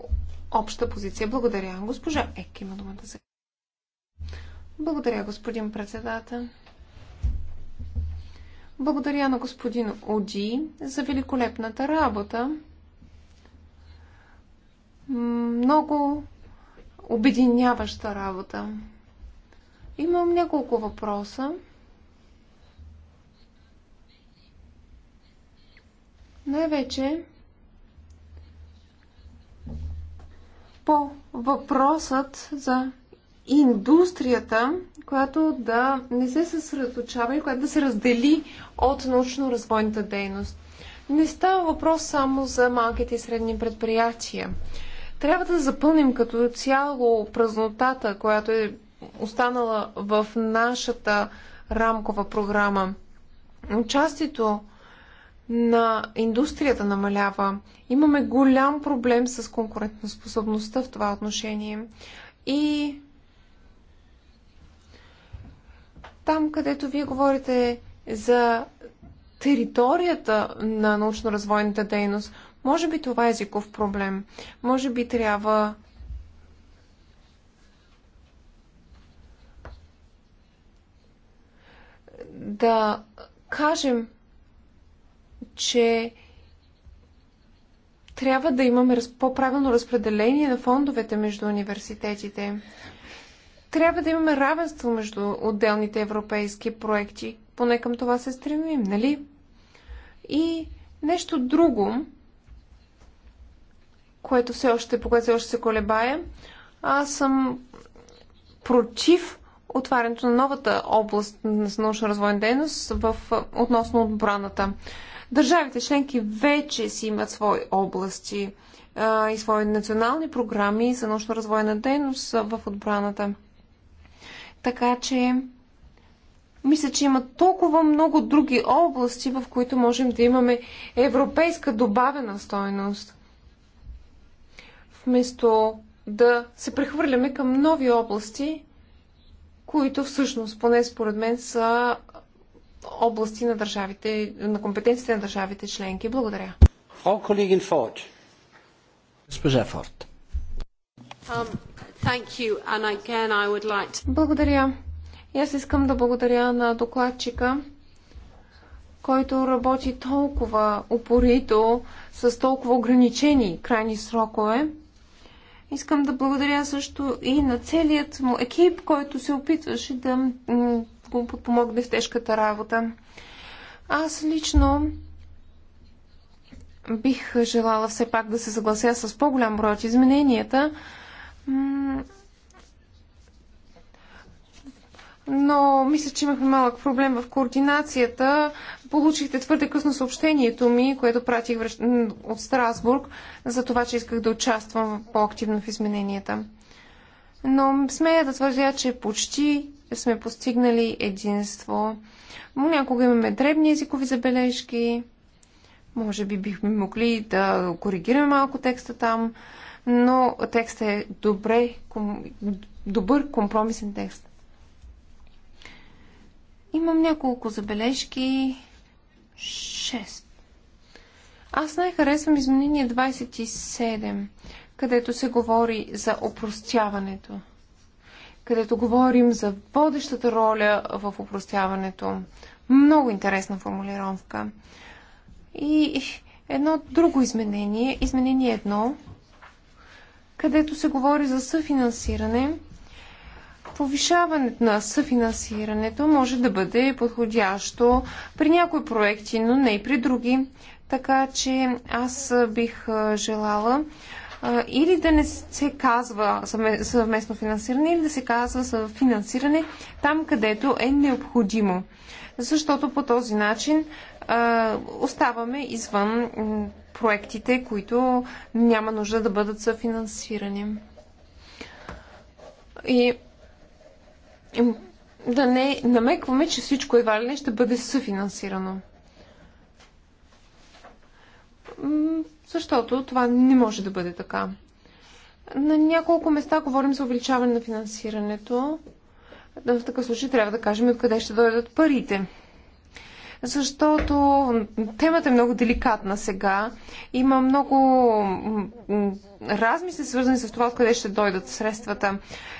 обща позиция. Благодаря. Госпожа Ек има думата за. Благодаря, господин председател. Благодаря на господин Оди за великолепната работа. Много обединяваща работа. Имам няколко въпроса. Най-вече по въпросът за индустрията, която да не се съсредоточава и която да се раздели от научно-развойната дейност. Не става въпрос само за малките и средни предприятия. Трябва да запълним като цяло празнотата, която е останала в нашата рамкова програма. Участието на индустрията намалява. Имаме голям проблем с конкурентоспособността в това отношение. И там, където вие говорите за територията на научно-развойната дейност, може би това е езиков проблем. Може би трябва да кажем, че трябва да имаме по-правилно разпределение на фондовете между университетите. Трябва да имаме равенство между отделните европейски проекти. Поне към това се стремим, нали? И нещо друго, което все още, по което все още се колебая, аз съм против отварянето на новата област на научно-развойна дейност в, относно отбраната. Държавите членки вече си имат свои области а, и свои национални програми за научно-развойна дейност в отбраната. Така че, мисля, че има толкова много други области, в които можем да имаме европейска добавена стойност. Вместо да се прехвърляме към нови области, които всъщност, поне според мен, са области на държавите, на компетенциите на държавите членки. Благодаря. Frau Kollegin Ford. Госпожа Форд. Um, благодаря. И аз искам да благодаря на докладчика, който работи толкова упорито, с толкова ограничени крайни срокове. Искам да благодаря също и на целият му екип, който се опитваше да го подпомогне в тежката работа. Аз лично бих желала все пак да се съглася с по-голям брой от измененията, но мисля, че имахме малък проблем в координацията. Получихте твърде късно съобщението ми, което пратих от Страсбург, за това, че исках да участвам по-активно в измененията. Но смея да твърдя, че почти сме постигнали единство. Някога имаме дребни езикови забележки. Може би бихме могли да коригираме малко текста там, но текстът е добре, ком... добър компромисен текст. Имам няколко забележки. 6. Аз най-харесвам изменение 27, където се говори за опростяването. Където говорим за водещата роля в опростяването. Много интересна формулировка. И едно друго изменение, изменение едно, където се говори за съфинансиране повишаването на съфинансирането може да бъде подходящо при някои проекти, но не и при други. Така че аз бих желала или да не се казва съвместно финансиране, или да се казва финансиране там, където е необходимо. Защото по този начин оставаме извън проектите, които няма нужда да бъдат съфинансирани. И да не намекваме, че всичко едва ли не ще бъде съфинансирано. Защото това не може да бъде така. На няколко места говорим за увеличаване на финансирането. В такъв случай трябва да кажем откъде ще дойдат парите защото темата е много деликатна сега. Има много размисли, свързани с това, откъде ще дойдат средствата.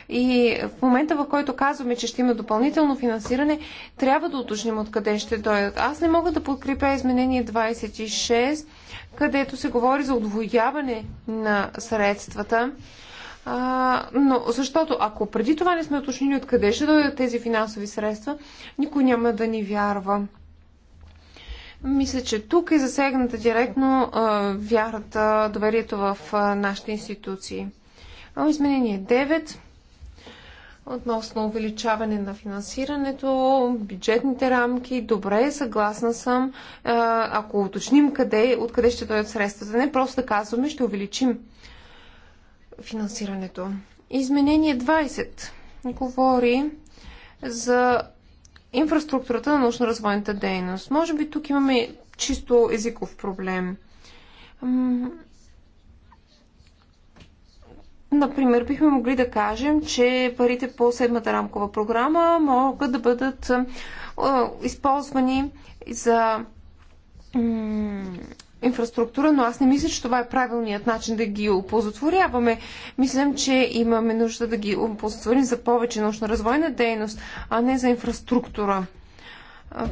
И в момента, в който казваме, че ще има допълнително финансиране, трябва да уточним откъде ще дойдат. Аз не мога да подкрепя изменение 26, където се говори за отвояване на средствата. А, но защото ако преди това не сме уточнили откъде ще дойдат тези финансови средства, никой няма да ни вярва. Мисля, че тук е засегната директно а, вярата, доверието в а, нашите институции. А, изменение 9 относно увеличаване на финансирането, бюджетните рамки. Добре, съгласна съм. А, ако уточним къде, откъде ще дойдат средствата, не просто да казваме, ще увеличим финансирането. Изменение 20 говори за инфраструктурата на научно-развойната дейност. Може би тук имаме чисто езиков проблем. Например, бихме могли да кажем, че парите по седмата рамкова програма могат да бъдат използвани за инфраструктура, но аз не мисля, че това е правилният начин да ги оползотворяваме. Мислям, че имаме нужда да ги оползотворим за повече научно-развойна дейност, а не за инфраструктура.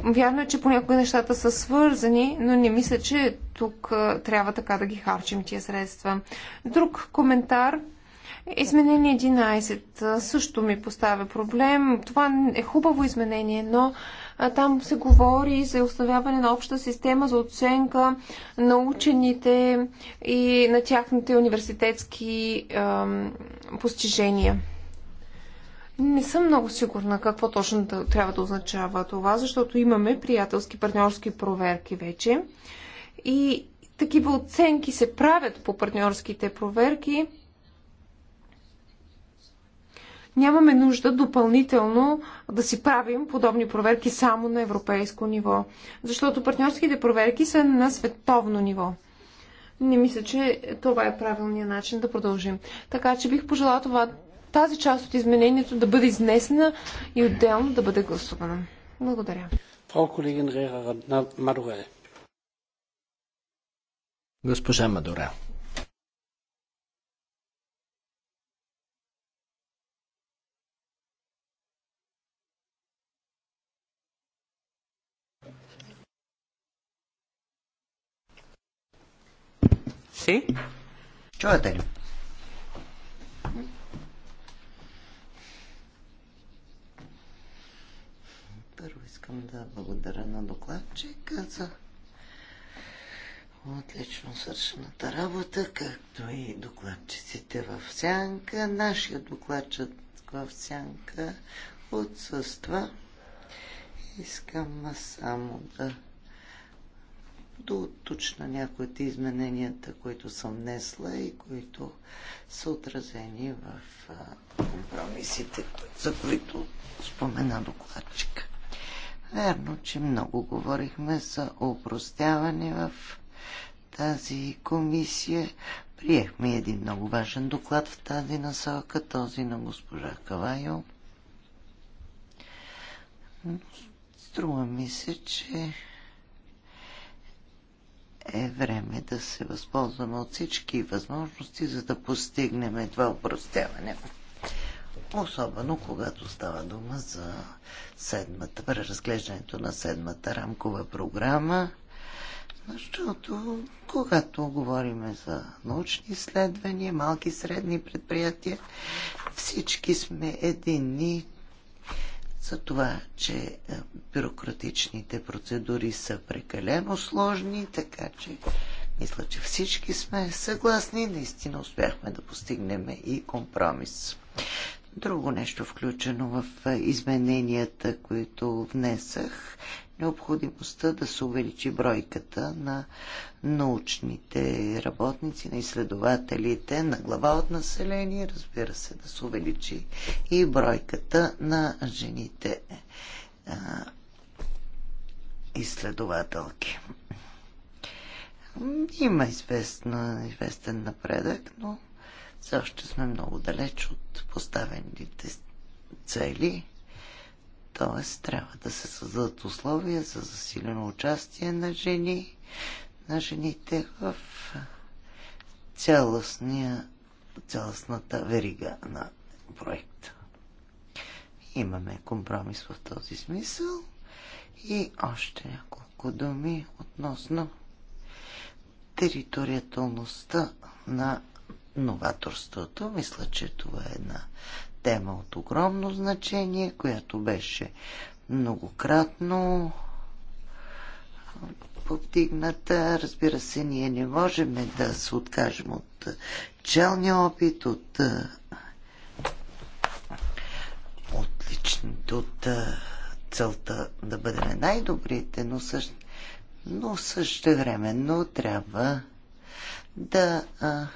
Вярно е, че понякога нещата са свързани, но не мисля, че тук трябва така да ги харчим тия средства. Друг коментар. Изменение 11 също ми поставя проблем. Това е хубаво изменение, но там се говори за установяване на обща система за оценка на учените и на тяхните университетски постижения. Не съм много сигурна какво точно да, трябва да означава това, защото имаме приятелски партньорски проверки вече. И такива оценки се правят по партньорските проверки нямаме нужда допълнително да си правим подобни проверки само на европейско ниво, защото партньорските проверки са на световно ниво. Не мисля, че това е правилният начин да продължим. Така че бих пожелала това, тази част от изменението да бъде изнесена и отделно да бъде гласувана. Благодаря. Frau Kollegin Госпожа Мадорел. си. Чувате ли? Първо искам да благодаря на докладчика за отлично свършената работа, както и докладчиците в сянка. Нашия докладчик в сянка отсъства. Искам само да точно някои от измененията, които съм внесла и които са отразени в компромисите, за които спомена докладчика. Верно, че много говорихме за опростяване в тази комисия. Приехме един много важен доклад в тази насока, този на госпожа Кавайо. Струва ми се, че е време да се възползваме от всички възможности, за да постигнем това упростяване. Особено когато става дума за седмата, преразглеждането на седмата рамкова програма, защото когато говорим за научни изследвания, малки и средни предприятия, всички сме единни, за това, че е, бюрократичните процедури са прекалено сложни, така че мисля, че всички сме съгласни. Наистина успяхме да постигнем и компромис. Друго нещо включено в е, измененията, които внесах, необходимостта да се увеличи бройката на научните работници, на изследователите, на глава от население, разбира се, да се увеличи и бройката на жените а, изследователки. Има известна, известен напредък, но все още сме много далеч от поставените цели Тоест, трябва да се създадат условия за засилено участие на жени, на жените в цялостния, цялостната верига на проекта. Имаме компромис в този смисъл и още няколко думи относно териториалността на новаторството. Мисля, че това е една тема от огромно значение, която беше многократно повдигната. Разбира се, ние не можем да се откажем от челния опит, от отличните, от целта да бъдем най-добрите, но също, но също но трябва да а,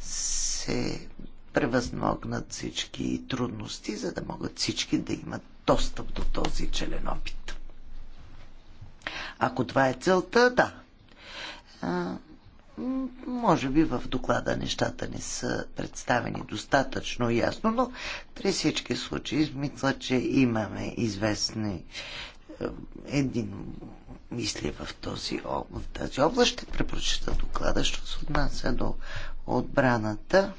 се превъзмогнат всички трудности, за да могат всички да имат достъп до този челен опит. Ако това е целта, да. А, може би в доклада нещата не са представени достатъчно ясно, но при всички случаи мисля, че имаме известни един мисли в, този, в тази област. Ще препрочита доклада, що се отнася до отбраната.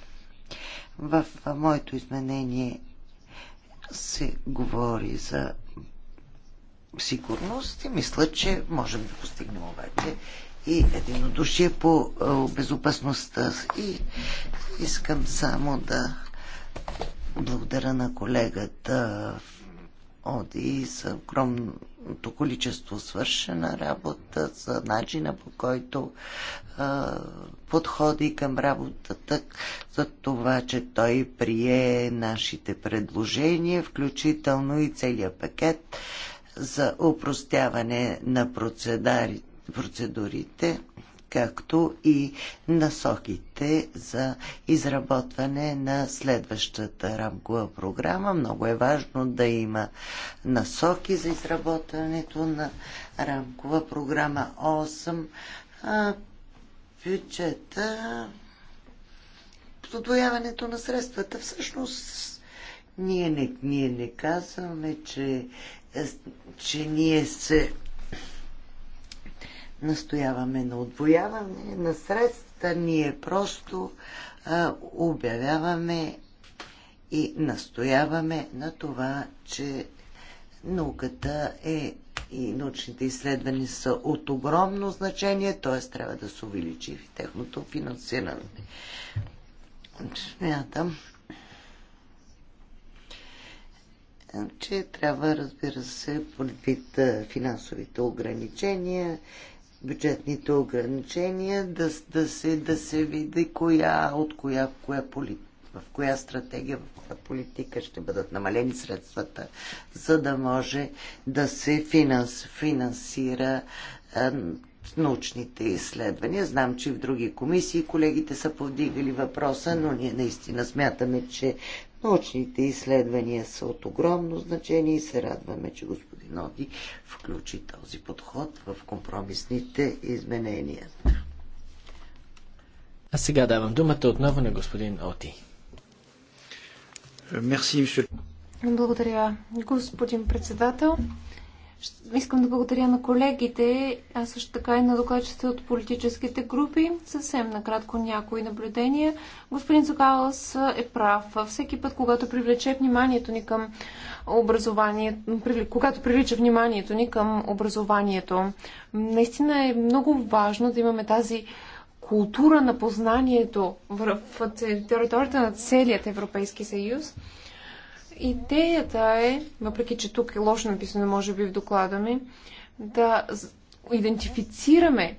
В моето изменение се говори за сигурност и мисля, че можем да постигнем обаче и единодушие по безопасността. И искам само да благодаря на колегата Оди с огромното количество свършена работа, за начина по който а, подходи към работата, за това, че той прие нашите предложения, включително и целият пакет за упростяване на процедурите както и насоките за изработване на следващата рамкова програма. Много е важно да има насоки за изработването на рамкова програма 8. А бюджета, подвояването на средствата, всъщност ние не, ние не казваме, че, че ние се настояваме на отвояване на средства, ние просто а, обявяваме и настояваме на това, че науката е и научните изследвания са от огромно значение, т.е. трябва да се увеличи в техното финансиране. Смятам, че трябва, разбира се, предвид финансовите ограничения бюджетните ограничения, да, да, се, да се види коя, от коя, коя поли, в коя стратегия, в коя политика ще бъдат намалени средствата, за да може да се финанс, финансира е, научните изследвания. Знам, че в други комисии колегите са повдигали въпроса, но ние наистина смятаме, че научните изследвания са от огромно значение и се радваме, че господин синоди включи този подход в компромисните изменения. А сега давам думата отново на господин Оти. Мерси, Благодаря, господин председател. Искам да благодаря на колегите, а също така и на докладчите от политическите групи. Съвсем накратко някои наблюдения. Господин Цукалас е прав. Всеки път, когато привлече вниманието ни към образованието, когато привлича вниманието ни към образованието, наистина е много важно да имаме тази култура на познанието в територията на целият Европейски съюз. Идеята е, въпреки че тук е лошо написано, може би в доклада ми, да идентифицираме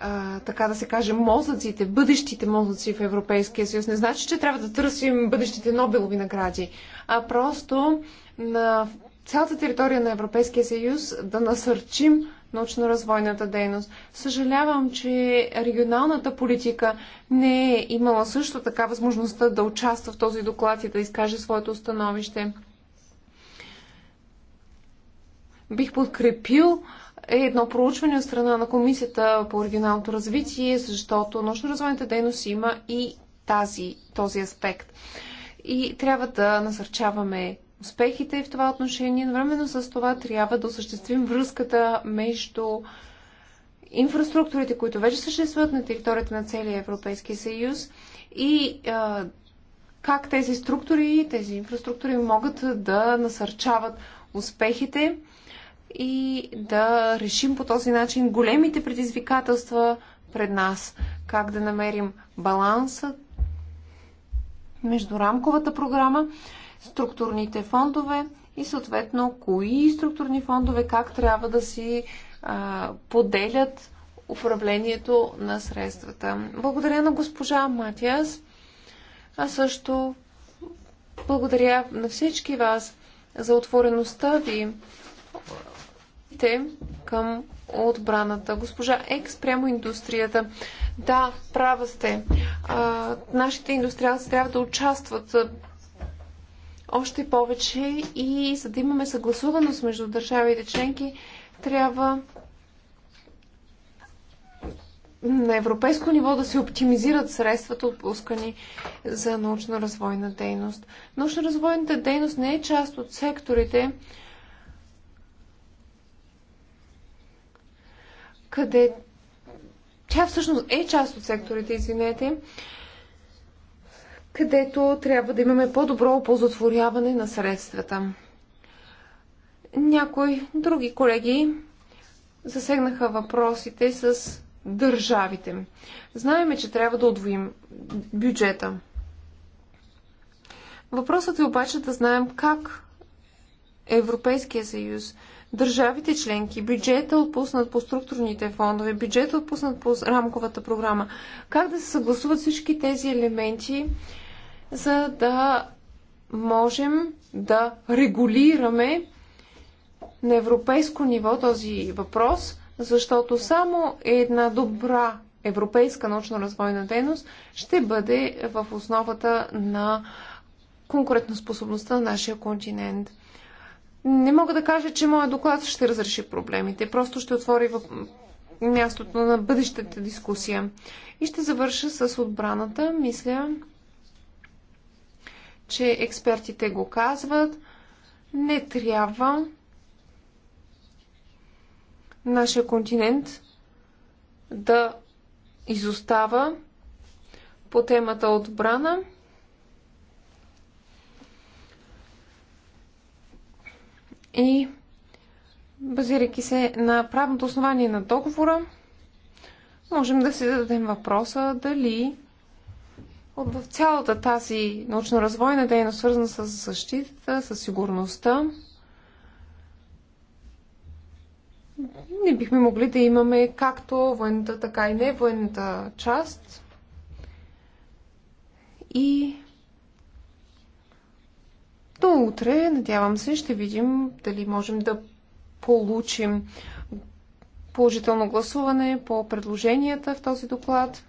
а, така да се каже, мозъците, бъдещите мозъци в Европейския съюз. Не значи, че трябва да търсим бъдещите Нобелови награди, а просто на цялата територия на Европейския съюз да насърчим научно-развойната дейност. Съжалявам, че регионалната политика не е имала също така възможността да участва в този доклад и да изкаже своето установище. Бих подкрепил е едно проучване от страна на Комисията по регионалното развитие, защото научно-развойната дейност има и тази, този аспект. И трябва да насърчаваме успехите в това отношение, но временно с това трябва да осъществим връзката между инфраструктурите, които вече съществуват на територията на целия Европейски съюз и а, как тези структури, тези инфраструктури могат да насърчават успехите и да решим по този начин големите предизвикателства пред нас. Как да намерим баланса между рамковата програма структурните фондове и съответно кои структурни фондове как трябва да си а, поделят управлението на средствата. Благодаря на госпожа Матиас, а също благодаря на всички вас за отвореността ви те към отбраната. Госпожа Екс, прямо индустрията. Да, права сте. А, нашите индустриалци трябва да участват още повече и за да имаме съгласуваност между държавите членки, трябва на европейско ниво да се оптимизират средствата, отпускани за научно-развойна дейност. Научно-развойната дейност не е част от секторите, къде тя всъщност е част от секторите, извинете, където трябва да имаме по-добро оползотворяване на средствата. Някои други колеги засегнаха въпросите с държавите. Знаеме, че трябва да отвоим бюджета. Въпросът е обаче да знаем как Европейския съюз, държавите членки, бюджета отпуснат по структурните фондове, бюджета отпуснат по рамковата програма, как да се съгласуват всички тези елементи за да можем да регулираме на европейско ниво този въпрос, защото само една добра европейска научно-развойна дейност ще бъде в основата на конкурентоспособността на нашия континент. Не мога да кажа, че моят доклад ще разреши проблемите, просто ще отвори въп... мястото на бъдещата дискусия. И ще завърша с отбраната. Мисля, че експертите го казват. Не трябва нашия континент да изостава по темата отбрана. И базирайки се на правното основание на договора, можем да си зададем въпроса дали в цялата тази научно-развойна дейност, свързана с защитата, с сигурността, не бихме могли да имаме както военната, така и не военната част. И до утре, надявам се, ще видим дали можем да получим положително гласуване по предложенията в този доклад.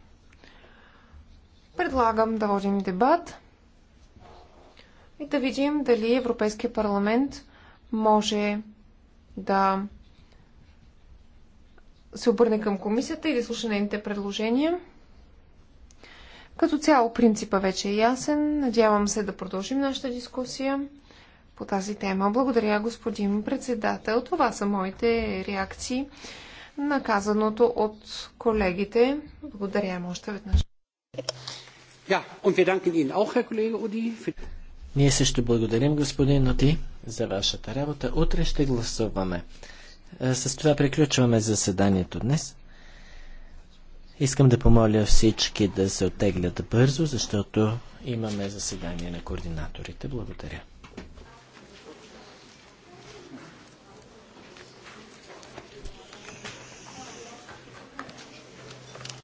Предлагам да водим дебат и да видим дали Европейския парламент може да се обърне към комисията и да слуша нейните предложения. Като цяло принципа вече е ясен. Надявам се да продължим нашата дискусия по тази тема. Благодаря, господин председател. Това са моите реакции на казаното от колегите. Благодаря още веднъж. Ние също благодарим, господин Оди, за вашата работа. Утре ще гласуваме. Е, с това приключваме заседанието днес. Искам да помоля всички да се оттеглят бързо, защото имаме заседание на координаторите. Благодаря.